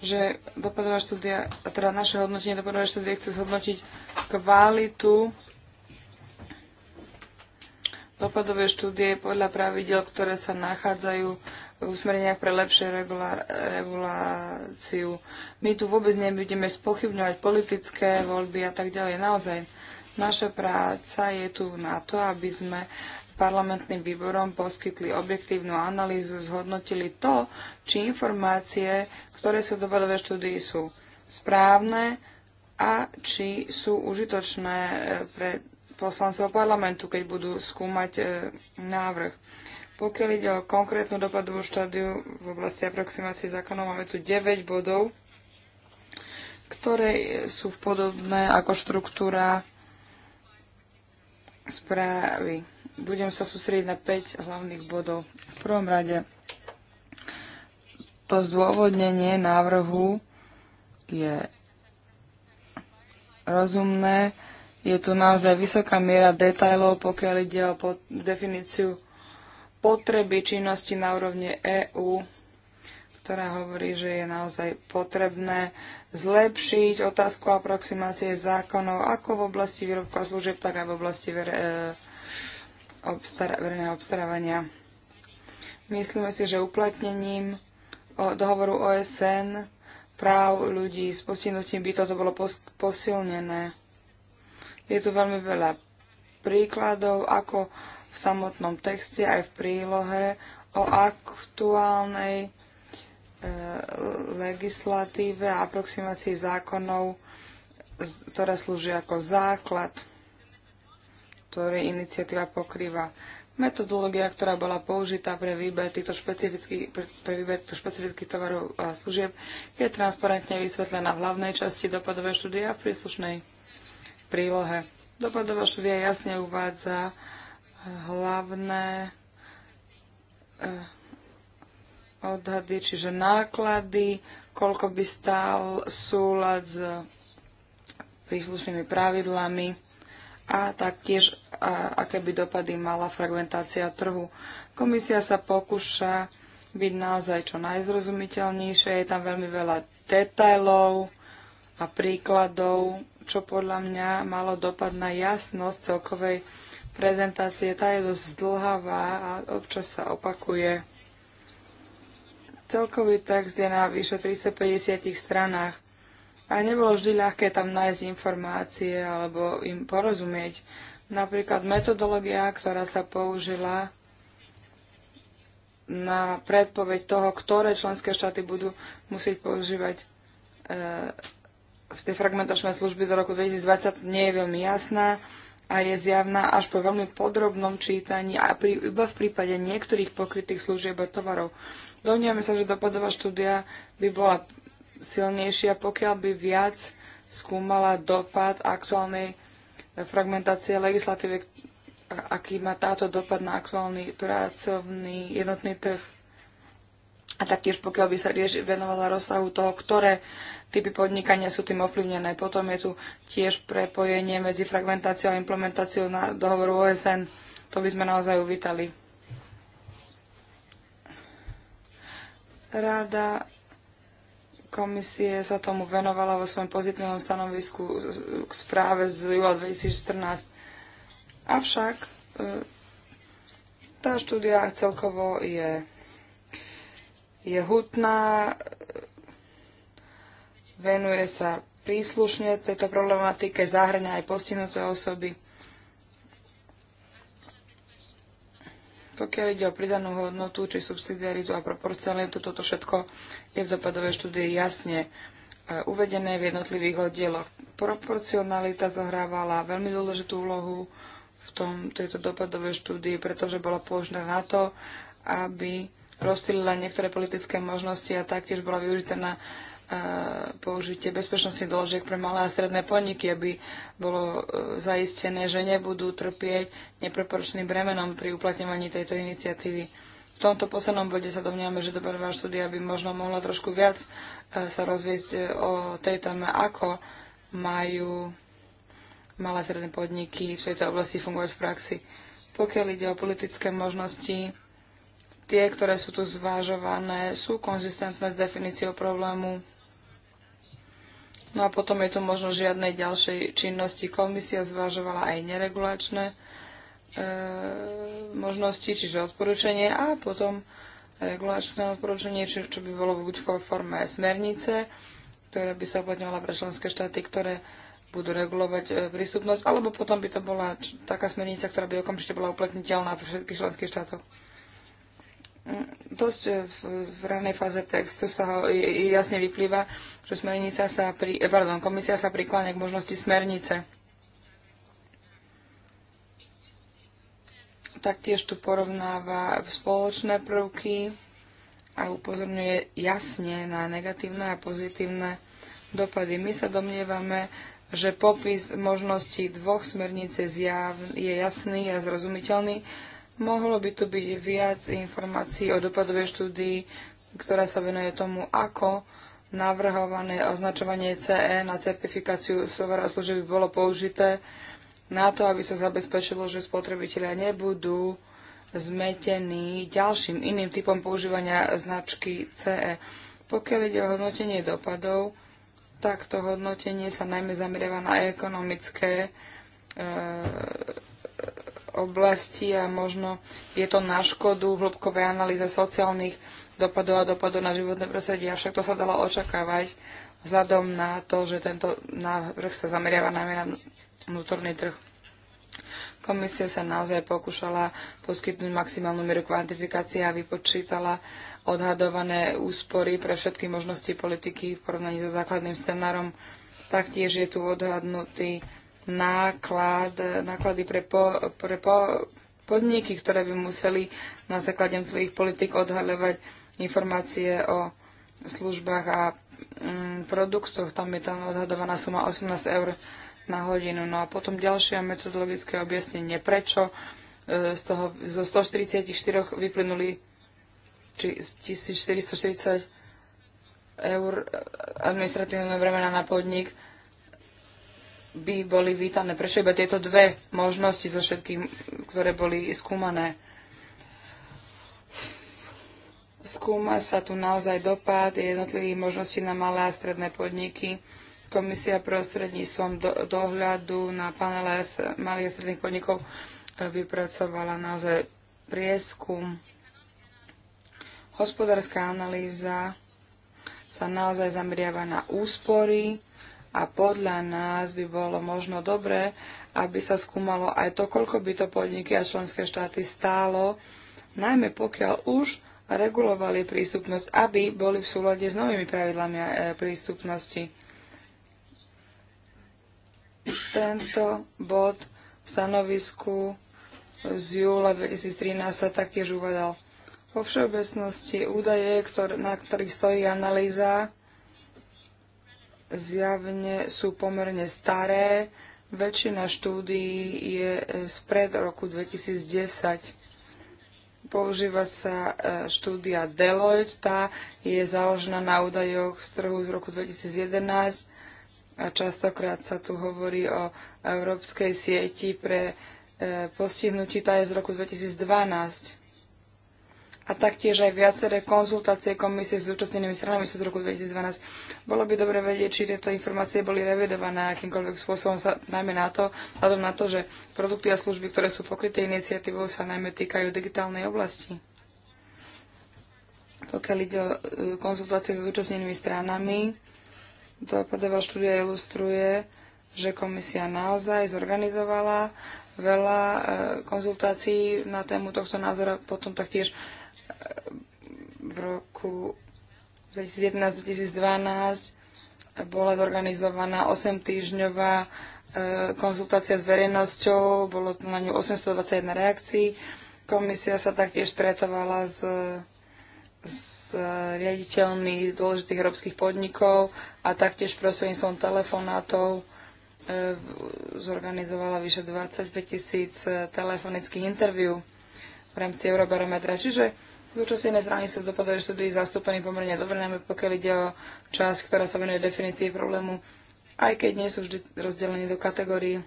že dopadová štúdia, teda naše hodnotenie dopadovej štúdie chce zhodnotiť kvalitu dopadové štúdie podľa pravidel, ktoré sa nachádzajú usmerniach pre lepšie regula- reguláciu. My tu vôbec nebudeme spochybňovať politické voľby a tak ďalej. Naozaj, naša práca je tu na to, aby sme parlamentným výborom poskytli objektívnu analýzu, zhodnotili to, či informácie, ktoré sa v dopadovej štúdii sú správne a či sú užitočné eh, pre poslancov parlamentu, keď budú skúmať eh, návrh. Pokiaľ ide o konkrétnu dopadovú štádiu v oblasti aproximácie zákonov, máme tu 9 bodov, ktoré sú v podobné ako štruktúra správy. Budem sa sústrediť na 5 hlavných bodov. V prvom rade to zdôvodnenie návrhu je rozumné. Je tu naozaj vysoká miera detajlov, pokiaľ ide o definíciu potreby činnosti na úrovni EÚ, ktorá hovorí, že je naozaj potrebné zlepšiť otázku aproximácie zákonov ako v oblasti výrobkov a služieb, tak aj v oblasti e, verejného obstarávania. Myslíme si, že uplatnením dohovoru OSN práv ľudí s postihnutím by toto bolo posilnené. Je tu veľmi veľa príkladov, ako v samotnom texte aj v prílohe o aktuálnej e, legislatíve a aproximácii zákonov, ktoré slúži ako základ, ktorý iniciatíva pokrýva. Metodológia, ktorá bola použitá pre výber týchto špecifických, pre, pre výber týchto špecifických tovarov a služieb, je transparentne vysvetlená v hlavnej časti dopadovej štúdie a v príslušnej prílohe. Dopadová štúdia jasne uvádza, hlavné eh, odhady, čiže náklady, koľko by stál súlad s príslušnými pravidlami a taktiež aké by dopady mala fragmentácia trhu. Komisia sa pokúša byť naozaj čo najzrozumiteľnejšie. Je tam veľmi veľa detailov a príkladov, čo podľa mňa malo dopad na jasnosť celkovej prezentácie, tá je dosť dlhavá a občas sa opakuje. Celkový text je na vyše 350 stranách a nebolo vždy ľahké tam nájsť informácie alebo im porozumieť. Napríklad metodológia, ktorá sa použila na predpoveď toho, ktoré členské štáty budú musieť používať eh, v tej fragmentačnej služby do roku 2020, nie je veľmi jasná a je zjavná až po veľmi podrobnom čítaní a pri, iba v prípade niektorých pokrytých služieb a tovarov. Domnievame sa, že dopadová štúdia by bola silnejšia, pokiaľ by viac skúmala dopad aktuálnej fragmentácie legislatívy, aký má táto dopad na aktuálny pracovný jednotný trh. A taktiež pokiaľ by sa rieš, venovala rozsahu toho, ktoré typy podnikania sú tým ovplyvnené. Potom je tu tiež prepojenie medzi fragmentáciou a implementáciou na dohovoru OSN. To by sme naozaj uvítali. Rada komisie sa tomu venovala vo svojom pozitívnom stanovisku k správe z júla 2014. Avšak e, tá štúdia celkovo je, je hutná, venuje sa príslušne tejto problematike, zahrania aj postihnuté osoby. Pokiaľ ide o pridanú hodnotu, či subsidiaritu a proporcionalitu, toto všetko je v dopadovej štúdii jasne e, uvedené v jednotlivých oddieloch. Proporcionalita zohrávala veľmi dôležitú úlohu v tom, tejto dopadovej štúdii, pretože bola použitá na to, aby rozstýlila niektoré politické možnosti a taktiež bola využitá na použitie bezpečnostných doložiek pre malé a stredné podniky, aby bolo e, zaistené, že nebudú trpieť neproporčným bremenom pri uplatňovaní tejto iniciatívy. V tomto poslednom bode sa domnievame, že dopadová štúdia by možno mohla trošku viac e, sa rozviesť e, o tej téme, ako majú malé a stredné podniky v tejto oblasti fungovať v praxi. Pokiaľ ide o politické možnosti, tie, ktoré sú tu zvážované, sú konzistentné s definíciou problému No a potom je tu možno žiadnej ďalšej činnosti. Komisia zvažovala aj neregulačné e, možnosti, čiže odporúčanie a potom regulačné odporúčanie, či, čo by bolo buď v forme smernice, ktorá by sa uplatňovala pre členské štáty, ktoré budú regulovať e, prístupnosť, alebo potom by to bola taká smernica, ktorá by okamžite bola uplatniteľná pre všetkých členských štátoch. Dosť eh, v, v ranej fáze textu sa ho, jasne vyplýva, že smernica sa pri, eh, pardon, komisia sa prikláňa k možnosti smernice. Taktiež tu porovnáva spoločné prvky a upozorňuje jasne na negatívne a pozitívne dopady. My sa domnievame, že popis možností dvoch smerníc je jasný a zrozumiteľný Mohlo by tu byť viac informácií o dopadovej štúdii, ktorá sa venuje tomu, ako navrhované označovanie CE na certifikáciu software a služieb bolo použité na to, aby sa zabezpečilo, že spotrebitelia nebudú zmetení ďalším iným typom používania značky CE. Pokiaľ ide o hodnotenie dopadov, tak to hodnotenie sa najmä zameriava na ekonomické e, oblasti a možno je to na škodu hĺbkovej analýze sociálnych dopadov a dopadov na životné prostredie. Avšak to sa dalo očakávať vzhľadom na to, že tento návrh sa zameriava najmä na vnútorný trh. Komisia sa naozaj pokúšala poskytnúť maximálnu mieru kvantifikácie a vypočítala odhadované úspory pre všetky možnosti politiky v porovnaní so základným scenárom. Taktiež je tu odhadnutý náklad, náklady pre, po, pre po, podniky, ktoré by museli na základe tvojich politik odhaľovať informácie o službách a mm, produktoch. Tam je tam odhadovaná suma 18 eur na hodinu. No a potom ďalšie metodologické objasnenie, prečo e, z toho, zo 144 vyplynuli či 1440 eur e, administratívne bremena na podnik by boli vítané. Prečo iba tieto dve možnosti zo všetkým, ktoré boli skúmané? Skúma sa tu naozaj dopad jednotlivých možností na malé a stredné podniky. Komisia prostredníctvom do, dohľadu na panele malých a stredných podnikov eh, vypracovala naozaj prieskum. Hospodárska analýza sa naozaj zameriava na úspory, a podľa nás by bolo možno dobré, aby sa skúmalo aj to, koľko by to podniky a členské štáty stálo, najmä pokiaľ už regulovali prístupnosť, aby boli v súlade s novými pravidlami e, prístupnosti. Tento bod v stanovisku z júla 2013 sa taktiež uvedal. Vo všeobecnosti údaje, ktor- na ktorých stojí analýza, zjavne sú pomerne staré. Väčšina štúdií je spred e, roku 2010 používa sa e, štúdia Deloitte, tá je založená na údajoch z trhu z roku 2011 a častokrát sa tu hovorí o európskej sieti pre e, postihnutí, tá je z roku 2012 a taktiež aj viaceré konzultácie komisie s zúčastnenými stranami sú z roku 2012. Bolo by dobre vedieť, či tieto informácie boli revidované akýmkoľvek spôsobom, sa, najmä na to, vzhľadom na to, že produkty a služby, ktoré sú pokryté iniciatívou, sa najmä týkajú digitálnej oblasti. Pokiaľ ide o e, konzultácie s zúčastnenými stranami, dopadová štúdia ilustruje, že komisia naozaj zorganizovala veľa e, konzultácií na tému tohto názora, potom taktiež v roku 2011-2012 bola zorganizovaná 8-týždňová e, konzultácia s verejnosťou, bolo na ňu 821 reakcií. Komisia sa taktiež stretovala s, s riaditeľmi dôležitých európskych podnikov a taktiež som telefonátov e, zorganizovala vyše 25 tisíc telefonických interviú v rámci Eurobarometra. Čiže Zúčastnené strany sú dopadové dopadovej štúdii zastúpení pomerne dobre, najmä pokiaľ ide o časť, ktorá sa venuje definícii problému, aj keď nie sú vždy rozdelení do kategórií.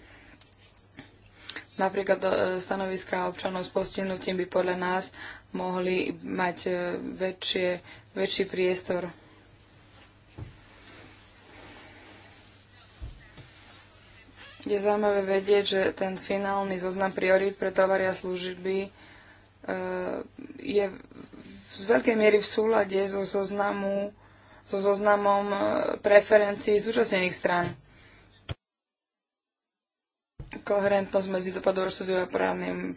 Napríklad e, stanoviská občanov s postihnutím by podľa nás mohli mať e, väčšie, väčší priestor. Je zaujímavé vedieť, že ten finálny zoznam priorít pre tovaria služby je z veľkej miery v súlade so, zoznamu, so zoznamom e, preferencií zúčastnených strán. Koherentnosť medzi dopadovou štúdiou a právnym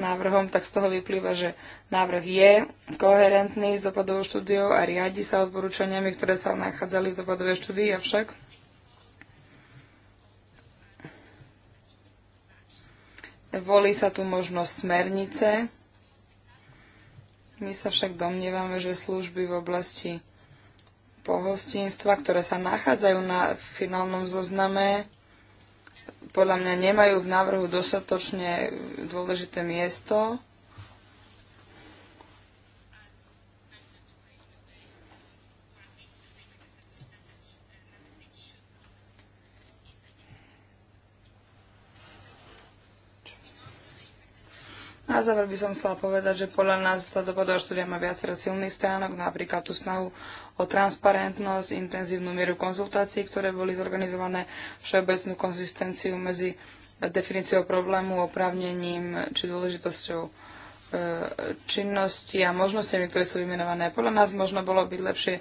návrhom, tak z toho vyplýva, že návrh je koherentný s dopadovou štúdiou a riadi sa odporúčaniami, ktoré sa nachádzali v dopadovej štúdii, avšak volí sa tu možnosť smernice, my sa však domnievame, že služby v oblasti pohostinstva, ktoré sa nachádzajú na finálnom zozname, podľa mňa nemajú v návrhu dostatočne dôležité miesto Na záver by som chcela povedať, že podľa nás tá dopadová štúdia má viacero silných stránok, napríklad tú snahu o transparentnosť, intenzívnu mieru konzultácií, ktoré boli zorganizované, všeobecnú konzistenciu medzi definíciou problému, oprávnením či dôležitosťou e, činnosti a možnostiami, ktoré sú vymenované. Podľa nás možno bolo byť lepšie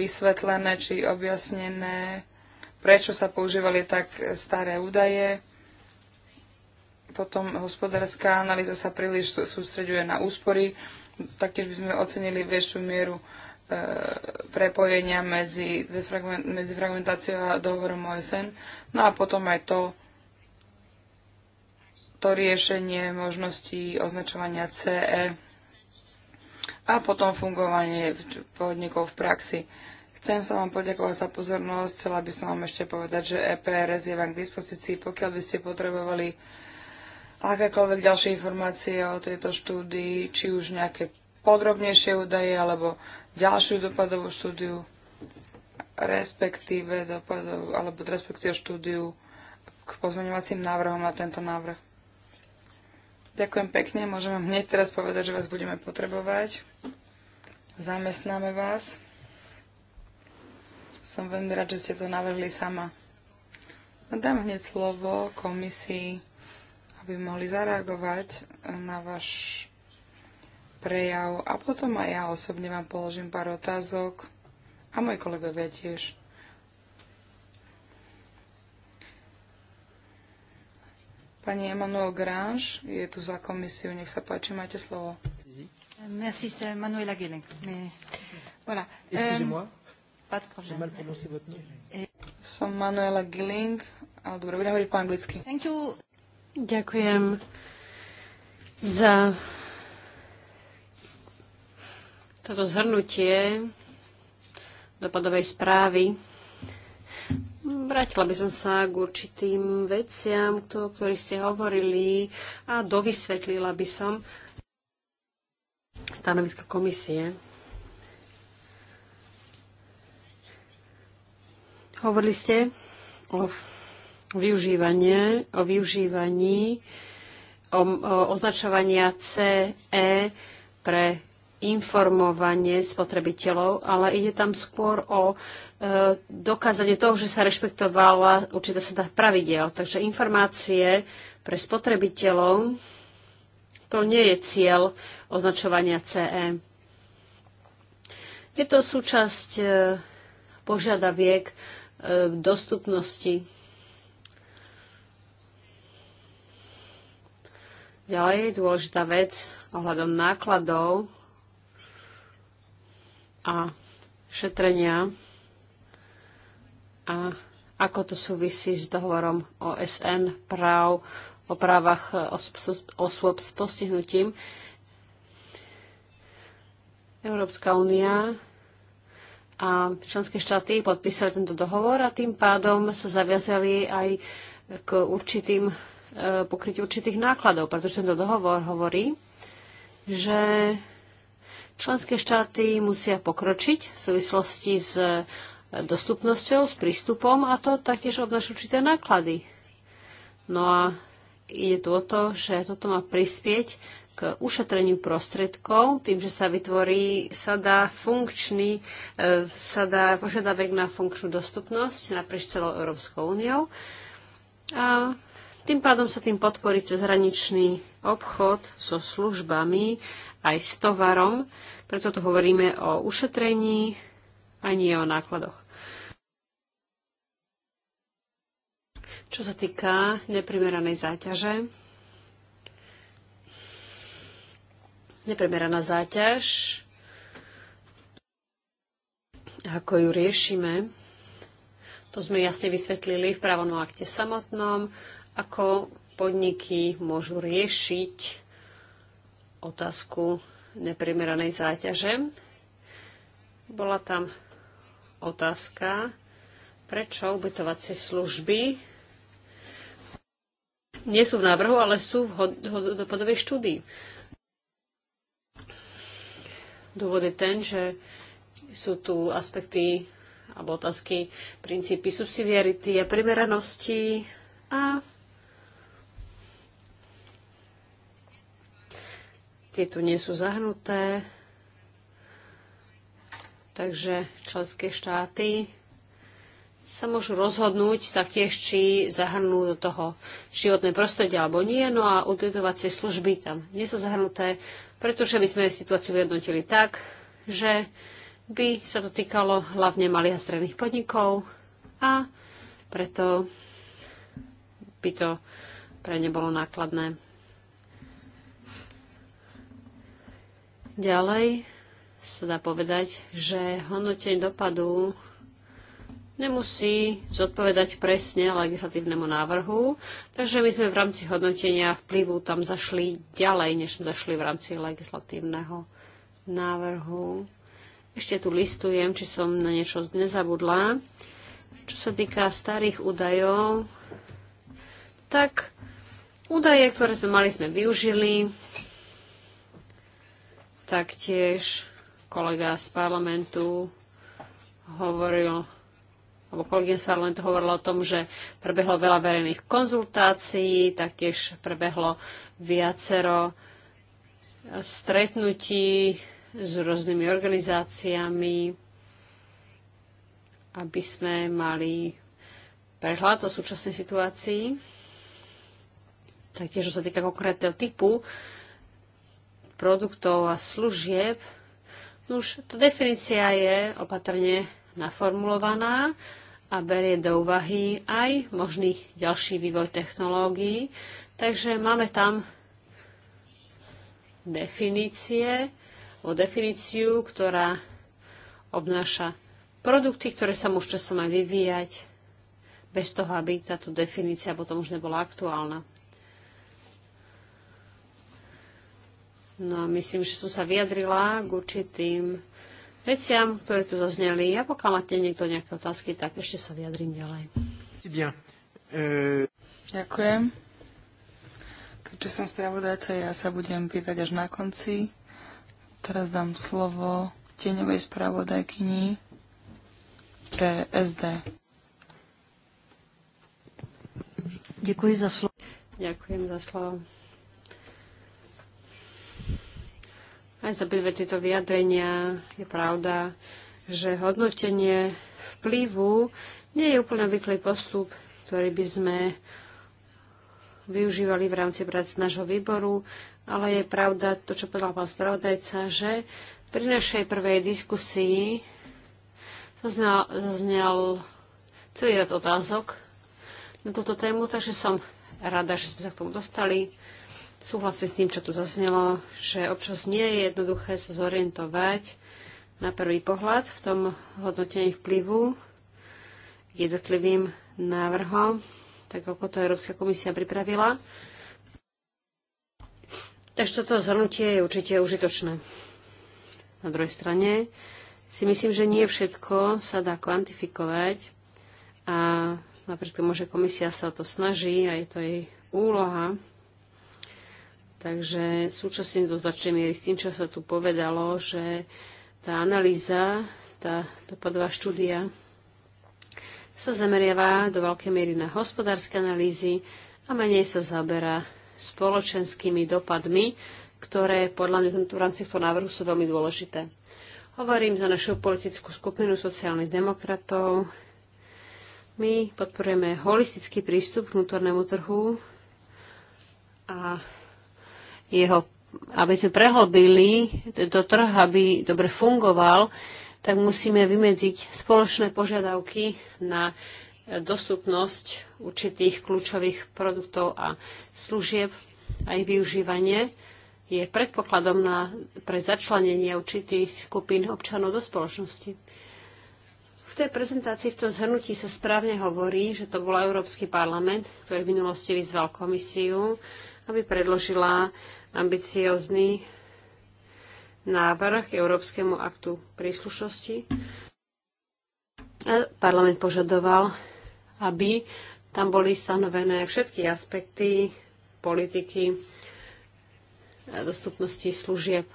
vysvetlené či objasnené, prečo sa používali tak staré údaje, potom hospodárska analýza sa príliš sústreďuje na úspory. Taktiež by sme ocenili väčšiu mieru e, prepojenia medzi, medzi fragmentáciou a dohovorom OSN. No a potom aj to, to riešenie možností označovania CE a potom fungovanie podnikov v praxi. Chcem sa vám poďakovať za pozornosť. Chcela by som vám ešte povedať, že EPRS je vám k dispozícii, pokiaľ by ste potrebovali akékoľvek ďalšie informácie o tejto štúdii, či už nejaké podrobnejšie údaje alebo ďalšiu dopadovú štúdiu, respektíve dopadov, alebo respektíve štúdiu k pozmeňovacím návrhom na tento návrh. Ďakujem pekne, môžem vám hneď teraz povedať, že vás budeme potrebovať. Zamestnáme vás. Som veľmi rád, že ste to navrhli sama. No, dám hneď slovo komisii aby mohli zareagovať eh, na váš prejav a potom aj ja osobne vám položím pár otázok a moji kolegovia tiež. Pani Emanuel Grange je tu za komisiu. Nech sa páči, máte slovo. Merci, c'est Manuela Gelling. Mais... Voilà. Excusez-moi. Euh, pas de problème. mal prononcé Som Manuela Gilling, ale dobre, budem hovoriť po anglicky. Thank you. Ďakujem za toto zhrnutie dopadovej správy. Vrátila by som sa k určitým veciam, o ktorých ste hovorili a dovysvetlila by som stanovisko komisie. Hovorili ste o využívanie, o využívaní o, o označovania CE pre informovanie spotrebiteľov, ale ide tam skôr o e, dokázanie toho, že sa rešpektovala určitá sada pravidel. Takže informácie pre spotrebiteľov to nie je cieľ označovania CE. Je to súčasť e, požiadaviek e, dostupnosti Ďalej je dôležitá vec ohľadom nákladov a šetrenia a ako to súvisí s dohovorom OSN práv o právach osôb s postihnutím. Európska únia a členské štáty podpísali tento dohovor a tým pádom sa zaviazali aj k určitým E, pokryť určitých nákladov, pretože tento dohovor hovorí, že členské štáty musia pokročiť v súvislosti s e, dostupnosťou, s prístupom a to taktiež obnáša určité náklady. No a ide tu o to, že toto má prispieť k ušetreniu prostriedkov, tým, že sa vytvorí, sada funkčný, e, sada požiadavek na funkčnú dostupnosť naprieč celou Európskou úniou. A tým pádom sa tým podporí cezhraničný obchod so službami aj s tovarom, preto tu hovoríme o ušetrení a nie o nákladoch. Čo sa týka neprimeranej záťaže, neprimeraná záťaž, ako ju riešime, to sme jasne vysvetlili v právnom akte samotnom, ako podniky môžu riešiť otázku neprimeranej záťaže. Bola tam otázka, prečo ubytovacie služby nie sú v návrhu, ale sú v dopadovej štúdii. Dôvod je ten, že sú tu aspekty alebo otázky princípy subsidiarity a primeranosti a Tie tu nie sú zahnuté. Takže členské štáty sa môžu rozhodnúť taktiež, či zahrnú do toho životné prostredie alebo nie. No a ubytovacie služby tam nie sú zahrnuté, pretože by sme situáciu vyhodnotili tak, že by sa to týkalo hlavne malých a stredných podnikov a preto by to pre ne bolo nákladné. Ďalej sa dá povedať, že hodnotenie dopadu nemusí zodpovedať presne legislatívnemu návrhu, takže my sme v rámci hodnotenia vplyvu tam zašli ďalej, než sme zašli v rámci legislatívneho návrhu. Ešte tu listujem, či som na niečo nezabudla. Čo sa týka starých údajov, tak údaje, ktoré sme mali, sme využili. Taktiež kolega z parlamentu hovoril, alebo kolegyňa z parlamentu hovorila o tom, že prebehlo veľa verejných konzultácií, taktiež prebehlo viacero stretnutí s rôznymi organizáciami, aby sme mali prehľad o súčasnej situácii. Taktiež, čo sa týka konkrétneho typu produktov a služieb. No už tá definícia je opatrne naformulovaná a berie do úvahy aj možný ďalší vývoj technológií. Takže máme tam definície, o definíciu, ktorá obnáša produkty, ktoré sa môžu časom aj vyvíjať, bez toho, aby táto definícia potom už nebola aktuálna. No a myslím, že som sa vyjadrila k určitým veciam, ktoré tu zazneli. A pokiaľ máte niekto nejaké otázky, tak ešte sa vyjadrím ďalej. E, Ďakujem. Keďže som spravodajca, ja sa budem pýtať až na konci. Teraz dám slovo tieňovej spravodajkyni pre SD. Ďakujem za slovo. Ďakujem za slovo. Aj za obidve tieto vyjadrenia je pravda, že hodnotenie vplyvu nie je úplne obvyklý postup, ktorý by sme využívali v rámci práce nášho výboru, ale je pravda to, čo povedal pán spravodajca, že pri našej prvej diskusii zaznel, zaznel celý rad otázok na túto tému, takže som rada, že sme sa k tomu dostali súhlasím s tým, čo tu zaznelo, že občas nie je jednoduché sa zorientovať na prvý pohľad v tom hodnotení vplyvu k jednotlivým návrhom, tak ako to Európska komisia pripravila. Takže toto zhrnutie je určite užitočné. Na druhej strane si myslím, že nie všetko sa dá kvantifikovať a napríklad môže komisia sa o to snaží a je to jej úloha, Takže súčasne do značnej miery s tým, čo sa tu povedalo, že tá analýza, tá dopadová štúdia sa zameriava do veľkej miery na hospodárske analýzy a menej sa zaberá spoločenskými dopadmi, ktoré podľa mňa v rámci tohto návrhu sú veľmi dôležité. Hovorím za našu politickú skupinu sociálnych demokratov. My podporujeme holistický prístup k vnútornému trhu a jeho, aby sme prehlbili tento trh, aby dobre fungoval, tak musíme vymedziť spoločné požiadavky na dostupnosť určitých kľúčových produktov a služieb a ich využívanie je predpokladom na, pre začlenenie určitých skupín občanov do spoločnosti. V tej prezentácii, v tom zhrnutí sa správne hovorí, že to bol Európsky parlament, ktorý v minulosti vyzval komisiu, aby predložila ambiciózny návrh Európskemu aktu príslušnosti. Parlament požadoval, aby tam boli stanovené všetky aspekty politiky dostupnosti služieb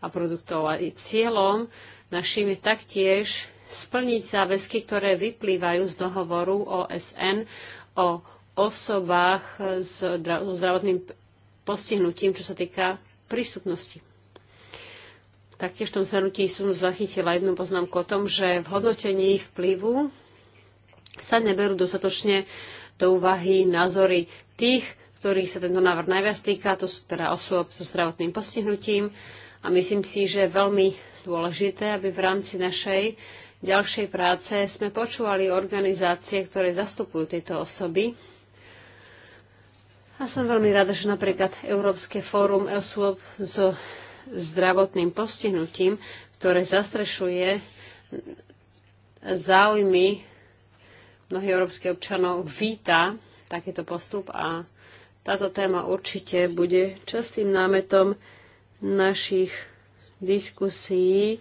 a produktov. A cieľom našim je taktiež splniť záväzky, ktoré vyplývajú z dohovoru OSN o osobách s zdravotným postihnutím, čo sa týka prístupnosti. Taktiež v tom zhrnutí som zachytila jednu poznámku o tom, že v hodnotení vplyvu sa neberú dostatočne do úvahy názory tých, ktorých sa tento návrh najviac týka, to sú teda osôb so zdravotným postihnutím. A myslím si, že je veľmi dôležité, aby v rámci našej ďalšej práce sme počúvali organizácie, ktoré zastupujú tieto osoby, a som veľmi rada, že napríklad Európske fórum osôb so zdravotným postihnutím, ktoré zastrešuje záujmy mnohých európskych občanov, víta takýto postup a táto téma určite bude častým námetom našich diskusí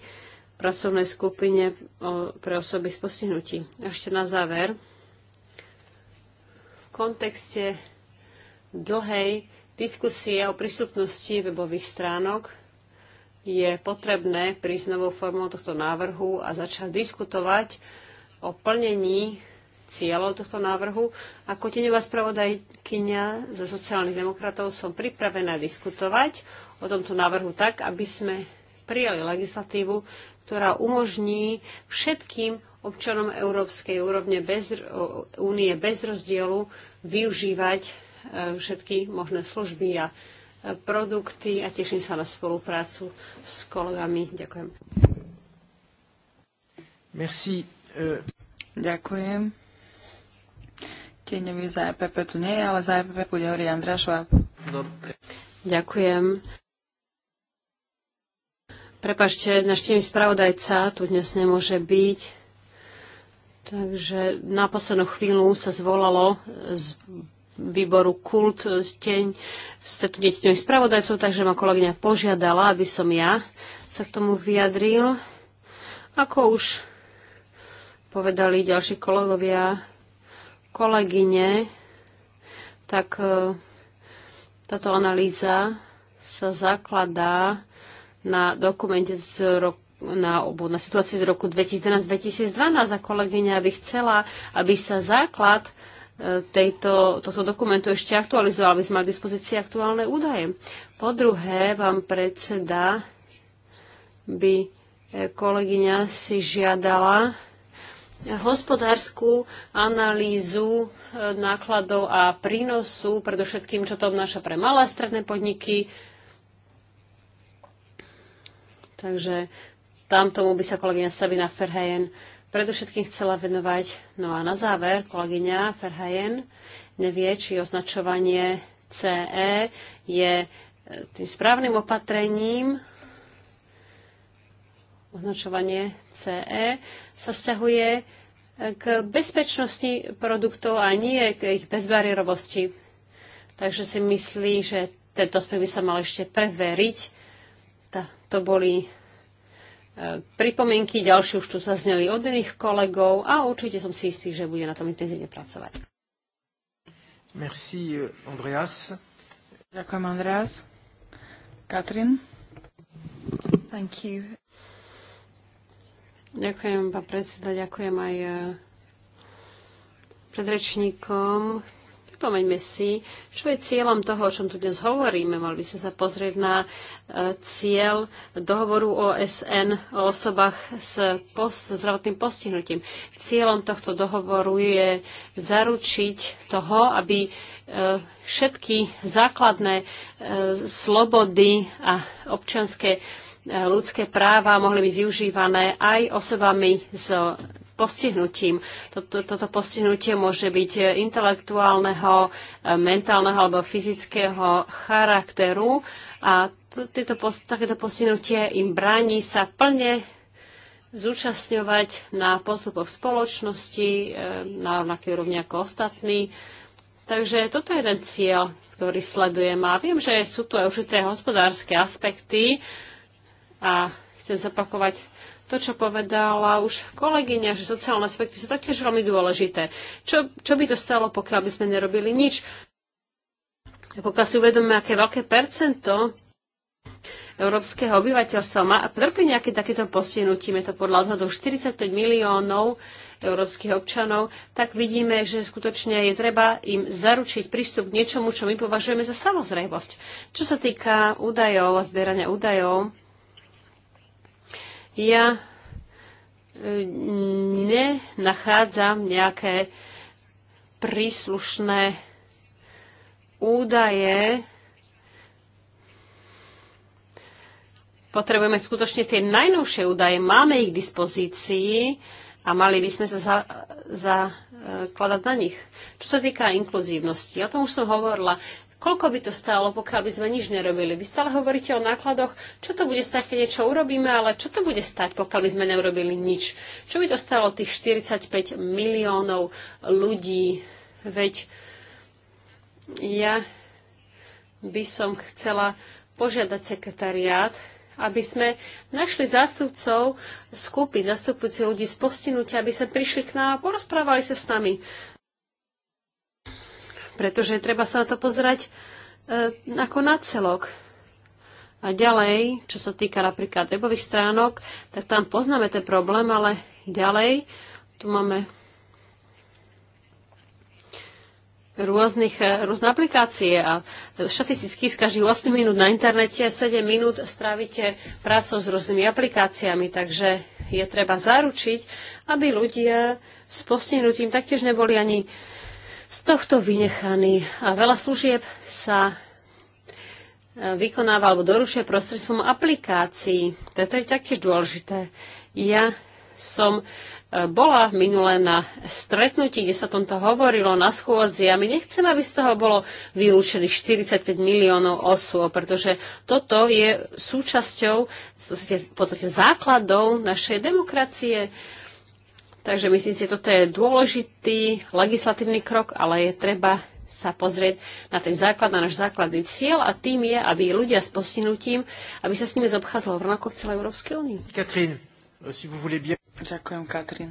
v pracovnej skupine pre osoby s postihnutím. Ešte na záver. V kontekste dlhej diskusie o prístupnosti webových stránok je potrebné prísť novou formou tohto návrhu a začať diskutovať o plnení cieľov tohto návrhu. Ako tenová spravodajkynia za sociálnych demokratov som pripravená diskutovať o tomto návrhu tak, aby sme prijali legislatívu, ktorá umožní všetkým občanom európskej úrovne bez, únie bez rozdielu využívať všetky možné služby a produkty a teším sa na spoluprácu s kolegami. Ďakujem. Merci. E. Ďakujem. neviem, za EPP tu nie je, ale za EPP bude hovoriť Andrá Šváb. Ďakujem. Prepašte, náš tým spravodajca tu dnes nemôže byť. Takže na poslednú chvíľu sa zvolalo z výboru Kult e, steň, stretnutie spravodajcov, takže ma kolegyňa požiadala, aby som ja sa k tomu vyjadril. Ako už povedali ďalší kolegovia, kolegyne, tak e, táto analýza sa zakladá na dokumente z roku na, obu, na situáciu z roku 2011-2012 a kolegyňa by chcela, aby sa základ uh, tejto, tohto dokumentu ešte aktualizoval, aby sme mali dispozícii aktuálne údaje. Po druhé, vám predseda by eh, kolegyňa si žiadala hospodárskú analýzu eh, nákladov a prínosu, predovšetkým, čo to obnáša pre malé a stredné podniky. Takže tam tomu by sa kolegyňa Sabina Ferhejen predovšetkým chcela venovať. No a na záver, kolegyňa Ferhajen nevie, či označovanie CE je e, tým správnym opatrením. Označovanie CE sa vzťahuje e, k bezpečnosti produktov a nie k ich bezbariérovosti. Takže si myslí, že tento smer by sa mal ešte preveriť. to boli pripomienky, ďalšie už čo sa zneli od iných kolegov a určite som si istý, že bude na tom intenzívne pracovať. Merci, eh, Andreas. Ďakujem, Andreas. Katrin? Thank you. Ďakujem, pán predseda, ďakujem aj eh, predrečníkom. Pripomeňme si, čo je cieľom toho, o čom tu dnes hovoríme. Mali by sme sa pozrieť na e, cieľ dohovoru OSN o osobách s, post, so zdravotným postihnutím. Cieľom tohto dohovoru je zaručiť toho, aby e, všetky základné e, slobody a občanské ľudské práva mohli byť využívané aj osobami s postihnutím. Toto, toto postihnutie môže byť e, intelektuálneho, e, mentálneho alebo fyzického charakteru a tieto, takéto postihnutie im bráni sa plne zúčastňovať na postupoch spoločnosti e, na rovnakej úrovni ako ostatní. Takže toto je jeden cieľ, ktorý sledujem. A viem, že sú tu aj určité hospodárske aspekty a chcem zopakovať to, čo povedala už kolegyňa, že sociálne aspekty sú taktiež veľmi dôležité. Čo, čo by to stalo, pokiaľ by sme nerobili nič? Pokiaľ si uvedomíme, aké veľké percento európskeho obyvateľstva má a trpí nejaké takéto postihnutím, je to podľa odhadov 45 miliónov európskych občanov, tak vidíme, že skutočne je treba im zaručiť prístup k niečomu, čo my považujeme za samozrejmosť. Čo sa týka údajov a zbierania údajov, ja e, nenachádzam nejaké príslušné údaje. Potrebujeme skutočne tie najnovšie údaje, máme ich k dispozícii a mali by sme sa za, zakladať na nich. Čo sa týka inkluzívnosti, o tom už som hovorila, Koľko by to stálo, pokiaľ by sme nič nerobili? Vy stále hovoríte o nákladoch, čo to bude stať, keď niečo urobíme, ale čo to bude stať, pokiaľ by sme neurobili nič? Čo by to stálo tých 45 miliónov ľudí? Veď ja by som chcela požiadať sekretariát, aby sme našli zástupcov skupy, zastupujúci ľudí z postihnutia, aby sa prišli k nám a porozprávali sa s nami pretože treba sa na to pozerať e, ako na celok. A ďalej, čo sa týka napríklad webových stránok, tak tam poznáme ten problém, ale ďalej tu máme rôznych, e, rôzne aplikácie a štatisticky z každých 8 minút na internete 7 minút strávite prácu s rôznymi aplikáciami, takže je treba zaručiť, aby ľudia s postihnutím taktiež neboli ani z tohto vynechaný A veľa služieb sa e, vykonáva alebo doručuje prostredstvom aplikácií. Toto je taktiež dôležité. Ja som e, bola minule na stretnutí, kde sa o tomto hovorilo na schôdzi a my nechcem, aby z toho bolo vylúčených 45 miliónov osôb, pretože toto je súčasťou v podstate základov našej demokracie. Takže myslím si, toto je dôležitý legislatívny krok, ale je treba sa pozrieť na ten základ, na náš základný cieľ a tým je, aby ľudia s postihnutím, aby sa s nimi zobchádzalo rovnako v celej Európskej únii. Katrín, euh, si vous voulez bien. Ďakujem, Katrín.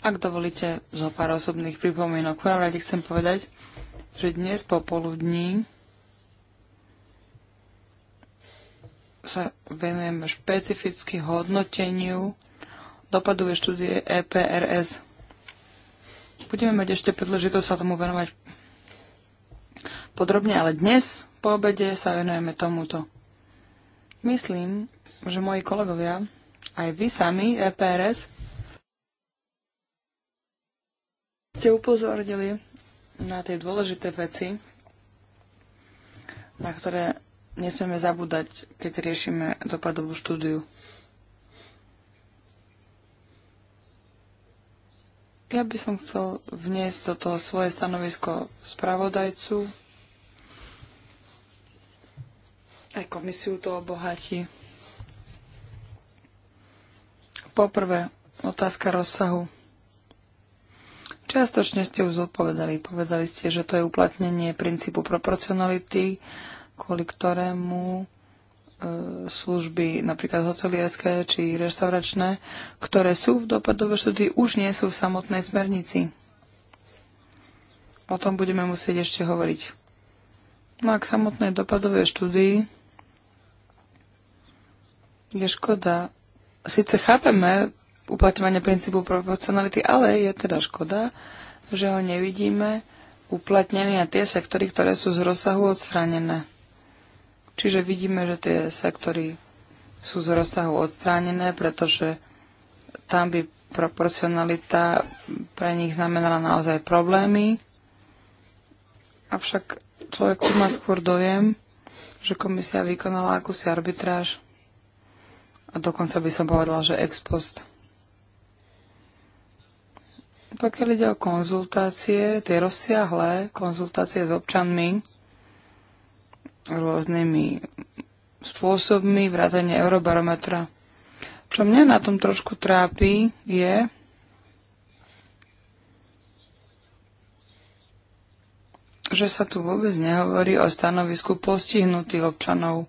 Ak dovolíte zo pár osobných pripomienok, v prvom rade chcem povedať, že dnes popoludní sa venujeme špecificky hodnoteniu dopadové štúdie EPRS. Budeme mať ešte príležitosť sa tomu venovať podrobne, ale dnes po obede sa venujeme tomuto. Myslím, že moji kolegovia, aj vy sami, EPRS, ste upozornili na tie dôležité veci, na ktoré nesmieme zabúdať, keď riešime dopadovú štúdiu. Ja by som chcel vniesť do toho svoje stanovisko spravodajcu. Aj komisiu to obohatí. Poprvé, otázka rozsahu. Čiastočne ste už zodpovedali. Povedali ste, že to je uplatnenie princípu proporcionality, kvôli ktorému E, služby, napríklad hotelierské či reštauračné, ktoré sú v dopadovej štúdii, už nie sú v samotnej smernici. O tom budeme musieť ešte hovoriť. No a k samotnej dopadovej štúdii je škoda. Sice chápeme uplatňovanie princípu proporcionality, ale je teda škoda, že ho nevidíme uplatnený na tie sektory, ktoré sú z rozsahu odstranené. Čiže vidíme, že tie sektory sú z rozsahu odstránené, pretože tam by proporcionalita pre nich znamenala naozaj problémy. Avšak človek tu má skôr dojem, že komisia vykonala akúsi arbitráž a dokonca by som povedala, že ex post. Pokiaľ ide o konzultácie, tie rozsiahlé konzultácie s občanmi, rôznymi spôsobmi vrátania eurobarometra. Čo mňa na tom trošku trápi je, že sa tu vôbec nehovorí o stanovisku postihnutých občanov.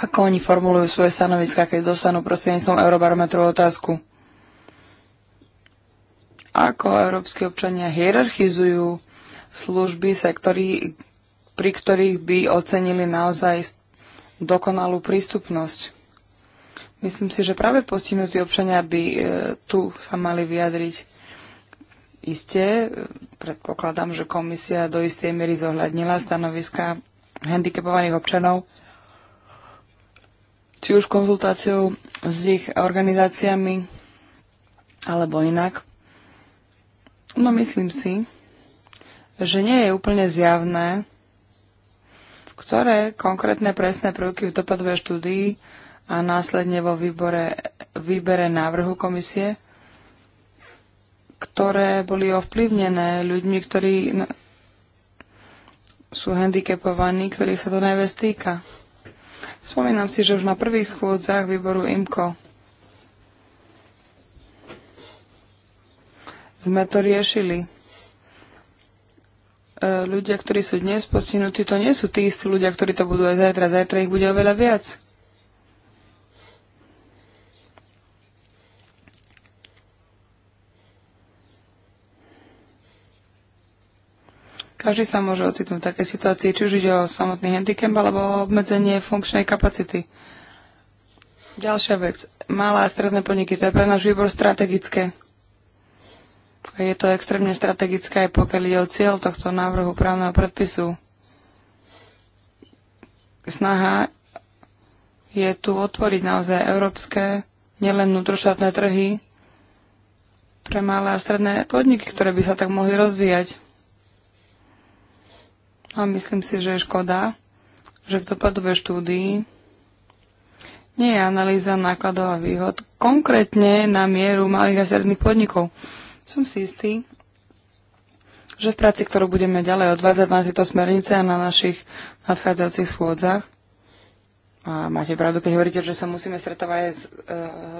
Ako oni formulujú svoje stanoviska, keď dostanú prostredníctvom eurobarometrovú otázku? ako európsky občania hierarchizujú služby, sektory, pri ktorých by ocenili naozaj dokonalú prístupnosť. Myslím si, že práve postihnutí občania by e, tu sa mali vyjadriť. Isté, predpokladám, že komisia do istej miery zohľadnila stanoviska handicapovaných občanov, či už konzultáciou s ich organizáciami, alebo inak. No myslím si, že nie je úplne zjavné, ktoré konkrétne presné prvky v dopadovej štúdii a následne vo výbore, výbere návrhu komisie, ktoré boli ovplyvnené ľuďmi, ktorí sú handicapovaní, ktorých sa to najviac týka. Spomínam si, že už na prvých schôdzach výboru IMCO sme to riešili. E, ľudia, ktorí sú dnes postihnutí, to nie sú tí istí ľudia, ktorí to budú aj zajtra. Zajtra ich bude oveľa viac. Každý sa môže ocitnúť v takej situácii, či už ide o samotný handicap alebo o obmedzenie funkčnej kapacity. Ďalšia vec. Malé a stredné podniky, to je pre náš výbor strategické. Je to extrémne strategické aj pokiaľ ide o cieľ tohto návrhu právneho predpisu. Snaha je tu otvoriť naozaj európske, nielen vnútroštátne trhy pre malé a stredné podniky, ktoré by sa tak mohli rozvíjať. A myslím si, že je škoda, že v dopadovej štúdii nie je analýza nákladov a výhod konkrétne na mieru malých a stredných podnikov. Som si istý, že v práci, ktorú budeme ďalej odvádzať na tieto smernice a na našich nadchádzajúcich schôdzach, a máte pravdu, keď hovoríte, že sa musíme stretávať aj s e,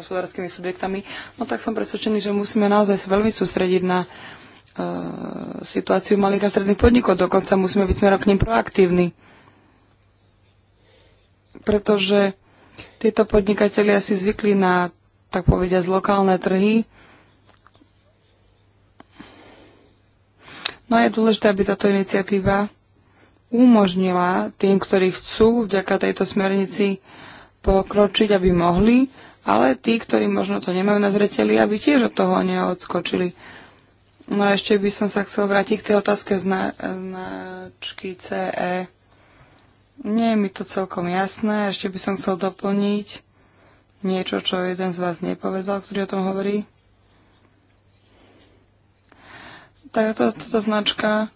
hospodárskymi subjektami, no tak som presvedčený, že musíme naozaj sa veľmi sústrediť na e, situáciu malých a stredných podnikov. Dokonca musíme byť smerom k ním proaktívni. Pretože tieto podnikatelia si zvykli na, tak povediať, lokálne trhy, No a je dôležité, aby táto iniciatíva umožnila tým, ktorí chcú vďaka tejto smernici pokročiť, aby mohli, ale tí, ktorí možno to nemajú na zreteli, aby tiež od toho neodskočili. No a ešte by som sa chcel vrátiť k tej otázke zna- značky CE. Nie je mi to celkom jasné. Ešte by som chcel doplniť niečo, čo jeden z vás nepovedal, ktorý o tom hovorí. táto, táto značka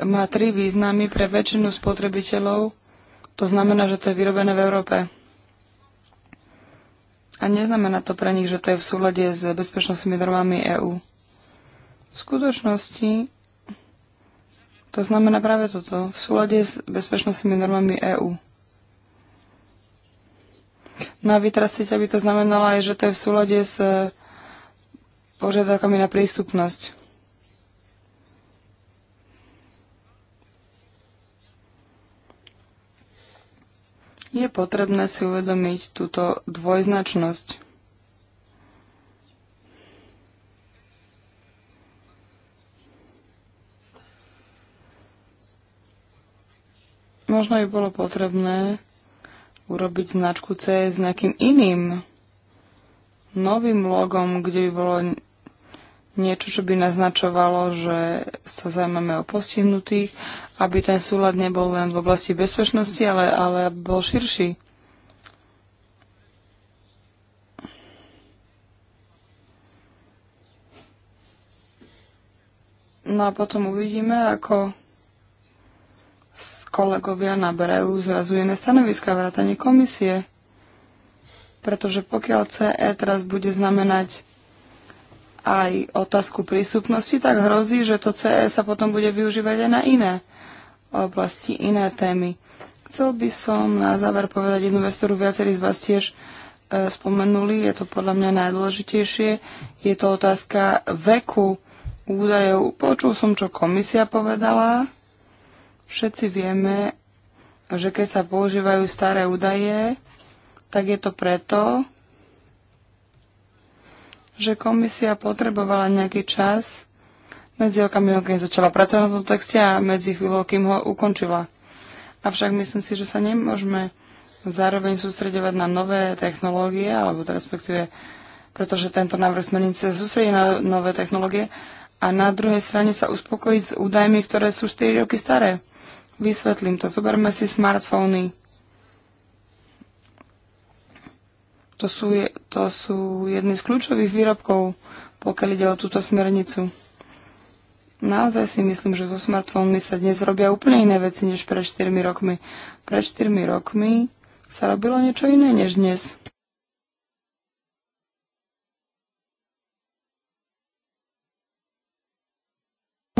má tri významy pre väčšinu spotrebiteľov. To znamená, že to je vyrobené v Európe. A neznamená to pre nich, že to je v súlade s bezpečnostnými normami EÚ. V skutočnosti to znamená práve toto. V súlade s bezpečnostnými normami EÚ. No a vytrastiť, aby to znamenalo aj, že to je v súlade s požiadavkami na prístupnosť. Je potrebné si uvedomiť túto dvojznačnosť. Možno by bolo potrebné urobiť značku C s nejakým iným novým logom, kde by bolo niečo, čo by naznačovalo, že sa zaujímame o postihnutých, aby ten súlad nebol len v oblasti bezpečnosti, ale, ale bol širší. No a potom uvidíme, ako kolegovia naberajú zrazu iné stanoviska vrátanie komisie. Pretože pokiaľ CE teraz bude znamenať aj otázku prístupnosti, tak hrozí, že to CE sa potom bude využívať aj na iné oblasti, iné témy. Chcel by som na záver povedať jednu vec, ktorú viacerí z vás tiež e, spomenuli, je to podľa mňa najdôležitejšie, je to otázka veku údajov. Počul som, čo komisia povedala. Všetci vieme, že keď sa používajú staré údaje, tak je to preto, že komisia potrebovala nejaký čas medzi okamihom, keď začala pracovať na tom texte a medzi chvíľou, kým ho ukončila. Avšak myslím si, že sa nemôžeme zároveň sústredovať na nové technológie, alebo teda respektíve, pretože tento návrh smernice sa sústredí na nové technológie, a na druhej strane sa uspokojiť s údajmi, ktoré sú 4 roky staré. Vysvetlím to. Zoberme si smartfóny. To sú, to sú jedny z kľúčových výrobkov, pokiaľ ide o túto smernicu. Naozaj si myslím, že so smartfónmi sa dnes robia úplne iné veci než pred 4 rokmi. Pred 4 rokmi sa robilo niečo iné než dnes.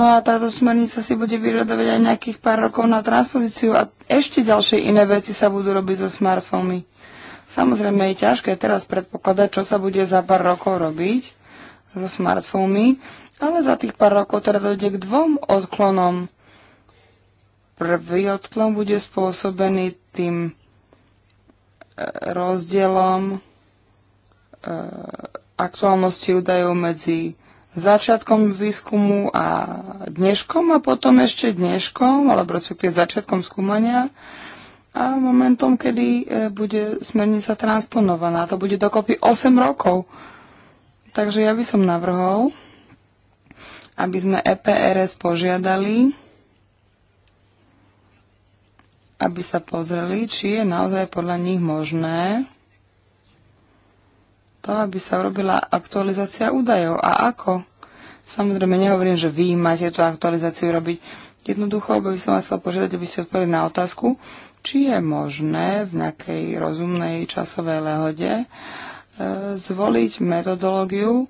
No a táto smernica si bude vyžadovať aj nejakých pár rokov na transpozíciu a ešte ďalšie iné veci sa budú robiť so smartfónmi. Samozrejme je ťažké teraz predpokladať, čo sa bude za pár rokov robiť so smartfónmi, ale za tých pár rokov teda dojde k dvom odklonom. Prvý odklon bude spôsobený tým e, rozdielom e, aktuálnosti údajov medzi začiatkom výskumu a dneškom a potom ešte dneškom, alebo respektíve začiatkom skúmania a momentom, kedy e, bude smernica transponovaná. To bude dokopy 8 rokov. Takže ja by som navrhol, aby sme EPRS požiadali, aby sa pozreli, či je naozaj podľa nich možné to, aby sa urobila aktualizácia údajov. A ako? Samozrejme, nehovorím, že vy máte tú aktualizáciu robiť. Jednoducho by som vás chcel požiadať, aby ste odpovedali na otázku, či je možné v nejakej rozumnej časovej lehode e, zvoliť metodológiu,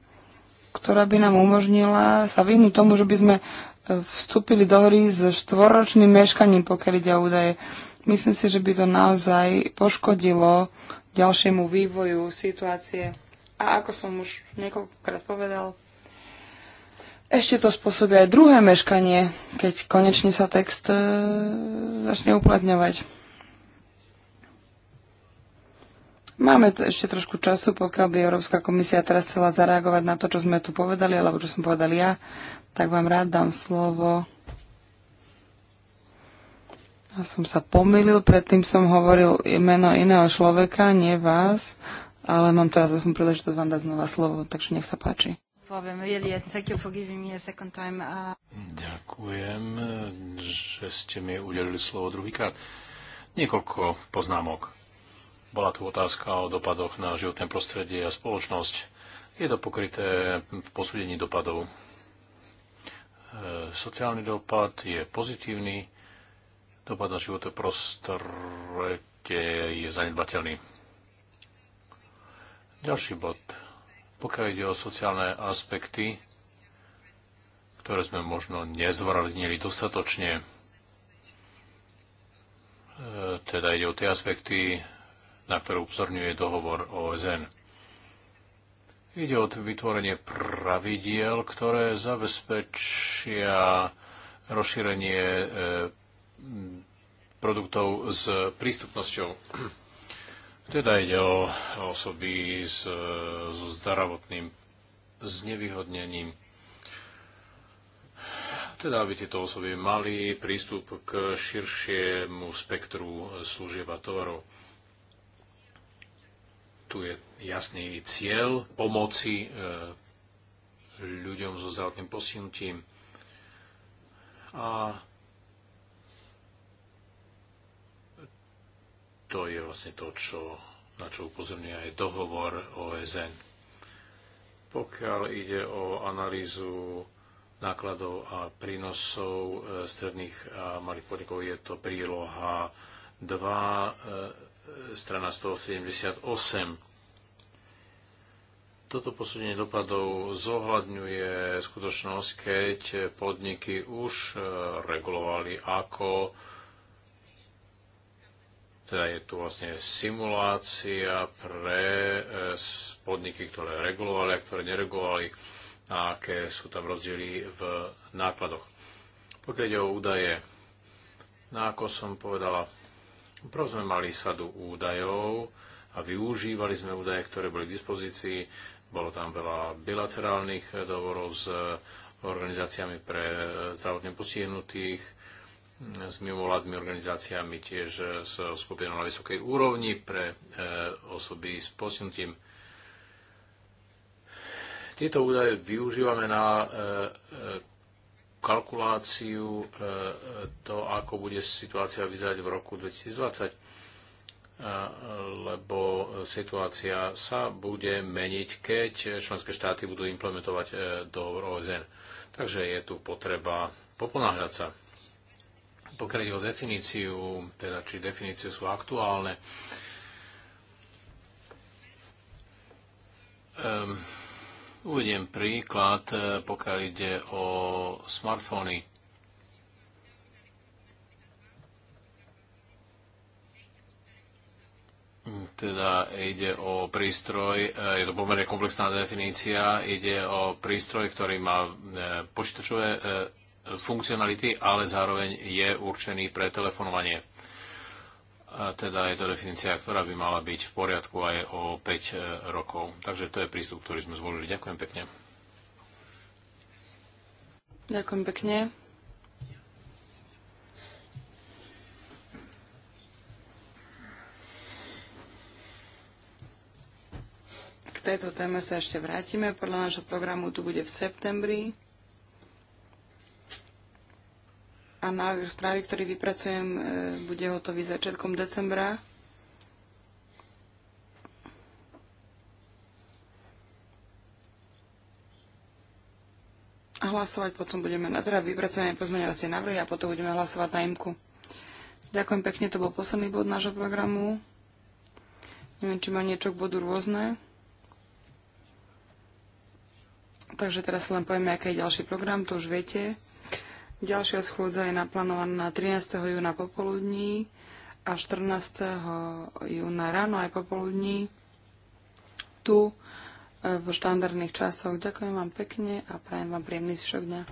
ktorá by nám umožnila sa vyhnúť tomu, že by sme e, vstúpili do hry s štvoročným meškaním, pokiaľ ide o údaje. Myslím si, že by to naozaj poškodilo ďalšiemu vývoju situácie. A ako som už niekoľkokrát povedal, ešte to spôsobí aj druhé meškanie, keď konečne sa text e, začne uplatňovať. Máme ešte trošku času, pokiaľ by Európska komisia teraz chcela zareagovať na to, čo sme tu povedali, alebo čo som povedal ja, tak vám rád dám slovo. Ja som sa pomýlil, predtým som hovoril meno iného človeka, nie vás, ale mám teraz aspoň príležitosť vám dať znova slovo, takže nech sa páči. Ďakujem, že ste mi udelili slovo druhýkrát. Niekoľko poznámok bola tu otázka o dopadoch na životné prostredie a spoločnosť. Je to pokryté v posúdení dopadov. E, sociálny dopad je pozitívny, dopad na životné prostredie je zanedbateľný. Ďalší bod. Pokiaľ ide o sociálne aspekty, ktoré sme možno nezvoraznili dostatočne, e, teda ide o tie aspekty na ktorú upozorňuje dohovor OSN. Ide o vytvorenie pravidiel, ktoré zabezpečia rozšírenie e, produktov s prístupnosťou. Teda ide o osoby s, e, so zdravotným znevýhodnením. Teda, aby tieto osoby mali prístup k širšiemu spektru služieb a tovarov. Tu je jasný cieľ pomoci e, ľuďom so zdravotným postihnutím. A to je vlastne to, čo, na čo upozorňuje aj dohovor OSN. Pokiaľ ide o analýzu nákladov a prínosov e, stredných a malých podnikov, je to príloha 2 strana 178. Toto posúdenie dopadov zohľadňuje skutočnosť, keď podniky už e, regulovali ako teda je tu vlastne simulácia pre e, podniky, ktoré regulovali a ktoré neregulovali a aké sú tam rozdiely v nákladoch. Pokiaľ ide o údaje, no ako som povedala, Prv sme mali sadu údajov a využívali sme údaje, ktoré boli k dispozícii. Bolo tam veľa bilaterálnych dohovorov s organizáciami pre zdravotne postihnutých, s mimovládnymi organizáciami, tiež s skupinou na vysokej úrovni pre e, osoby s postihnutím. Tieto údaje využívame na e, e, kalkuláciu e, e, to, ako bude situácia vyzerať v roku 2020, e, lebo situácia sa bude meniť, keď členské štáty budú implementovať do OSN. Takže je tu potreba poponáhľať sa. Pokiaľ ide o definíciu, teda či definície sú aktuálne, um, Uvediem príklad, e, pokiaľ ide o smartfóny. Teda ide o prístroj, e, je to pomerne komplexná definícia, ide o prístroj, ktorý má e, počítačové funkcionality, ale zároveň je určený pre telefonovanie teda je to definícia, ktorá by mala byť v poriadku aj o 5 e, rokov. Takže to je prístup, ktorý sme zvolili. Ďakujem pekne. Ďakujem pekne. K tejto téme sa ešte vrátime. Podľa nášho programu tu bude v septembri. a návrh správy, ktorý vypracujem, e, bude hotový začiatkom decembra. A hlasovať potom budeme na teda vypracujeme pozmeňovacie návrhy a potom budeme hlasovať na imku. Ďakujem pekne, to bol posledný bod nášho programu. Neviem, či má niečo k bodu rôzne. Takže teraz len povieme, aký je ďalší program, to už viete. Ďalšia schôdza je naplánovaná na 13. júna popoludní a 14. júna ráno aj popoludní tu e, v štandardných časoch. Ďakujem vám pekne a prajem vám príjemný zvyšok dňa.